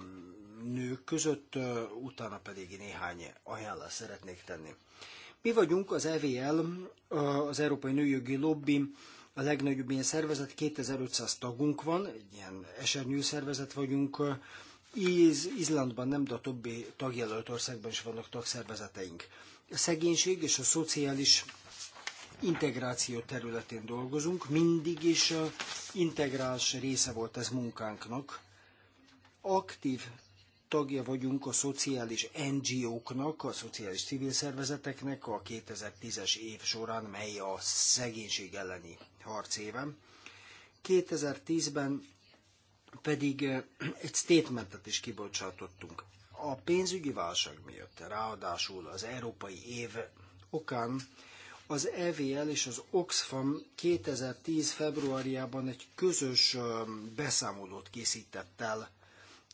nők között, utána pedig néhány ajánlást szeretnék tenni. Mi vagyunk az EVL, az Európai Nőjogi Lobby, a legnagyobb ilyen szervezet, 2500 tagunk van, egy ilyen esernyő szervezet vagyunk, Íz, Izlandban nem, de a többi tagjelölt országban is vannak tagszervezeteink a szegénység és a szociális integráció területén dolgozunk, mindig is integrás része volt ez munkánknak. Aktív tagja vagyunk a szociális NGO-knak, a szociális civil szervezeteknek a 2010-es év során, mely a szegénység elleni harc éve. 2010-ben pedig egy statementet is kibocsátottunk a pénzügyi válság miatt, ráadásul az európai év okán az EVL és az Oxfam 2010. februárjában egy közös beszámolót készített el.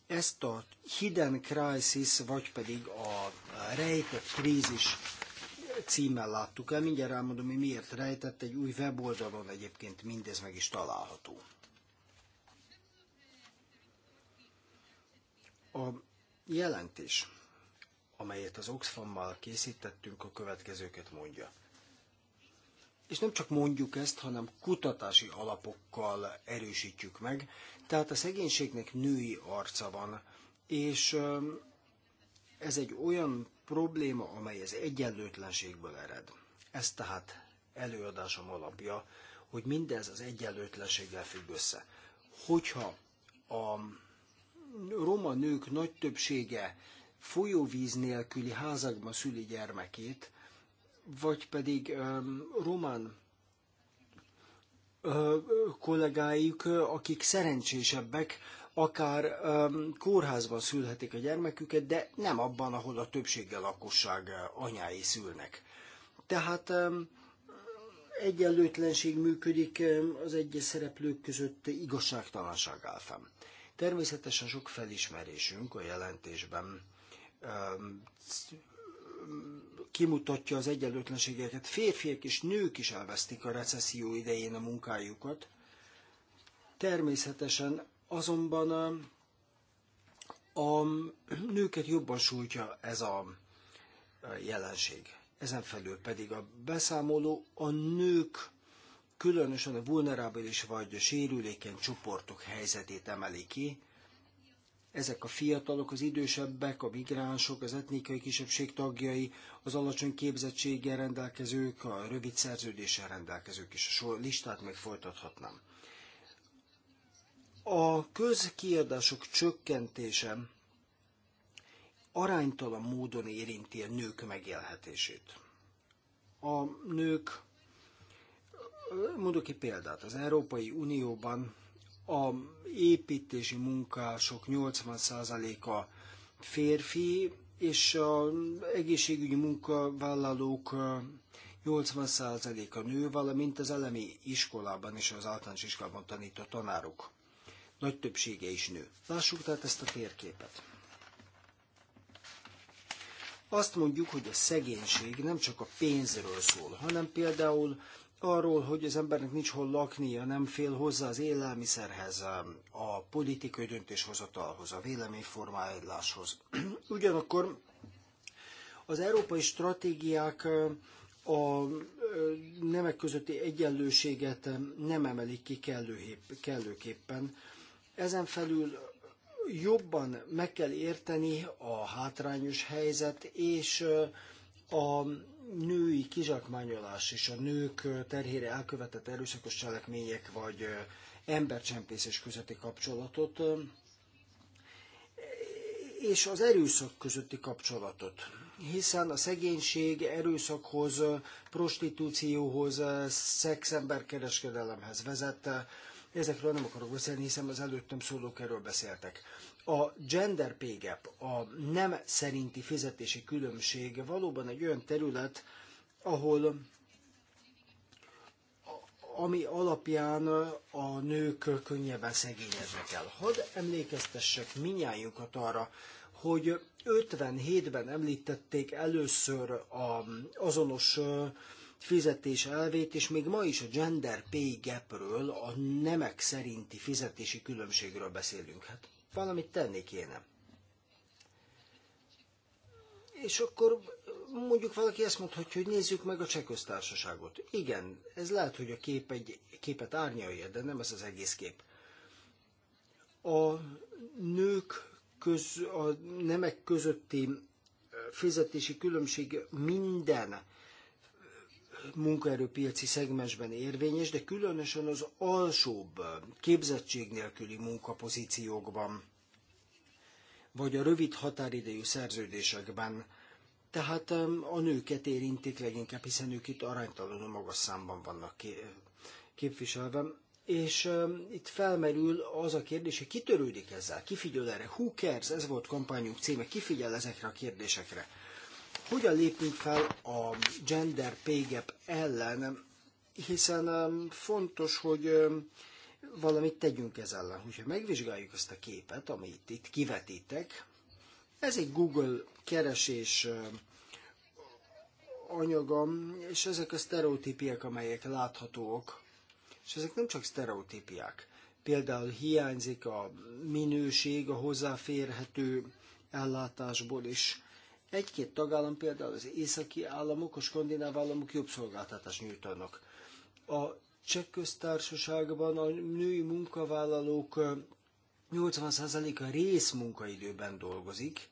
Ezt a Hidden Crisis, vagy pedig a rejtett krízis címmel láttuk el. Mindjárt elmondom, hogy miért rejtett, egy új weboldalon egyébként mindez meg is található. A jelentés, amelyet az Oxfammal készítettünk, a következőket mondja. És nem csak mondjuk ezt, hanem kutatási alapokkal erősítjük meg. Tehát a szegénységnek női arca van, és ez egy olyan probléma, amely az egyenlőtlenségből ered. Ez tehát előadásom alapja, hogy mindez az egyenlőtlenséggel függ össze. Hogyha a roma nők nagy többsége folyóvíz nélküli házakban szüli gyermekét, vagy pedig um, román uh, kollégáik, akik szerencsésebbek, akár um, kórházban szülhetik a gyermeküket, de nem abban, ahol a többséggel lakosság anyái szülnek. Tehát um, egyenlőtlenség működik az egyes szereplők között, igazságtalanság áll fenn. Természetesen sok felismerésünk a jelentésben ehm, kimutatja az egyenlőtlenségeket. Férfiak és nők is elvesztik a recesszió idején a munkájukat. Természetesen azonban ehm, a nőket jobban sújtja ez a ehm, jelenség. Ezen felül pedig a beszámoló a nők különösen a vulnerabilis vagy a sérülékeny csoportok helyzetét emeli ki. Ezek a fiatalok, az idősebbek, a migránsok, az etnikai kisebbség tagjai, az alacsony képzettséggel rendelkezők, a rövid szerződéssel rendelkezők is. A listát még folytathatnám. A közkiadások csökkentése aránytalan módon érinti a nők megélhetését. A nők Mondok egy példát. Az Európai Unióban a építési munkások 80%-a férfi, és az egészségügyi munkavállalók 80%-a nő, valamint az elemi iskolában és az általános iskolában tanító tanárok nagy többsége is nő. Lássuk tehát ezt a térképet. Azt mondjuk, hogy a szegénység nem csak a pénzről szól, hanem például arról, hogy az embernek nincs hol laknia, nem fél hozzá az élelmiszerhez, a politikai döntéshozatalhoz, a véleményformáláshoz. Ugyanakkor az európai stratégiák a nemek közötti egyenlőséget nem emelik ki kellőképpen. Ezen felül jobban meg kell érteni a hátrányos helyzet és a női kizsákmányolás és a nők terhére elkövetett erőszakos cselekmények vagy embercsempészés közötti kapcsolatot, és az erőszak közötti kapcsolatot. Hiszen a szegénység erőszakhoz, prostitúcióhoz, szexemberkereskedelemhez vezette Ezekről nem akarok beszélni, hiszen az előttem szólók erről beszéltek. A gender pay gap, a nem szerinti fizetési különbség valóban egy olyan terület, ahol ami alapján a nők könnyebben szegényeznek el. Hadd emlékeztessek minnyájukat arra, hogy 57-ben említették először a azonos fizetés elvét, és még ma is a gender pay gapről, a nemek szerinti fizetési különbségről beszélünk. Hát valamit tenni kéne. És akkor mondjuk valaki ezt mondhatja, hogy nézzük meg a cseh Igen, ez lehet, hogy a kép egy képet árnyalja, de nem ez az egész kép. A nők köz, a nemek közötti fizetési különbség minden munkaerőpiaci szegmensben érvényes, de különösen az alsóbb eh, képzettség nélküli munkapozíciókban, vagy a rövid határidejű szerződésekben, tehát a nőket érintik leginkább, hiszen ők itt aránytalanul magas számban vannak eh, képviselve. És itt felmerül az a kérdés, hogy ki törődik ezzel, ki figyel erre, who cares, ez volt kampányunk címe, ki figyel ezekre a kérdésekre. Hogyan lépünk fel a gender pay gap ellen, hiszen um, fontos, hogy um, valamit tegyünk ez ellen. Hogyha megvizsgáljuk ezt a képet, amit itt kivetítek, ez egy Google keresés um, anyaga, és ezek a sztereotípiák, amelyek láthatóak, és ezek nem csak sztereotípiák. Például hiányzik a minőség, a hozzáférhető ellátásból is. Egy-két tagállam, például az északi államok, a skandináv államok jobb szolgáltatást nyújtanak. A cseh köztársaságban a női munkavállalók 80%-a részmunkaidőben dolgozik,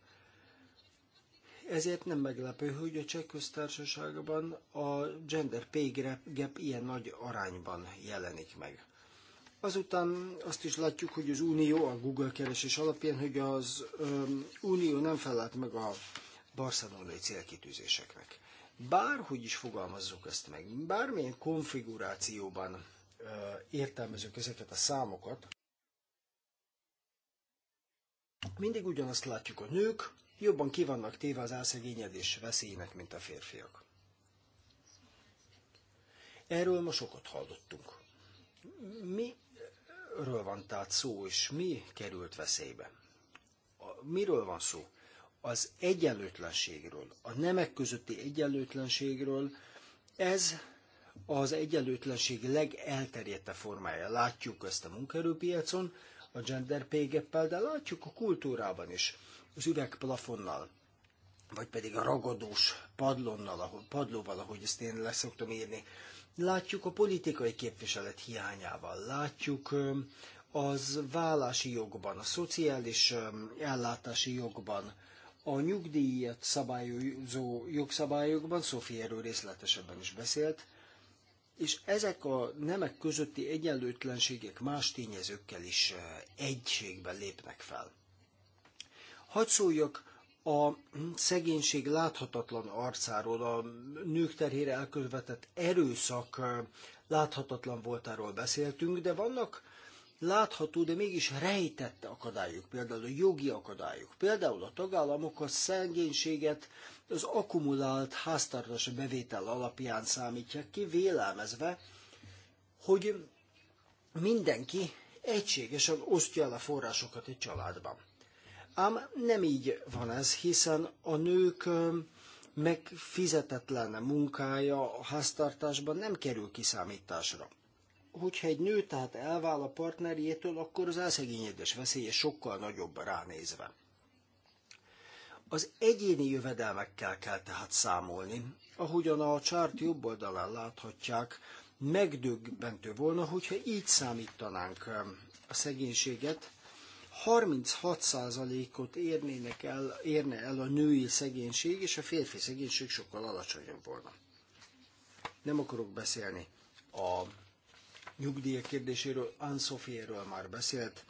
ezért nem meglepő, hogy a cseh köztársaságban a gender pay gap ilyen nagy arányban jelenik meg. Azután azt is látjuk, hogy az Unió a Google keresés alapján, hogy az um, Unió nem felelt meg a barcelonai célkitűzéseknek. Bárhogy is fogalmazzuk ezt meg, bármilyen konfigurációban ö, értelmezünk ezeket a számokat, mindig ugyanazt látjuk, a nők jobban kivannak téve az elszegényedés veszélynek, mint a férfiak. Erről ma sokat hallottunk. Miről van tehát szó, és mi került veszélybe? Miről van szó? az egyenlőtlenségről, a nemek közötti egyenlőtlenségről, ez az egyenlőtlenség legelterjedtebb formája. Látjuk ezt a munkaerőpiacon, a gender pay gap de látjuk a kultúrában is, az üvegplafonnal, vagy pedig a ragadós padlónnal, ahol, padlóval, ahogy ezt én leszoktam írni. Látjuk a politikai képviselet hiányával, látjuk az vállási jogban, a szociális ellátási jogban, a nyugdíjat szabályozó jogszabályokban Szofi erről részletesebben is beszélt, és ezek a nemek közötti egyenlőtlenségek más tényezőkkel is eh, egységben lépnek fel. Hadd szóljak a szegénység láthatatlan arcáról, a nők terhére elkövetett erőszak eh, láthatatlan voltáról beszéltünk, de vannak látható, de mégis rejtett akadályok, például a jogi akadályok. Például a tagállamok a szegénységet az akkumulált háztartási bevétel alapján számítják ki, vélelmezve, hogy mindenki egységesen osztja el a forrásokat egy családban. Ám nem így van ez, hiszen a nők megfizetetlen munkája a háztartásban nem kerül kiszámításra hogyha egy nő tehát elvál a partnerjétől, akkor az elszegényedés veszélye sokkal nagyobb ránézve. Az egyéni jövedelmekkel kell tehát számolni. Ahogyan a csárt jobb oldalán láthatják, megdöbbentő volna, hogyha így számítanánk um, a szegénységet, 36%-ot érnének el, érne el a női szegénység, és a férfi szegénység sokkal alacsonyabb volna. Nem akarok beszélni a Nyugdíj kérdéséről, Ansofieről már beszélt,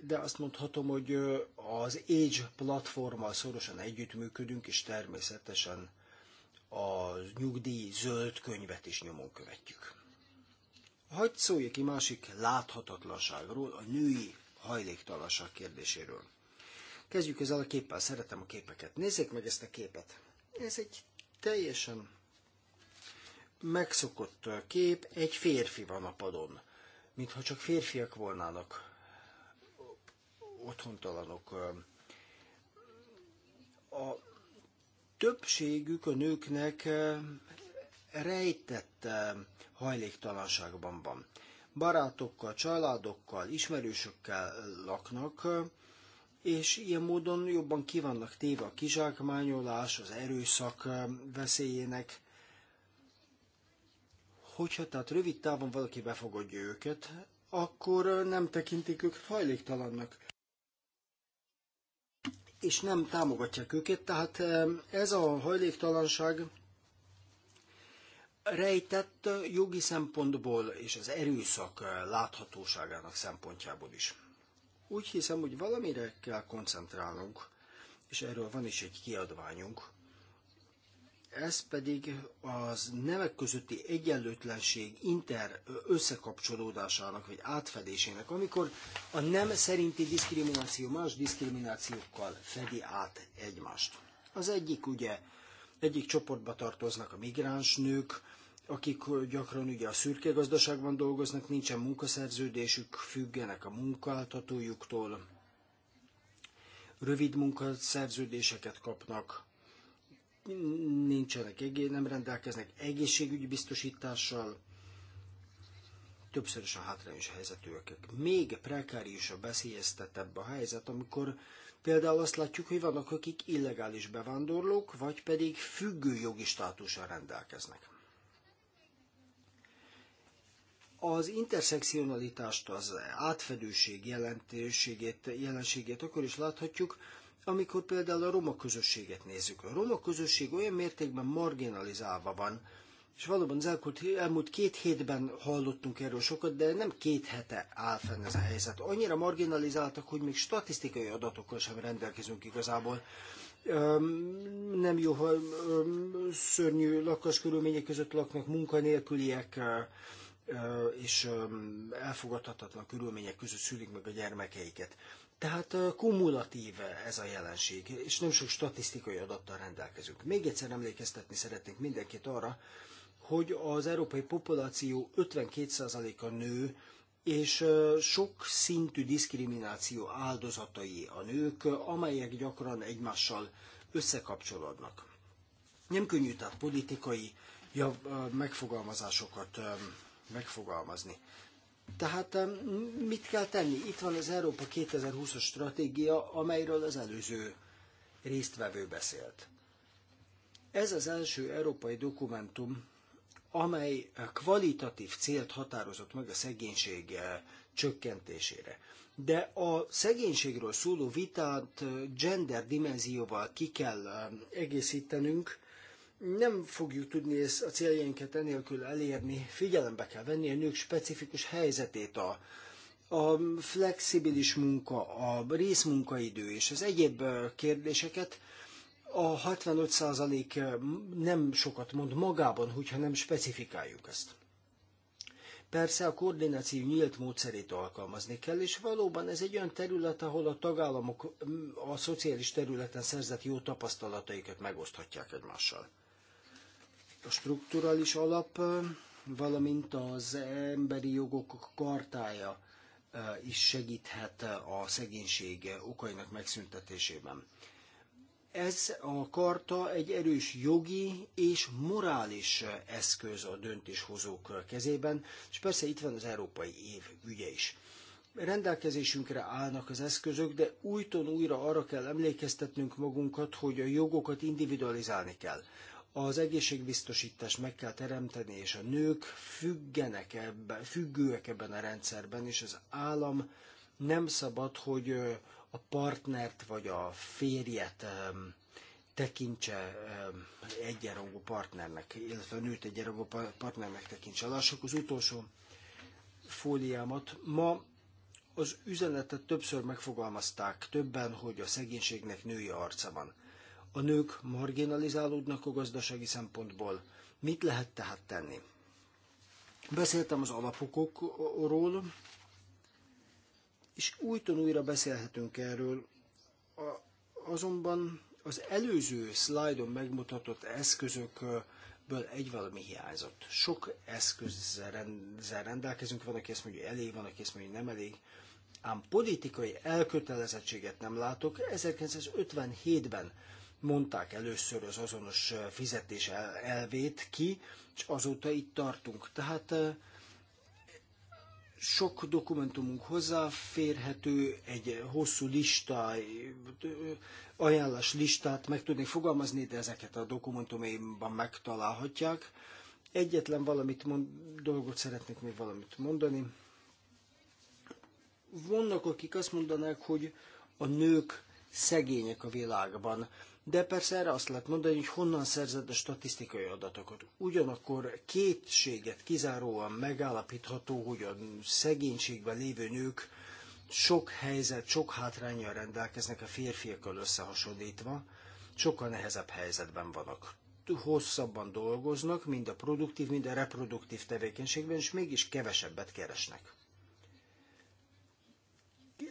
de azt mondhatom, hogy az Age platformmal szorosan együttműködünk, és természetesen a nyugdíj zöld könyvet is nyomon követjük. Hagy szólja ki másik láthatatlanságról, a női hajléktalanság kérdéséről. Kezdjük ezzel a képpel, szeretem a képeket. Nézzék meg ezt a képet. Ez egy teljesen megszokott kép, egy férfi van a padon, mintha csak férfiak volnának otthontalanok. A többségük a nőknek rejtett hajléktalanságban van. Barátokkal, családokkal, ismerősökkel laknak, és ilyen módon jobban kivannak téve a kizsákmányolás, az erőszak veszélyének, Hogyha tehát rövid távon valaki befogadja őket, akkor nem tekintik őket hajléktalannak, és nem támogatják őket. Tehát ez a hajléktalanság rejtett jogi szempontból és az erőszak láthatóságának szempontjából is. Úgy hiszem, hogy valamire kell koncentrálnunk, és erről van is egy kiadványunk, ez pedig az nemek közötti egyenlőtlenség inter összekapcsolódásának vagy átfedésének, amikor a nem szerinti diszkrimináció más diszkriminációkkal fedi át egymást. Az egyik ugye, egyik csoportba tartoznak a migráns nők, akik gyakran ugye a szürke gazdaságban dolgoznak, nincsen munkaszerződésük, függenek a munkáltatójuktól, rövid munkaszerződéseket kapnak, nincsenek, nem rendelkeznek egészségügyi biztosítással, többször is a hátrányos helyzetűek. Még prekáriusabb, beszélyeztetebb a helyzet, amikor például azt látjuk, hogy vannak, akik illegális bevándorlók, vagy pedig függő jogi státussal rendelkeznek. Az interszekcionalitást, az átfedőség jelentőségét, jelenségét akkor is láthatjuk, amikor például a roma közösséget nézzük. A roma közösség olyan mértékben marginalizálva van, és valóban az elmúlt, elmúlt két hétben hallottunk erről sokat, de nem két hete áll fenn ez a helyzet. Annyira marginalizáltak, hogy még statisztikai adatokkal sem rendelkezünk igazából. Öm, nem jó, ha öm, szörnyű lakáskörülmények között laknak munkanélküliek, öm, és öm, elfogadhatatlan körülmények között szülik meg a gyermekeiket. Tehát kumulatív ez a jelenség, és nem sok statisztikai adattal rendelkezünk. Még egyszer emlékeztetni szeretnék mindenkit arra, hogy az európai populáció 52%-a nő, és sok szintű diszkrimináció áldozatai a nők, amelyek gyakran egymással összekapcsolódnak. Nem könnyű tehát politikai megfogalmazásokat megfogalmazni. Tehát mit kell tenni? Itt van az Európa 2020-as stratégia, amelyről az előző résztvevő beszélt. Ez az első európai dokumentum, amely kvalitatív célt határozott meg a szegénység eh, csökkentésére. De a szegénységről szóló vitát eh, gender dimenzióval ki kell eh, egészítenünk, nem fogjuk tudni ezt a céljainkat enélkül elérni. Figyelembe kell venni a nők specifikus helyzetét, a, a flexibilis munka, a részmunkaidő és az egyéb kérdéseket. A 65% nem sokat mond magában, hogyha nem specifikáljuk ezt. Persze a koordináció nyílt módszerét alkalmazni kell, és valóban ez egy olyan terület, ahol a tagállamok a szociális területen szerzett jó tapasztalataikat megoszthatják egymással a strukturális alap, valamint az emberi jogok kartája is segíthet a szegénység okainak megszüntetésében. Ez a karta egy erős jogi és morális eszköz a döntéshozók kezében, és persze itt van az európai év ügye is. Rendelkezésünkre állnak az eszközök, de újton újra arra kell emlékeztetnünk magunkat, hogy a jogokat individualizálni kell az egészségbiztosítást meg kell teremteni, és a nők függenek ebben, függőek ebben a rendszerben, és az állam nem szabad, hogy a partnert vagy a férjet tekintse egyenrangú partnernek, illetve a nőt egyenrangú partnernek tekintse. Lássuk az utolsó fóliámat. Ma az üzenetet többször megfogalmazták többen, hogy a szegénységnek női arca van a nők marginalizálódnak a gazdasági szempontból. Mit lehet tehát tenni? Beszéltem az alapokokról, és újton újra beszélhetünk erről. A, azonban az előző szlájdon megmutatott eszközökből egy valami hiányzott. Sok eszközzel rendelkezünk, van, aki ezt mondja elég, van, aki ezt mondja nem elég, ám politikai elkötelezettséget nem látok. 1957-ben mondták először az azonos fizetés elvét ki, és azóta itt tartunk. Tehát sok dokumentumunk hozzáférhető, egy hosszú lista, ajánlás listát meg tudnék fogalmazni, de ezeket a dokumentumaimban megtalálhatják. Egyetlen valamit mond, dolgot szeretnék még valamit mondani. Vannak, akik azt mondanák, hogy a nők szegények a világban de persze erre azt lehet mondani, hogy honnan szerzed a statisztikai adatokat. Ugyanakkor kétséget kizáróan megállapítható, hogy a szegénységben lévő nők sok helyzet, sok hátrányjal rendelkeznek a férfiakkal összehasonlítva, sokkal nehezebb helyzetben vannak. Hosszabban dolgoznak, mind a produktív, mind a reproduktív tevékenységben, és mégis kevesebbet keresnek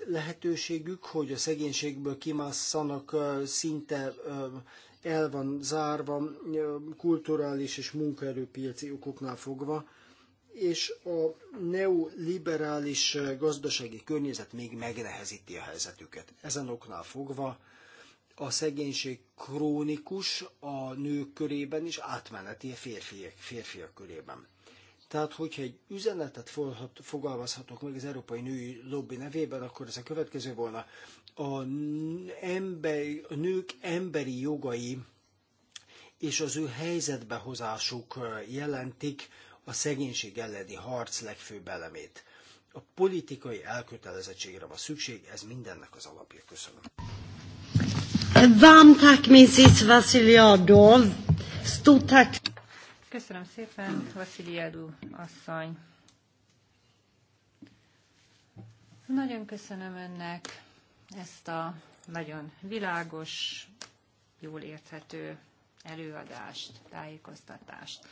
lehetőségük, hogy a szegénységből kimásszanak, szinte el van zárva kulturális és munkaerőpiaci okoknál fogva, és a neoliberális gazdasági környezet még megnehezíti a helyzetüket. Ezen oknál fogva a szegénység krónikus a nők körében is, átmeneti a férfiak, férfiak körében. Tehát, hogyha egy üzenetet fogalmazhatok meg az Európai Női Lobby nevében, akkor ez a következő volna. A, ember, a nők emberi jogai és az ő helyzetbe hozásuk jelentik a szegénység elleni harc legfőbb elemét. A politikai elkötelezettségre van szükség, ez mindennek az alapja. Köszönöm. Vám tak, Mrs Vassiliadov. Stort Köszönöm szépen, Vasziliádú asszony. Nagyon köszönöm önnek ezt a nagyon világos, jól érthető előadást, tájékoztatást.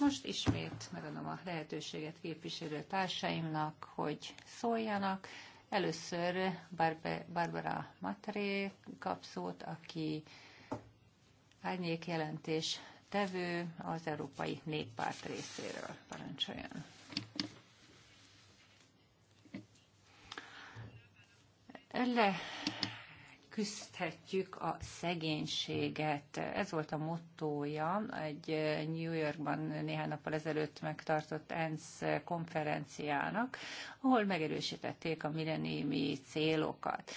Most ismét megadom a lehetőséget képviselő társaimnak, hogy szóljanak. Először Barbe, Barbara Matré kap szót, aki árnyék jelentés tevő az Európai Néppárt részéről. Parancsoljon! Le küzdhetjük a szegénységet. Ez volt a mottója egy New Yorkban néhány nappal ezelőtt megtartott ENSZ konferenciának, ahol megerősítették a milleniumi célokat.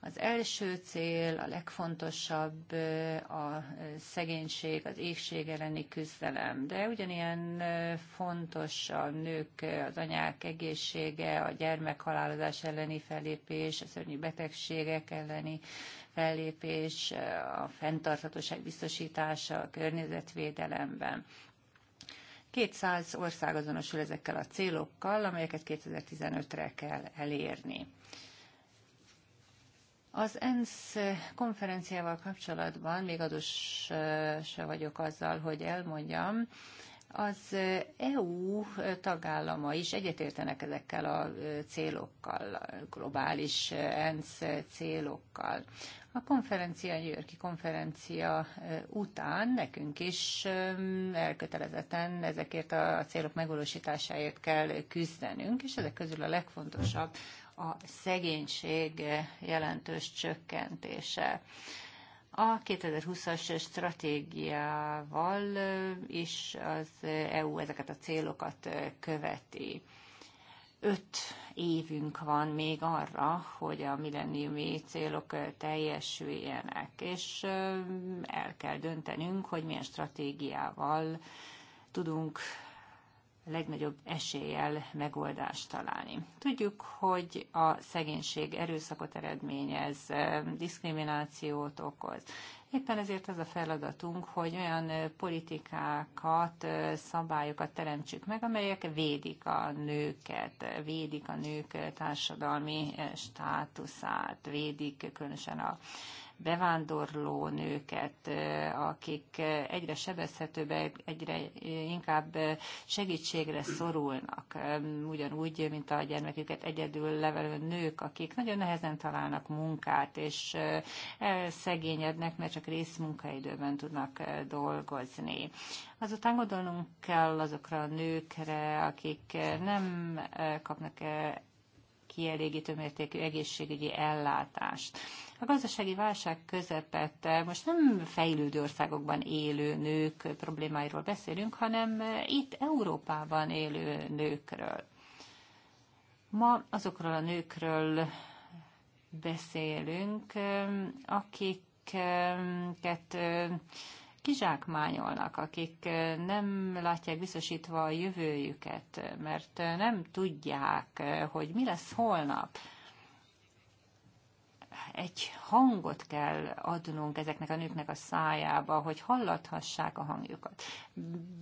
Az első cél, a legfontosabb a szegénység, az égség elleni küzdelem, de ugyanilyen fontos a nők, az anyák egészsége, a gyermekhalálozás elleni fellépés, a szörnyű betegségek elleni fellépés, a fenntarthatóság biztosítása a környezetvédelemben. 200 ország azonosul ezekkel a célokkal, amelyeket 2015-re kell elérni. Az ENSZ konferenciával kapcsolatban még adós se vagyok azzal, hogy elmondjam, az EU tagállama is egyetértenek ezekkel a célokkal, a globális ENSZ célokkal. A konferencia, a New konferencia után nekünk is elkötelezetten ezekért a célok megvalósításáért kell küzdenünk, és ezek közül a legfontosabb a szegénység jelentős csökkentése. A 2020-as stratégiával is az EU ezeket a célokat követi. Öt évünk van még arra, hogy a milleniumi célok teljesüljenek, és el kell döntenünk, hogy milyen stratégiával tudunk legnagyobb eséllyel megoldást találni. Tudjuk, hogy a szegénység erőszakot eredményez, diszkriminációt okoz. Éppen ezért az a feladatunk, hogy olyan politikákat, szabályokat teremtsük meg, amelyek védik a nőket, védik a nők társadalmi státuszát, védik különösen a bevándorló nőket, akik egyre sebezhetőbbek, egyre inkább segítségre szorulnak, ugyanúgy, mint a gyermeküket egyedül levelő nők, akik nagyon nehezen találnak munkát, és szegényednek, mert csak részmunkaidőben tudnak dolgozni. Azután gondolnunk kell azokra a nőkre, akik nem kapnak kielégítő mértékű egészségügyi ellátást. A gazdasági válság közepette most nem fejlődő országokban élő nők problémáiról beszélünk, hanem itt Európában élő nőkről. Ma azokról a nőkről beszélünk, akiket kizsákmányolnak, akik nem látják biztosítva a jövőjüket, mert nem tudják, hogy mi lesz holnap egy hangot kell adnunk ezeknek a nőknek a szájába, hogy hallathassák a hangjukat.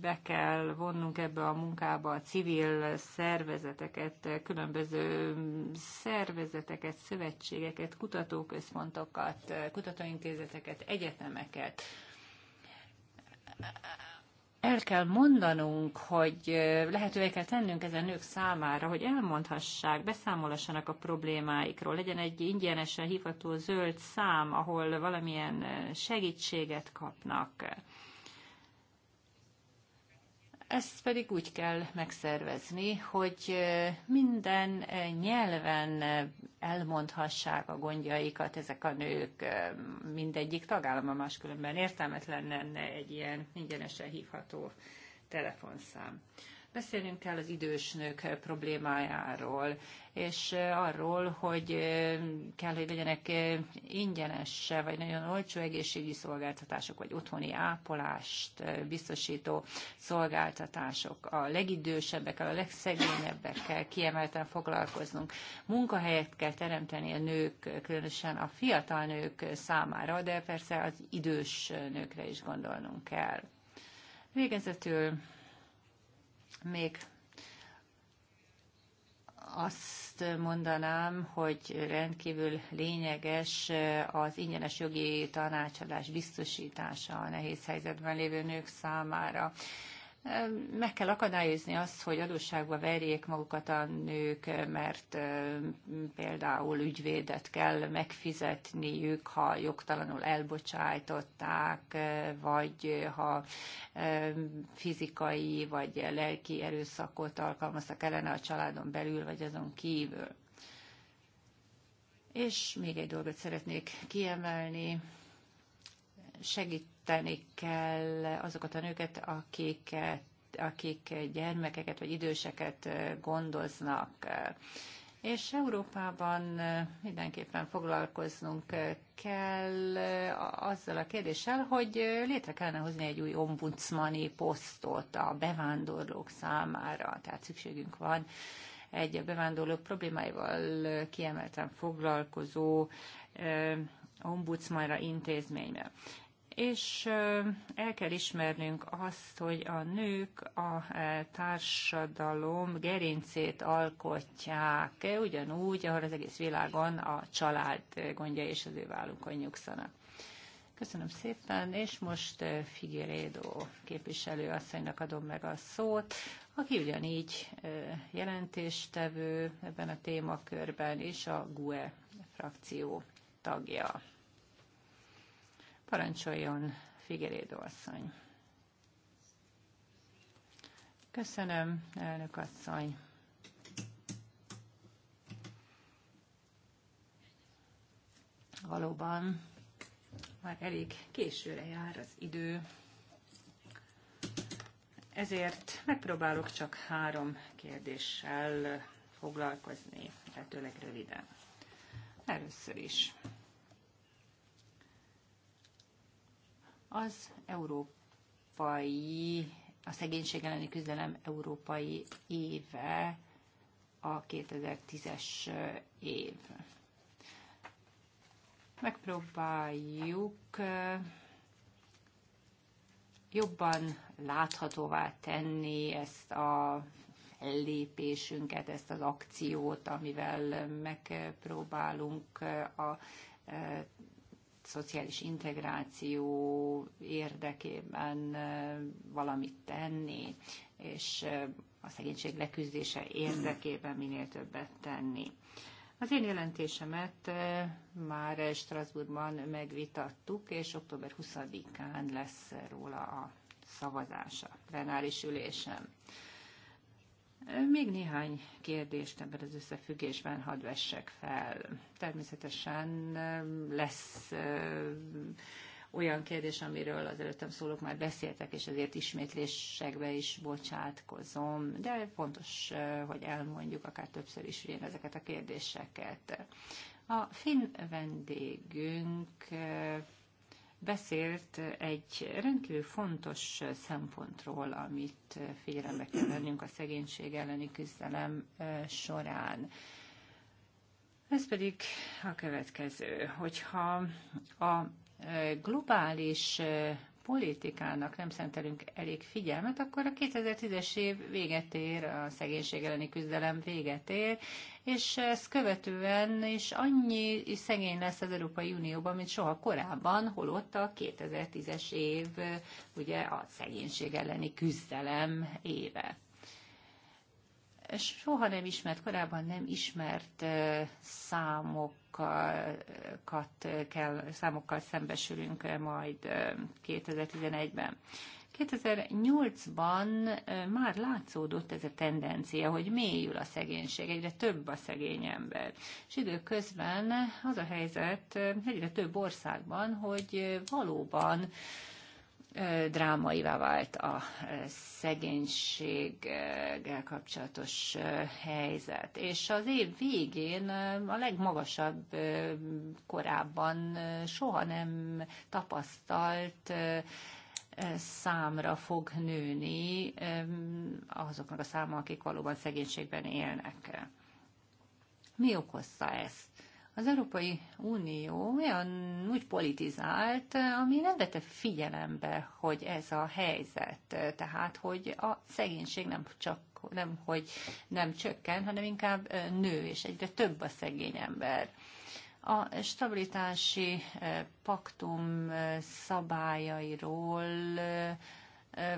Be kell vonnunk ebbe a munkába a civil szervezeteket, különböző szervezeteket, szövetségeket, kutatóközpontokat, kutatóintézeteket, egyetemeket el kell mondanunk, hogy lehetővé kell tennünk ezen nők számára, hogy elmondhassák, beszámolassanak a problémáikról. Legyen egy ingyenesen hívható zöld szám, ahol valamilyen segítséget kapnak. Ezt pedig úgy kell megszervezni, hogy minden nyelven elmondhassák a gondjaikat ezek a nők mindegyik tagállama, máskülönben értelmetlen lenne egy ilyen ingyenesen hívható telefonszám. Beszélnünk kell az idős nők eh, problémájáról, és eh, arról, hogy eh, kell, hogy legyenek ingyenes, vagy nagyon olcsó egészségügyi szolgáltatások, vagy otthoni ápolást biztosító szolgáltatások. A legidősebbekkel, a legszegényebbekkel kiemelten foglalkoznunk. Munkahelyet kell teremteni a nők, különösen a fiatal nők számára, de persze az idős nőkre is gondolnunk kell. Végezetül még azt mondanám, hogy rendkívül lényeges az ingyenes jogi tanácsadás biztosítása a nehéz helyzetben lévő nők számára meg kell akadályozni azt, hogy adósságba verjék magukat a nők, mert például ügyvédet kell megfizetniük, ha jogtalanul elbocsájtották, vagy ha fizikai vagy lelki erőszakot alkalmaztak ellene a családon belül, vagy azon kívül. És még egy dolgot szeretnék kiemelni. Segít segíteni kell azokat a nőket, akiket, akik gyermekeket vagy időseket gondoznak. És Európában mindenképpen foglalkoznunk kell azzal a kérdéssel, hogy létre kellene hozni egy új ombudsmani posztot a bevándorlók számára. Tehát szükségünk van egy a bevándorlók problémáival kiemelten foglalkozó ombudsmanra intézményben és el kell ismernünk azt, hogy a nők a e, társadalom gerincét alkotják, ugyanúgy, ahol az egész világon a család gondja és az ő vállukon nyugszanak. Köszönöm szépen, és most Figueredo képviselő asszonynak adom meg a szót, aki ugyanígy jelentéstevő ebben a témakörben, és a GUE frakció tagja. Parancsoljon, Figyelédó asszony. Köszönöm, elnök asszony. Valóban már elég későre jár az idő, ezért megpróbálok csak három kérdéssel foglalkozni, lehetőleg röviden. Először is az európai, a szegénység elleni küzdelem európai éve a 2010-es év. Megpróbáljuk eh, jobban láthatóvá tenni ezt a lépésünket, ezt az akciót, amivel megpróbálunk eh, a eh, szociális integráció érdekében valamit tenni, és a szegénység leküzdése érdekében minél többet tenni. Az én jelentésemet már Strasbourgban megvitattuk, és október 20-án lesz róla a szavazása plenáris ülésem. Még néhány kérdést ebben az összefüggésben hadd vessek fel. Természetesen lesz olyan kérdés, amiről az előttem szólók már beszéltek, és ezért ismétlésekbe is bocsátkozom, de fontos, hogy elmondjuk akár többször is ilyen ezeket a kérdéseket. A finn vendégünk beszélt egy rendkívül fontos szempontról, amit figyelembe kell vennünk a szegénység elleni küzdelem során. Ez pedig a következő, hogyha a globális politikának nem szentelünk elég figyelmet, akkor a 2010-es év véget ér, a szegénység elleni küzdelem véget ér, és ezt követően is annyi szegény lesz az Európai Unióban, mint soha korábban, holott a 2010-es év ugye a szegénység elleni küzdelem éve soha nem ismert, korábban nem ismert számokat kell, számokkal szembesülünk majd 2011-ben. 2008-ban már látszódott ez a tendencia, hogy mélyül a szegénység, egyre több a szegény ember. És időközben az a helyzet egyre több országban, hogy valóban drámaivá vált a szegénységgel kapcsolatos helyzet. És az év végén a legmagasabb korábban soha nem tapasztalt számra fog nőni azoknak a száma, akik valóban szegénységben élnek. Mi okozta ezt? az Európai Unió olyan úgy politizált, ami nem vette figyelembe, hogy ez a helyzet, tehát hogy a szegénység nem csak nem, hogy nem csökken, hanem inkább nő, és egyre több a szegény ember. A stabilitási paktum szabályairól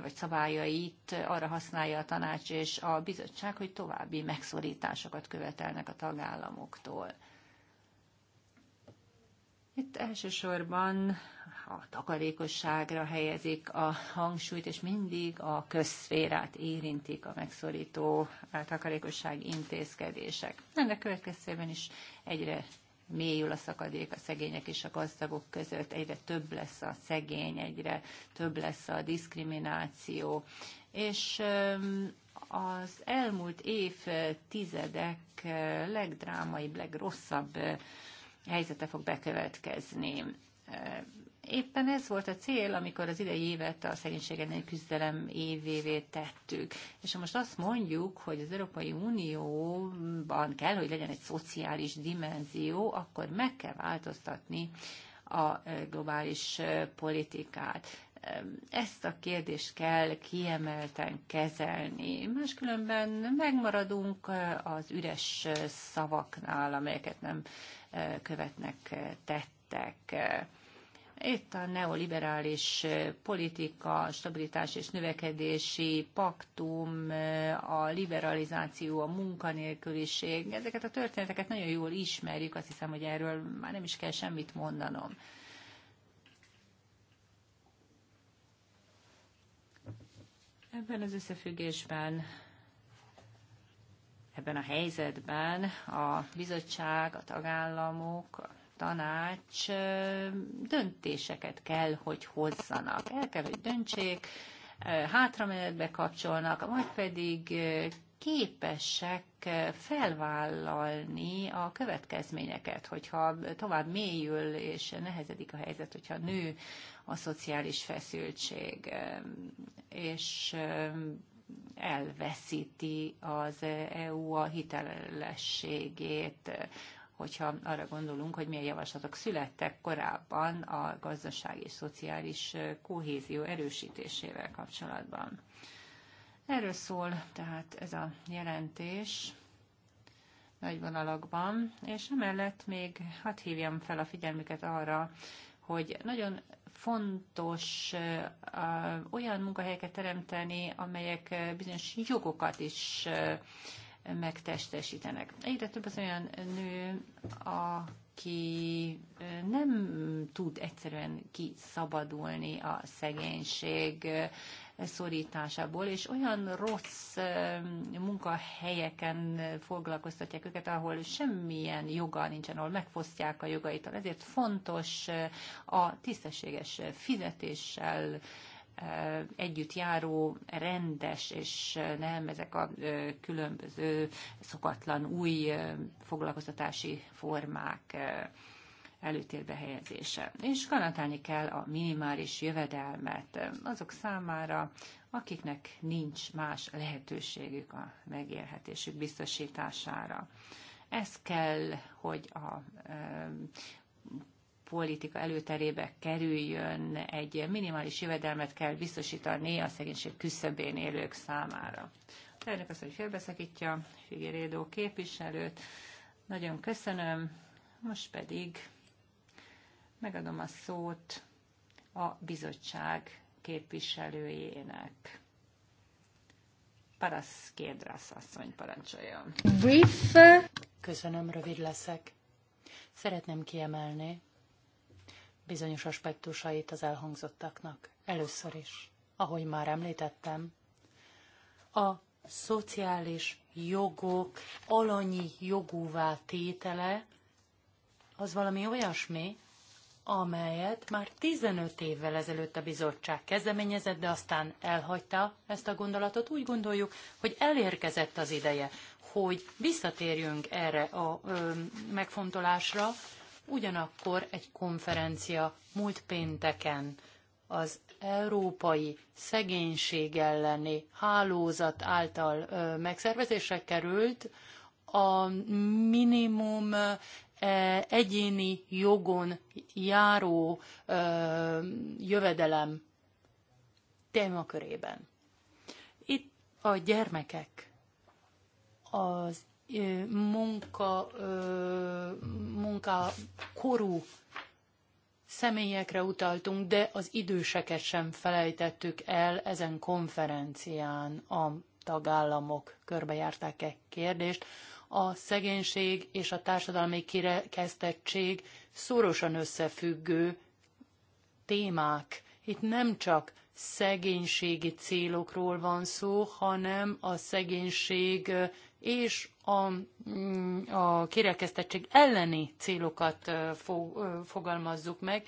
vagy szabályait arra használja a tanács és a bizottság, hogy további megszorításokat követelnek a tagállamoktól. Itt elsősorban a takarékosságra helyezik a hangsúlyt, és mindig a közszférát érintik a megszorító takarékosság intézkedések. Ennek következtében is egyre mélyül a szakadék a szegények és a gazdagok között, egyre több lesz a szegény, egyre több lesz a diszkrimináció. És az elmúlt tizedek legdrámaibb, legrosszabb helyzete fog bekövetkezni. Éppen ez volt a cél, amikor az idei évet a szegénység elleni küzdelem évévé tettük. És ha most azt mondjuk, hogy az Európai Unióban kell, hogy legyen egy szociális dimenzió, akkor meg kell változtatni a globális politikát. Ezt a kérdést kell kiemelten kezelni. Máskülönben megmaradunk az üres szavaknál, amelyeket nem követnek eh, tettek. Eh, itt a neoliberális eh, politika, stabilitás és növekedési paktum, a liberalizáció, a munkanélküliség, ezeket a történeteket nagyon jól ismerjük, azt hiszem, hogy erről már nem is kell semmit mondanom. Ebben az összefüggésben ebben a helyzetben a bizottság, a tagállamok, a tanács döntéseket kell, hogy hozzanak. El kell, hogy döntsék, hátramenetbe kapcsolnak, vagy pedig képesek felvállalni a következményeket, hogyha tovább mélyül és nehezedik a helyzet, hogyha nő a szociális feszültség, és elveszíti az EU a hitelességét, hogyha arra gondolunk, hogy milyen javaslatok születtek korábban a gazdasági és szociális kohézió erősítésével kapcsolatban. Erről szól tehát ez a jelentés nagy vonalakban, és emellett még hadd hívjam fel a figyelmüket arra, hogy nagyon fontos olyan munkahelyeket teremteni, amelyek bizonyos jogokat is megtestesítenek. Egyre több az olyan nő, aki nem tud egyszerűen kiszabadulni a szegénység szorításából, és olyan rossz munkahelyeken foglalkoztatják őket, ahol semmilyen joga nincsen, ahol megfosztják a jogaitól. Ezért fontos a tisztességes fizetéssel, együtt járó rendes, és nem ezek a különböző szokatlan új foglalkoztatási formák előtérbe helyezése. És garantálni kell a minimális jövedelmet azok számára, akiknek nincs más lehetőségük a megélhetésük biztosítására. Ez kell, hogy a e, politika előterébe kerüljön, egy minimális jövedelmet kell biztosítani a szegénység küszöbén élők számára. Az elnök azt, hogy félbeszakítja Figueredo képviselőt. Nagyon köszönöm. Most pedig Megadom a szót a bizottság képviselőjének. Parasz Kédrasz asszony parancsoljon. Brief. Köszönöm, rövid leszek. Szeretném kiemelni bizonyos aspektusait az elhangzottaknak. Először is, ahogy már említettem, a szociális jogok alanyi jogúvá tétele az valami olyasmi, amelyet már 15 évvel ezelőtt a bizottság kezdeményezett, de aztán elhagyta ezt a gondolatot. Úgy gondoljuk, hogy elérkezett az ideje, hogy visszatérjünk erre a ö, megfontolásra. Ugyanakkor egy konferencia múlt pénteken az európai szegénység elleni hálózat által megszervezésre került, a minimum E, egyéni jogon járó e, jövedelem témakörében. Itt a gyermekek, az e, munka, munka korú személyekre utaltunk, de az időseket sem felejtettük el ezen konferencián a tagállamok körbejárták-e kérdést, a szegénység és a társadalmi kirekesztettség szorosan összefüggő témák. Itt nem csak szegénységi célokról van szó, hanem a szegénység és a, mm, a kirekesztettség elleni célokat fogalmazzuk meg,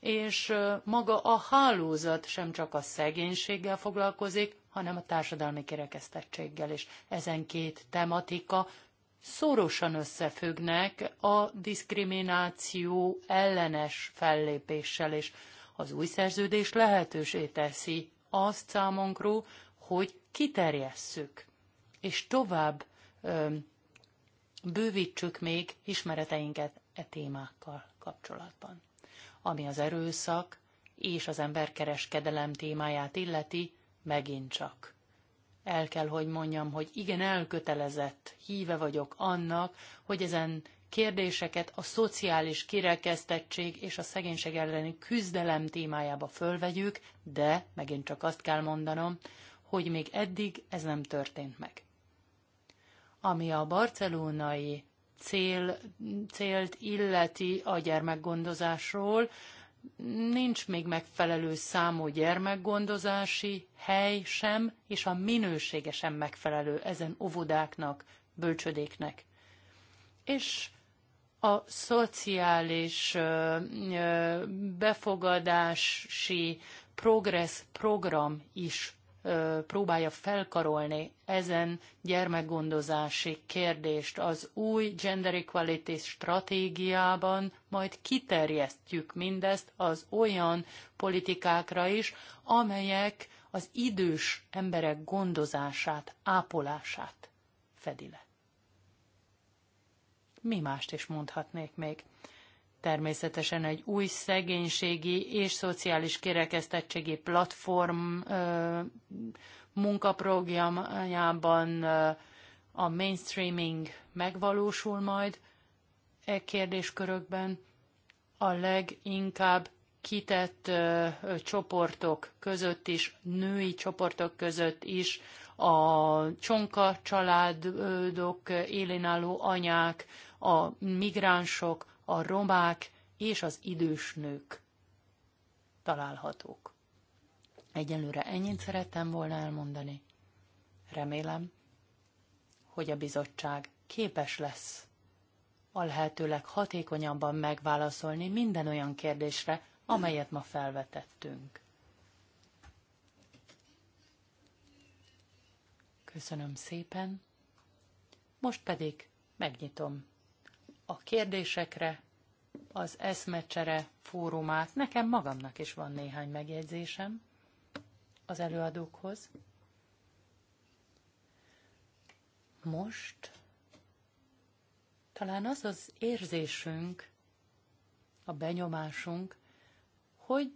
és maga a hálózat sem csak a szegénységgel foglalkozik, hanem a társadalmi kirekesztettséggel is. Ezen két tematika szorosan összefüggnek a diszkrimináció ellenes fellépéssel, és az új szerződés lehetősé teszi azt számunkra, hogy kiterjesszük, és tovább ö, bővítsük még ismereteinket e témákkal kapcsolatban. Ami az erőszak és az emberkereskedelem témáját illeti, megint csak el kell, hogy mondjam, hogy igen elkötelezett híve vagyok annak, hogy ezen kérdéseket a szociális kirekesztettség és a szegénység elleni küzdelem témájába fölvegyük, de megint csak azt kell mondanom, hogy még eddig ez nem történt meg. Ami a barcelonai cél, célt illeti a gyermekgondozásról, nincs még megfelelő számú gyermekgondozási hely sem, és a minősége sem megfelelő ezen óvodáknak, bölcsödéknek. És a szociális befogadási progress program is próbálja felkarolni ezen gyermekgondozási kérdést az új gender equality stratégiában, majd kiterjesztjük mindezt az olyan politikákra is, amelyek az idős emberek gondozását, ápolását fedi le. Mi mást is mondhatnék még? természetesen egy új szegénységi és szociális kirekesztettségi platform munkaprogramjában a mainstreaming megvalósul majd e kérdéskörökben a leginkább kitett ö, ö, csoportok között is, női csoportok között is, a csonka családok, élénálló anyák, a migránsok, a romák és az idős nők találhatók. Egyelőre ennyit szerettem volna elmondani. Remélem, hogy a bizottság képes lesz a lehetőleg hatékonyabban megválaszolni minden olyan kérdésre, amelyet ma felvetettünk. Köszönöm szépen. Most pedig megnyitom a kérdésekre, az eszmecsere fórumát. Nekem magamnak is van néhány megjegyzésem az előadókhoz. Most talán az az érzésünk, a benyomásunk, hogy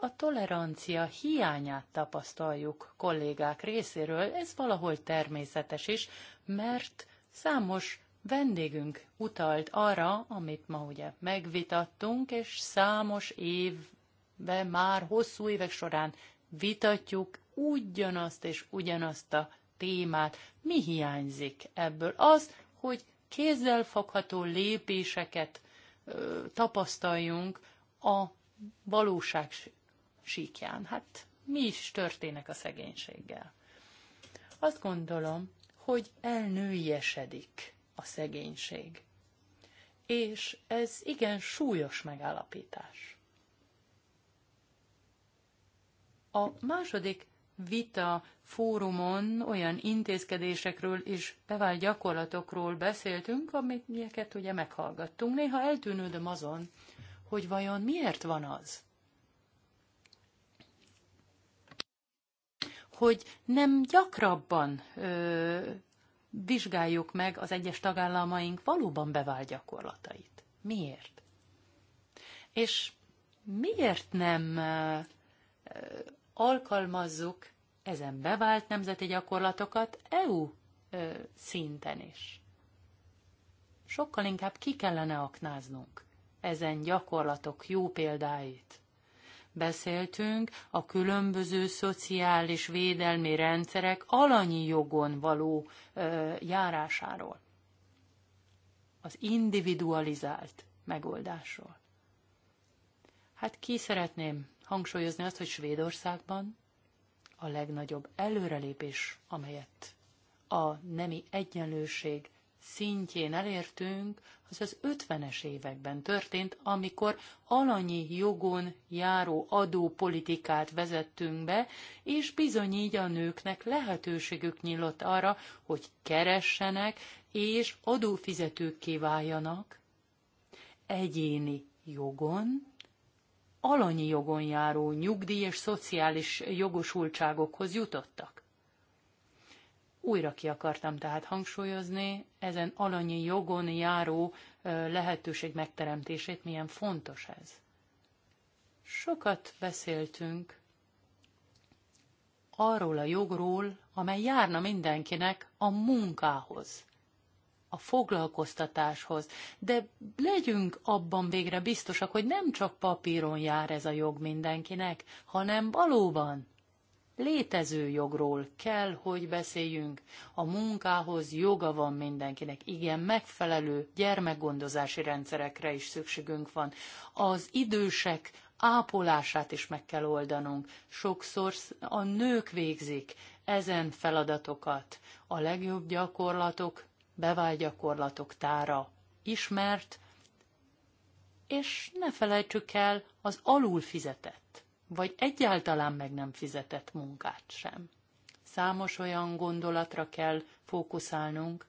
a tolerancia hiányát tapasztaljuk kollégák részéről, ez valahol természetes is, mert számos vendégünk utalt arra, amit ma ugye megvitattunk, és számos évben már hosszú évek során vitatjuk ugyanazt és ugyanazt a témát. Mi hiányzik ebből? Az, hogy kézzelfogható lépéseket ö, tapasztaljunk a valóság síkján. Hát mi is történik a szegénységgel? Azt gondolom, hogy elnőjesedik a szegénység. És ez igen súlyos megállapítás. A második vita fórumon olyan intézkedésekről és bevált gyakorlatokról beszéltünk, amiket ugye meghallgattunk. Néha eltűnődöm azon, hogy vajon miért van az, hogy nem gyakrabban ö, vizsgáljuk meg az egyes tagállamaink valóban bevált gyakorlatait. Miért? És miért nem alkalmazzuk ezen bevált nemzeti gyakorlatokat EU szinten is? Sokkal inkább ki kellene aknáznunk ezen gyakorlatok jó példáit beszéltünk, a különböző szociális védelmi rendszerek alanyi jogon való ö, járásáról. Az individualizált megoldásról. Hát ki szeretném hangsúlyozni azt, hogy Svédországban a legnagyobb előrelépés, amelyet a nemi egyenlőség szintjén elértünk, az az 50-es években történt, amikor alanyi jogon járó adópolitikát vezettünk be, és bizony így a nőknek lehetőségük nyílt arra, hogy keressenek és adófizetőkké váljanak egyéni jogon, alanyi jogon járó nyugdíj és szociális jogosultságokhoz jutottak. Újra ki akartam tehát hangsúlyozni ezen alanyi jogon járó lehetőség megteremtését, milyen fontos ez. Sokat beszéltünk arról a jogról, amely járna mindenkinek a munkához, a foglalkoztatáshoz, de legyünk abban végre biztosak, hogy nem csak papíron jár ez a jog mindenkinek, hanem valóban létező jogról kell, hogy beszéljünk. A munkához joga van mindenkinek. Igen, megfelelő gyermekgondozási rendszerekre is szükségünk van. Az idősek ápolását is meg kell oldanunk. Sokszor a nők végzik ezen feladatokat. A legjobb gyakorlatok, bevált gyakorlatok tára ismert, és ne felejtsük el az alul fizetett vagy egyáltalán meg nem fizetett munkát sem. Számos olyan gondolatra kell fókuszálnunk,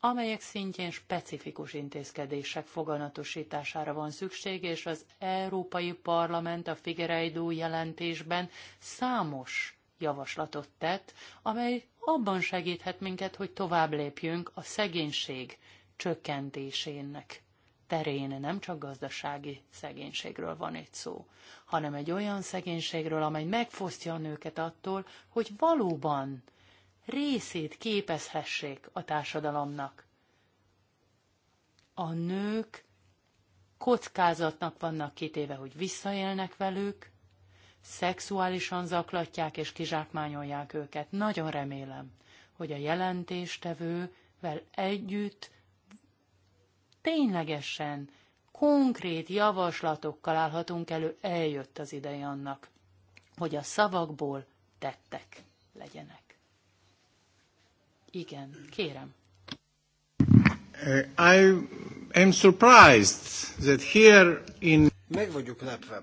amelyek szintjén specifikus intézkedések foganatosítására van szükség, és az Európai Parlament a Figereidó jelentésben számos javaslatot tett, amely abban segíthet minket, hogy tovább lépjünk a szegénység csökkentésének terén nem csak gazdasági szegénységről van itt szó, hanem egy olyan szegénységről, amely megfosztja a nőket attól, hogy valóban részét képezhessék a társadalomnak. A nők kockázatnak vannak kitéve, hogy visszaélnek velük, szexuálisan zaklatják és kizsákmányolják őket. Nagyon remélem, hogy a jelentéstevővel együtt ténylegesen konkrét javaslatokkal állhatunk elő, eljött az ideje annak, hogy a szavakból tettek legyenek. Igen, kérem. Eh, I am surprised that here in... Meg vagyok lepve,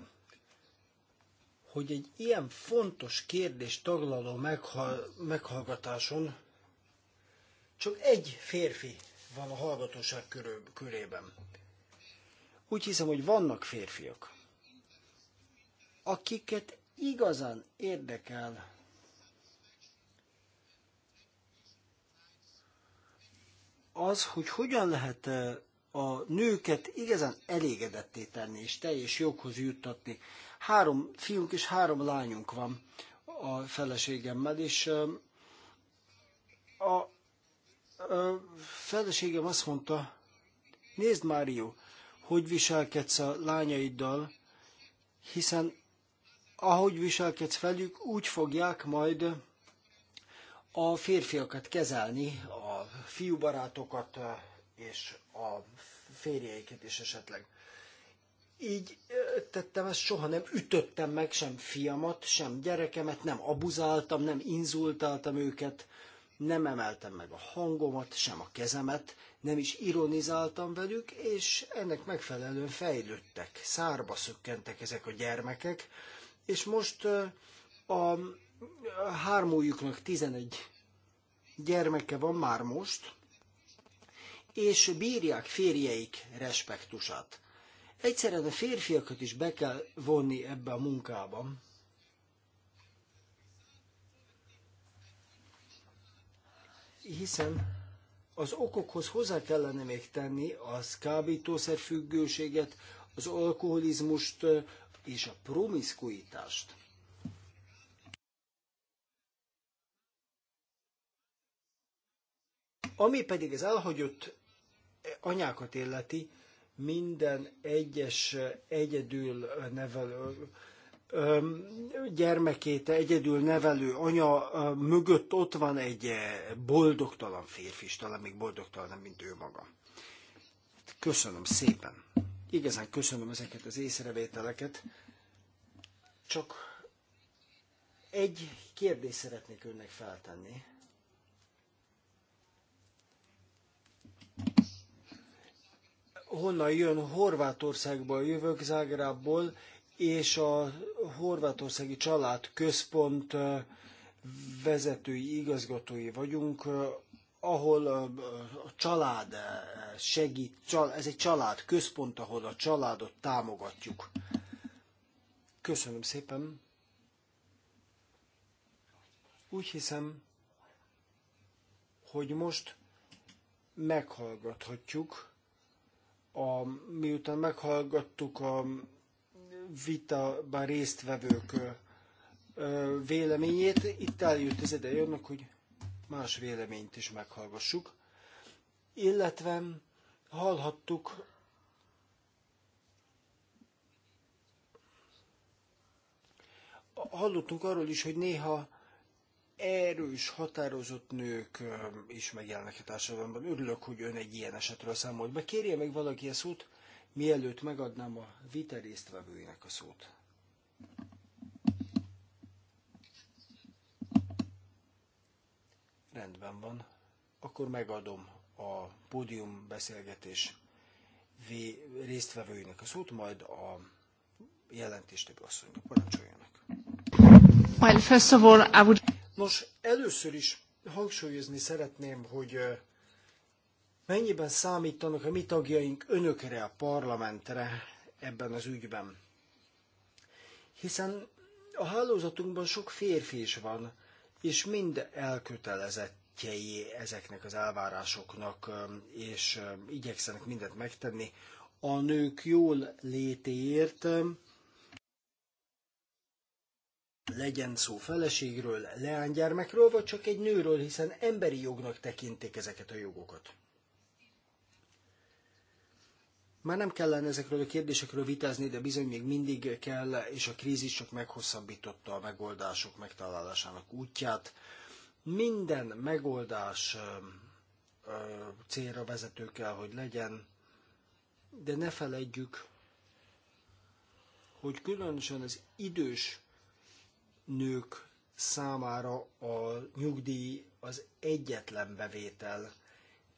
hogy egy ilyen fontos kérdés taglaló meghallgatáson csak egy férfi van a hallgatóság körül, körében. Úgy hiszem, hogy vannak férfiak, akiket igazán érdekel az, hogy hogyan lehet eh, a nőket igazán elégedetté tenni és teljes joghoz juttatni. Három fiunk és három lányunk van a feleségemmel, és eh, a a feleségem azt mondta, nézd Mário, hogy viselkedsz a lányaiddal, hiszen ahogy viselkedsz velük, úgy fogják majd a férfiakat kezelni, a fiúbarátokat és a férjeiket is esetleg. Így tettem ezt, soha nem ütöttem meg sem fiamat, sem gyerekemet, nem abuzáltam, nem inzultáltam őket, nem emeltem meg a hangomat, sem a kezemet, nem is ironizáltam velük, és ennek megfelelően fejlődtek, szárba szökkentek ezek a gyermekek, és most a hármójuknak 11 gyermeke van már most, és bírják férjeik respektusát. Egyszerűen a férfiakat is be kell vonni ebbe a munkába, hiszen az okokhoz hozzá kellene még tenni az kábítószerfüggőséget, az alkoholizmust és a promiszkuitást. Ami pedig az elhagyott anyákat illeti, minden egyes egyedül nevelő gyermekét egyedül nevelő anya mögött ott van egy boldogtalan férfi, és talán még boldogtalan, mint ő maga. Hát köszönöm szépen. Igazán köszönöm ezeket az észrevételeket. Csak egy kérdést szeretnék önnek feltenni. honnan jön, Horvátországból jövök, Zágrából, és a horvátországi központ vezetői, igazgatói vagyunk, ahol a család segít, ez egy család központ, ahol a családot támogatjuk. Köszönöm szépen. Úgy hiszem, hogy most meghallgathatjuk, a, miután meghallgattuk a vitaban résztvevők véleményét. Itt eljött az ideje annak, hogy más véleményt is meghallgassuk. Illetve hallhattuk hallottunk arról is, hogy néha erős, határozott nők is megjelennek a társadalomban. Örülök, hogy ön egy ilyen esetről számolt be. Kérje meg valaki a szót, mielőtt megadnám a vita résztvevőinek a szót. Rendben van. Akkor megadom a pódium beszélgetés résztvevőinek a szót, majd a jelentéstevő asszonynak parancsoljanak. Well, first of all, I would... Nos, először is hangsúlyozni szeretném, hogy Mennyiben számítanak a mi tagjaink önökre, a parlamentre ebben az ügyben? Hiszen a hálózatunkban sok férfi is van, és mind elkötelezettjei ezeknek az elvárásoknak, és igyekszenek mindent megtenni a nők jól létéért, legyen szó feleségről, leánygyermekről, vagy csak egy nőről, hiszen emberi jognak tekintik ezeket a jogokat. Már nem kellene ezekről a kérdésekről vitázni, de bizony még mindig kell, és a krízis csak meghosszabbította a megoldások megtalálásának útját. Minden megoldás célra vezető kell, hogy legyen, de ne feledjük, hogy különösen az idős nők számára a nyugdíj az egyetlen bevétel,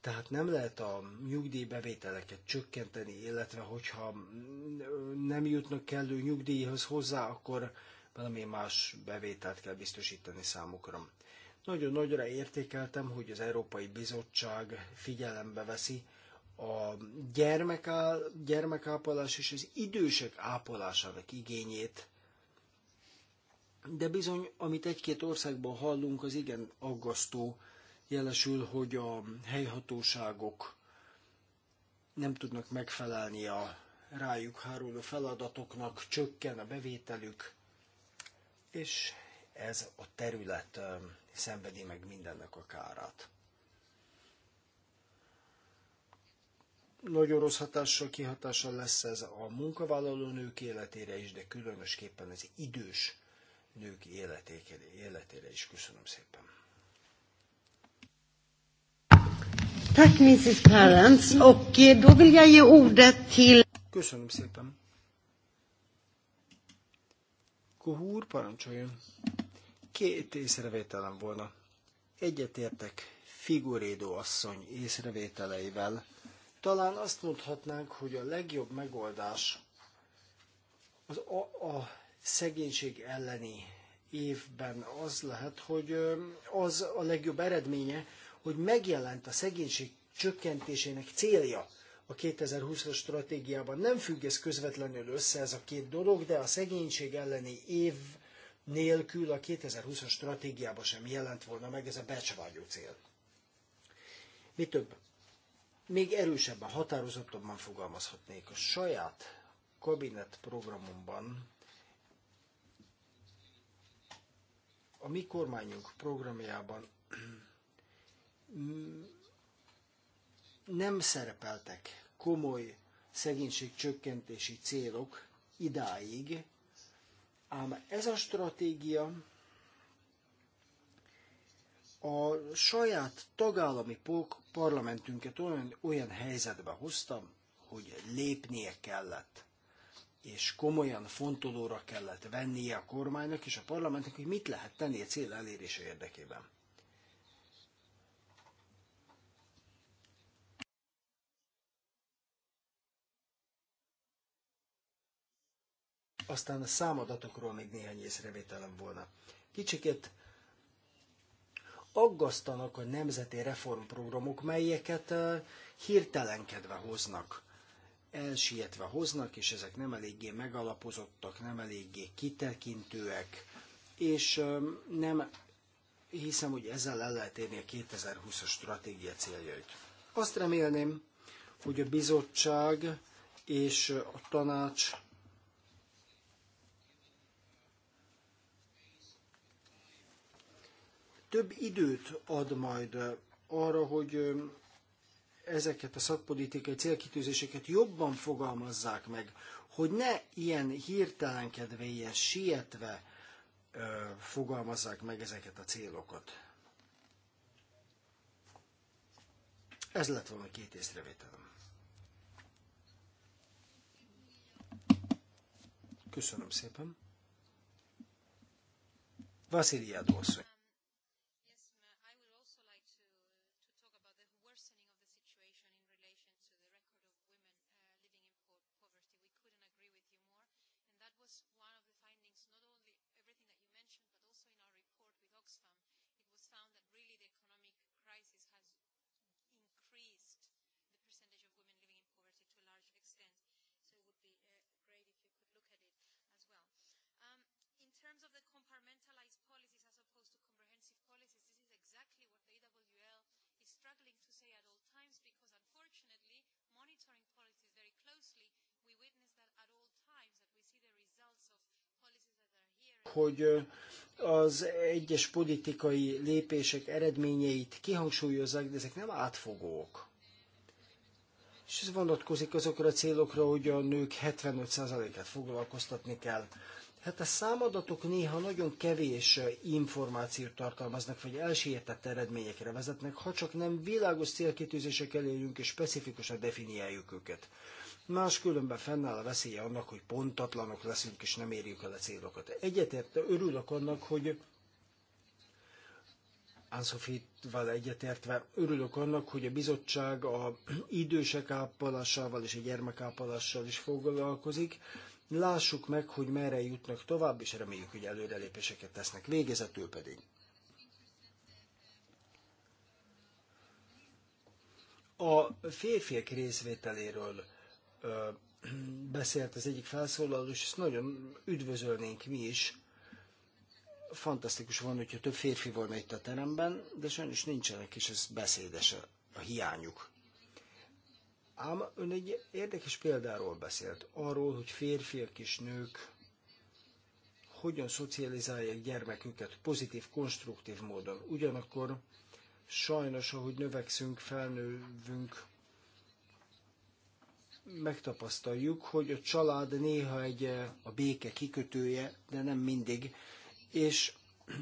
tehát nem lehet a nyugdíjbevételeket csökkenteni, illetve hogyha mm, nem jutnak kellő nyugdíjhoz hozzá, akkor valami más bevételt kell biztosítani számukra. Nagyon nagyra értékeltem, hogy az Európai Bizottság figyelembe veszi a gyermekápolás és az idősek ápolásának igényét, de bizony, amit egy-két országban hallunk, az igen aggasztó, jelesül, hogy a helyhatóságok nem tudnak megfelelni a rájuk háruló feladatoknak, csökken a bevételük, és ez a terület szenvedi meg mindennek a kárát. Nagyon rossz hatással, kihatással lesz ez a munkavállaló nők életére is, de különösképpen az idős nők életére is. Köszönöm szépen. Tack Mrs. Parents och eh, då vill jag ge ordet till... Köszönöm szépen. Kohúr, parancsoljon. Két észrevételem volna. Egyetértek Figurédo asszony észrevételeivel. Talán azt mondhatnánk, hogy a legjobb megoldás az a, a szegénység elleni évben az lehet, hogy az a legjobb eredménye, hogy megjelent a szegénység csökkentésének célja a 2020-as stratégiában. Nem függ ez közvetlenül össze ez a két dolog, de a szegénység elleni év nélkül a 2020-as stratégiában sem jelent volna meg ez a becsvágyó cél. Mi több, még erősebben, határozottabban fogalmazhatnék. A saját kabinet programomban a mi kormányunk programjában Mm, nem szerepeltek komoly szegénységcsökkentési célok idáig, ám ez a stratégia a saját tagállami parlamentünket olyan, olyan helyzetbe hoztam, hogy lépnie kellett, és komolyan fontolóra kellett vennie a kormánynak és a parlamentnek, hogy mit lehet tenni a cél elérése érdekében. Aztán a számadatokról még néhány észrevételem volna. Kicsikét aggasztanak a nemzeti reformprogramok, melyeket hirtelenkedve hoznak, elsietve hoznak, és ezek nem eléggé megalapozottak, nem eléggé kitekintőek, és nem hiszem, hogy ezzel el lehet érni a 2020-as stratégia céljait. Azt remélném, hogy a bizottság és a tanács több időt ad majd arra, hogy ezeket a szakpolitikai célkitűzéseket jobban fogalmazzák meg, hogy ne ilyen kedve, ilyen sietve fogalmazzák meg ezeket a célokat. Ez lett volna két észrevételem. Köszönöm szépen. Vasiliádó asszony. hogy az egyes politikai lépések eredményeit kihangsúlyozzák, de ezek nem átfogók. És ez vonatkozik azokra a célokra, hogy a nők 75%-át foglalkoztatni kell. Hát a számadatok néha nagyon kevés információt tartalmaznak, vagy elsietett eredményekre vezetnek, ha csak nem világos célkitűzések elérjünk és specifikusan definiáljuk őket máskülönben fennáll a veszélye annak, hogy pontatlanok leszünk és nem érjük el a célokat. Egyetért, örülök annak, hogy Anszofitval egyetértve örülök annak, hogy a bizottság a idősek ápolásával és a gyermekápolással is foglalkozik. Lássuk meg, hogy merre jutnak tovább, és reméljük, hogy előrelépéseket tesznek. Végezetül pedig. A férfiak részvételéről beszélt az egyik felszólaló, és ezt nagyon üdvözölnénk mi is. Fantasztikus van, hogyha több férfi volna itt a teremben, de sajnos nincsenek, és ez beszédes a, a hiányuk. Ám ön egy érdekes példáról beszélt, arról, hogy férfiak és nők hogyan szocializálják gyermeküket pozitív, konstruktív módon. Ugyanakkor sajnos, ahogy növekszünk, felnővünk, megtapasztaljuk, hogy a család néha egy eh, a béke kikötője, de nem mindig. És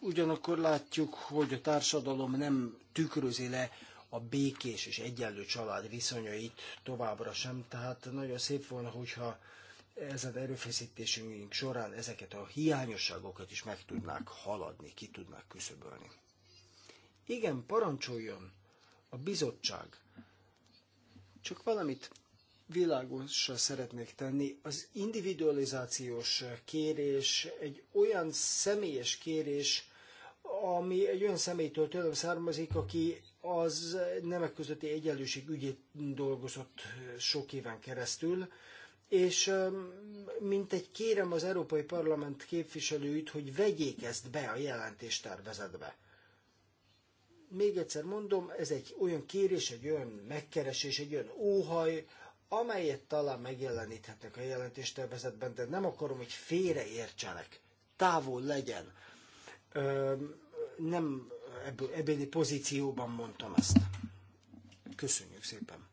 ugyanakkor látjuk, hogy a társadalom nem tükrözi le a békés és egyenlő család viszonyait továbbra sem. Tehát nagyon szép volna, hogyha ezen erőfeszítésünk során ezeket a hiányosságokat is meg tudnák haladni, ki tudnák küszöbölni. Igen, parancsoljon a bizottság csak valamit világosra szeretnék tenni. Az individualizációs kérés egy olyan személyes kérés, ami egy olyan személytől tőlem származik, aki az nemek közötti egyenlőség ügyét dolgozott sok éven keresztül, és mint egy kérem az Európai Parlament képviselőit, hogy vegyék ezt be a jelentéstervezetbe még egyszer mondom, ez egy olyan kérés, egy olyan megkeresés, egy olyan óhaj, amelyet talán megjeleníthetnek a jelentéstervezetben, de nem akarom, hogy félreértsenek, távol legyen. Ö, nem ebből, ebédi pozícióban mondtam ezt. Köszönjük szépen.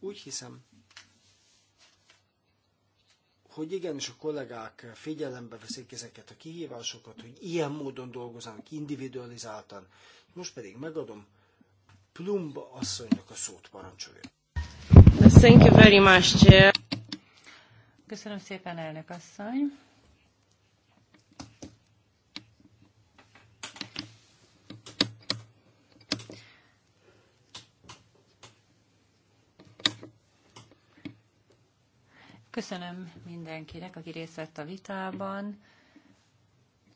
Úgy hiszem, hogy igenis a kollégák figyelembe veszik ezeket a kihívásokat, hogy ilyen módon dolgozzanak individualizáltan. Most pedig megadom Plumba asszonynak a szót parancsolja. Thank you very much, Chair. Köszönöm szépen, elnök asszony. Köszönöm mindenkinek, aki részt vett a vitában,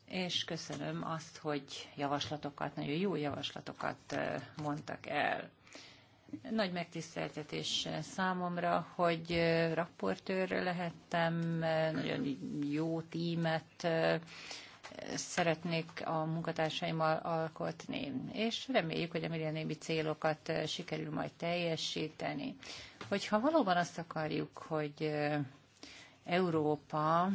és köszönöm azt, hogy javaslatokat, nagyon jó javaslatokat mondtak el. Nagy megtiszteltetés számomra, hogy raportőr lehettem, nagyon jó tímet szeretnék a munkatársaimmal alkotni, és reméljük, hogy a milléniumi célokat eh, sikerül majd teljesíteni. Hogyha valóban azt akarjuk, hogy eh, Európa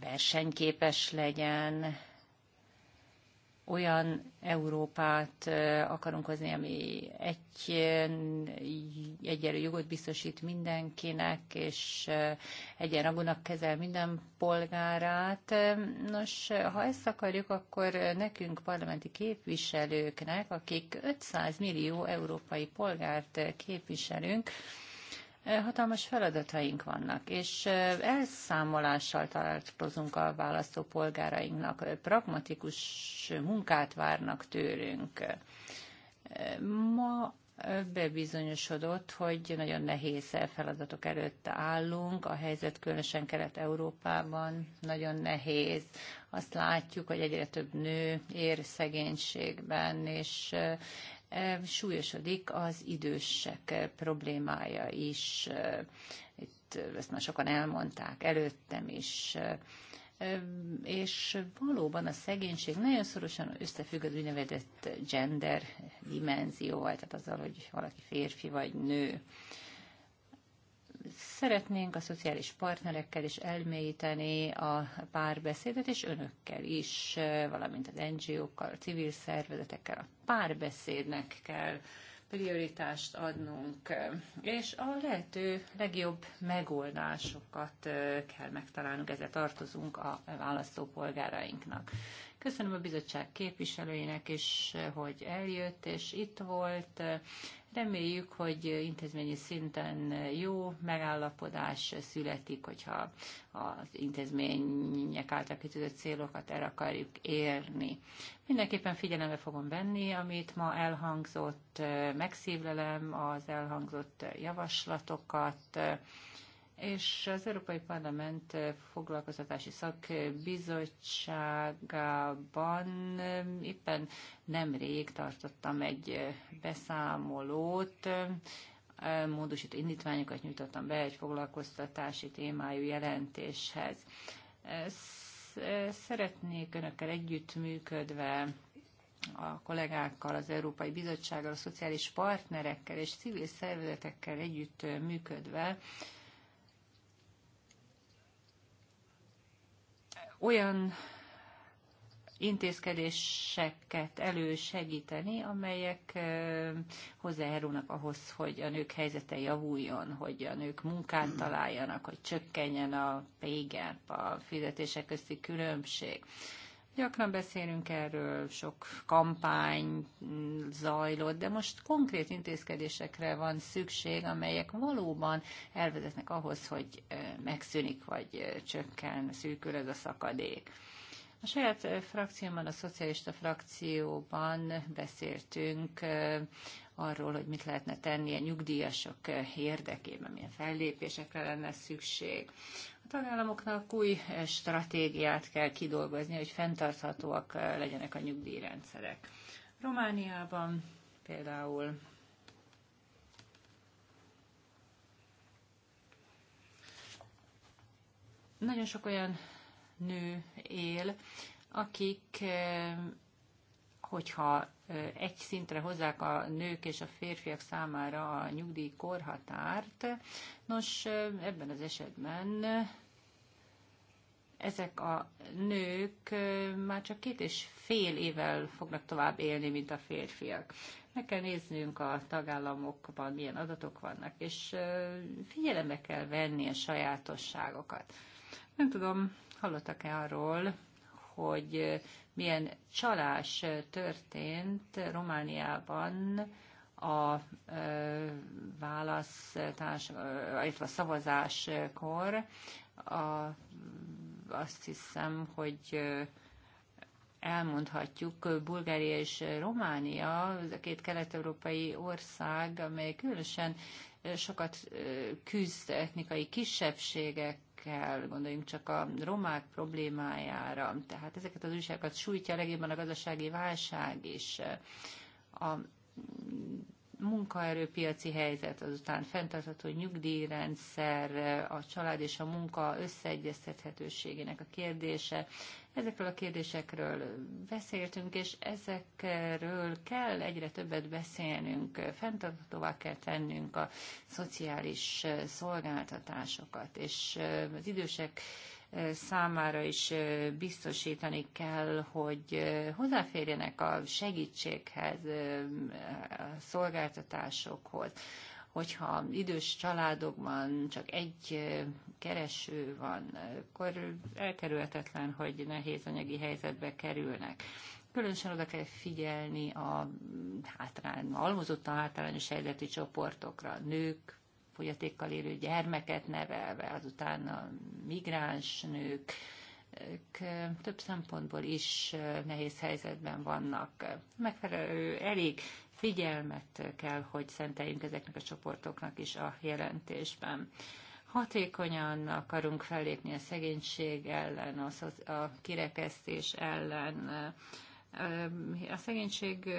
versenyképes legyen, olyan Európát akarunk hozni, ami egy, egyenlő jogot biztosít mindenkinek, és egyenrangúnak kezel minden polgárát. Nos, ha ezt akarjuk, akkor nekünk parlamenti képviselőknek, akik 500 millió európai polgárt képviselünk, hatalmas feladataink vannak, és elszámolással találkozunk a választópolgárainknak, pragmatikus munkát várnak tőlünk. Ma bebizonyosodott, hogy nagyon nehéz feladatok előtt állunk, a helyzet különösen Kelet-Európában nagyon nehéz. Azt látjuk, hogy egyre több nő ér szegénységben, és súlyosodik az idősek eh, problémája is. Eh, itt eh, ezt már sokan elmondták előttem is és valóban a szegénység nagyon szorosan összefügg az úgynevezett gender dimenzióval, tehát azzal, hogy valaki férfi vagy nő. Szeretnénk a szociális partnerekkel is elmélyíteni a párbeszédet, és önökkel is, valamint az NGO-kkal, a civil szervezetekkel. A párbeszédnek kell prioritást adnunk, és a lehető legjobb megoldásokat kell megtalálnunk, ezzel tartozunk a választópolgárainknak. Köszönöm a bizottság képviselőinek is, hogy eljött, és itt volt. Reméljük, hogy intézményi szinten jó megállapodás születik, hogyha az intézmények által kitűzött célokat el akarjuk érni. Mindenképpen figyelembe fogom venni, amit ma elhangzott, megszívlelem az elhangzott javaslatokat, és az Európai Parlament foglalkoztatási szakbizottságában eh, éppen nemrég tartottam egy eh, beszámolót, eh, módosító indítványokat nyújtottam be egy foglalkoztatási témájú jelentéshez. Szeretnék önökkel együttműködve a kollégákkal, az Európai Bizottsággal, a szociális partnerekkel és civil szervezetekkel együtt működve olyan intézkedéseket elősegíteni, amelyek hozzájárulnak ahhoz, hogy a nők helyzete javuljon, hogy a nők munkán találjanak, hogy csökkenjen a pay gap, a fizetések közti különbség. Gyakran beszélünk erről, sok kampány zajlott, de most konkrét intézkedésekre van szükség, amelyek valóban elvezetnek ahhoz, hogy megszűnik vagy csökken, szűkül ez a szakadék. A saját frakciómban, a szocialista frakcióban beszéltünk arról, hogy mit lehetne tenni a nyugdíjasok érdekében, milyen fellépésekre lenne szükség. A tagállamoknak új stratégiát kell kidolgozni, hogy fenntarthatóak legyenek a nyugdíjrendszerek. Romániában például nagyon sok olyan nő él, akik hogyha egy szintre hozzák a nők és a férfiak számára a nyugdíjkorhatárt, nos, ebben az esetben ezek a nők már csak két és fél évvel fognak tovább élni, mint a férfiak. Meg kell néznünk a tagállamokban, milyen adatok vannak, és figyelembe kell venni a sajátosságokat. Nem tudom, hallottak-e arról, hogy milyen csalás történt Romániában a választás, illetve a szavazáskor. A, azt hiszem, hogy elmondhatjuk, Bulgária és Románia, a két kelet-európai ország, amely különösen sokat küzd etnikai kisebbségek kell, gondoljunk csak a romák problémájára. Tehát ezeket az újságokat sújtja legjobban a gazdasági válság és A munkaerőpiaci helyzet, azután fenntartható nyugdíjrendszer, a család és a munka összeegyeztethetőségének a kérdése. Ezekről a kérdésekről beszéltünk, és ezekről kell egyre többet beszélnünk, fenntarthatóvá kell tennünk a szociális szolgáltatásokat, és az idősek számára is biztosítani kell, hogy hozzáférjenek a segítséghez, a szolgáltatásokhoz hogyha idős családokban csak egy kereső van, akkor elkerülhetetlen, hogy nehéz anyagi helyzetbe kerülnek. Különösen oda kell figyelni a hátrány, almozott a hátrányos helyzetű csoportokra, nők, fogyatékkal élő gyermeket nevelve, azután a migráns nők, ők több szempontból is nehéz helyzetben vannak. Megfelelő, elég figyelmet kell, hogy szenteljünk ezeknek a csoportoknak is a jelentésben. Hatékonyan akarunk fellépni a szegénység ellen, a kirekesztés ellen, a szegénység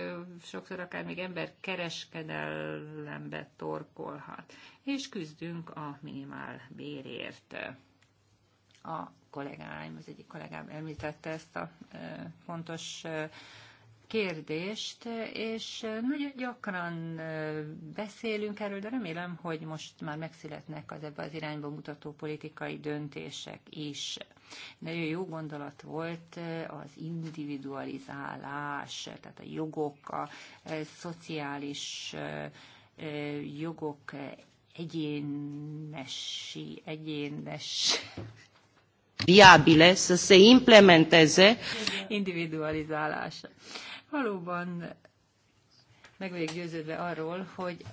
sokszor akár még ember kereskedelembe torkolhat, és küzdünk a minimál bérért. A kollégáim, az egyik kollégám említette ezt a fontos kérdést, és nagyon gyakran beszélünk erről, de remélem, hogy most már megszületnek az ebbe az irányba mutató politikai döntések is. Nagyon jó gondolat volt az individualizálás, tehát a jogok, a szociális jogok egyénesi, egyénes viabile să se implementeze individualizálása valóban meg vagyok győződve arról, hogy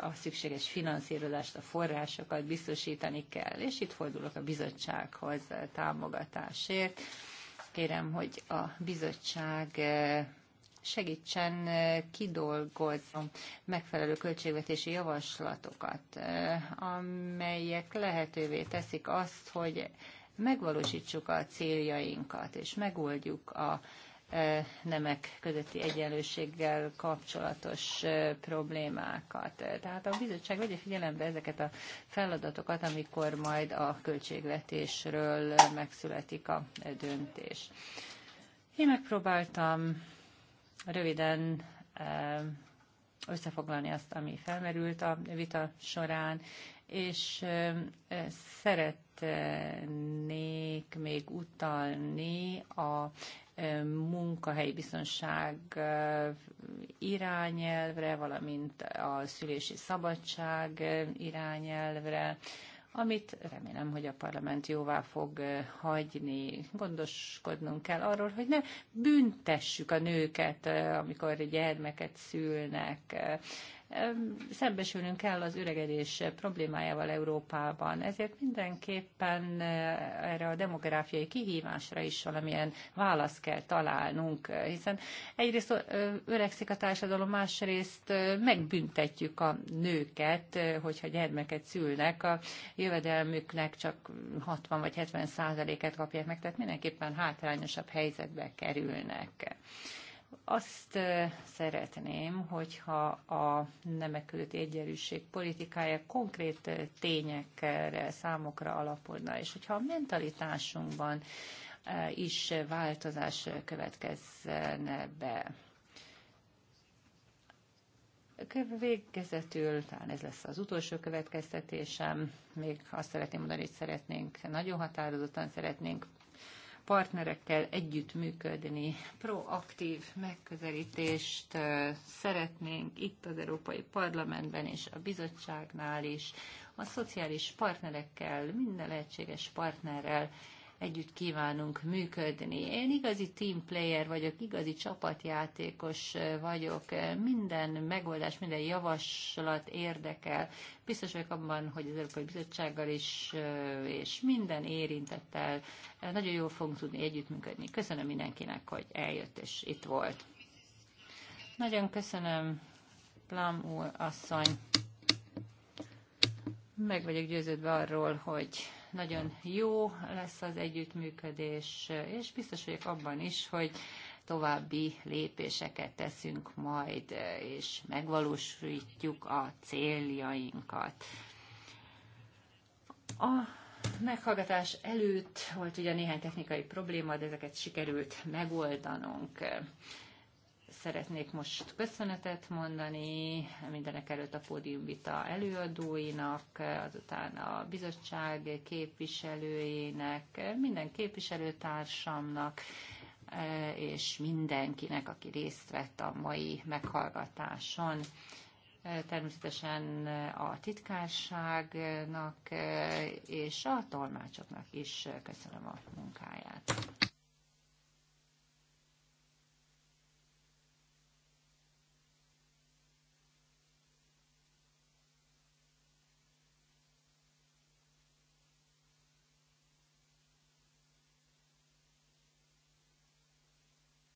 a szükséges finanszírozást, a forrásokat biztosítani kell, és itt fordulok a bizottsághoz támogatásért. Kérem, hogy a bizottság segítsen kidolgozni megfelelő költségvetési javaslatokat, amelyek lehetővé teszik azt, hogy megvalósítsuk a céljainkat, és megoldjuk a E, nemek közötti egyenlőséggel kapcsolatos e, problémákat. Tehát a bizottság vegye figyelembe ezeket a feladatokat, amikor majd a költségvetésről megszületik a döntés. Én megpróbáltam röviden e, összefoglalni azt, ami felmerült a vita során, és szeretnék még utalni a munkahelyi biztonság irányelvre, valamint a szülési szabadság irányelvre, amit remélem, hogy a parlament jóvá fog hagyni. Gondoskodnunk kell arról, hogy ne büntessük a nőket, amikor gyermeket szülnek szembesülnünk kell az öregedés problémájával Európában. Ezért mindenképpen e, erre a demográfiai kihívásra is valamilyen választ kell találnunk, hiszen egyrészt öregszik a társadalom, másrészt megbüntetjük a nőket, hogyha gyermeket szülnek, a jövedelmüknek csak 60 vagy 70 százaléket kapják meg, tehát mindenképpen hátrányosabb helyzetbe kerülnek. Azt szeretném, hogyha a nemek közötti egyenlőség politikája konkrét tényekre, számokra alapodna, és hogyha a mentalitásunkban is változás következne be. Végezetül, talán ez lesz az utolsó következtetésem, még azt szeretném mondani, hogy szeretnénk, nagyon határozottan szeretnénk partnerekkel együttműködni, proaktív megközelítést szeretnénk itt az Európai Parlamentben és a bizottságnál is, a szociális partnerekkel, minden lehetséges partnerrel együtt kívánunk működni. Én igazi team player vagyok, igazi csapatjátékos vagyok, minden megoldás, minden javaslat érdekel. Biztos vagyok abban, hogy az Európai Bizottsággal is, és minden érintettel nagyon jól fogunk tudni együttműködni. Köszönöm mindenkinek, hogy eljött és itt volt. Nagyon köszönöm, Plam úr asszony. Meg vagyok győződve arról, hogy nagyon jó lesz az együttműködés, és biztos vagyok abban is, hogy további lépéseket teszünk majd, és megvalósítjuk a céljainkat. A meghallgatás előtt volt ugye néhány technikai probléma, de ezeket sikerült megoldanunk. Szeretnék most köszönetet mondani mindenek előtt a pódiumvita előadóinak, azután a bizottság képviselőjének, minden képviselőtársamnak, és mindenkinek, aki részt vett a mai meghallgatáson. Természetesen a titkárságnak és a tolmácsoknak is köszönöm a munkáját.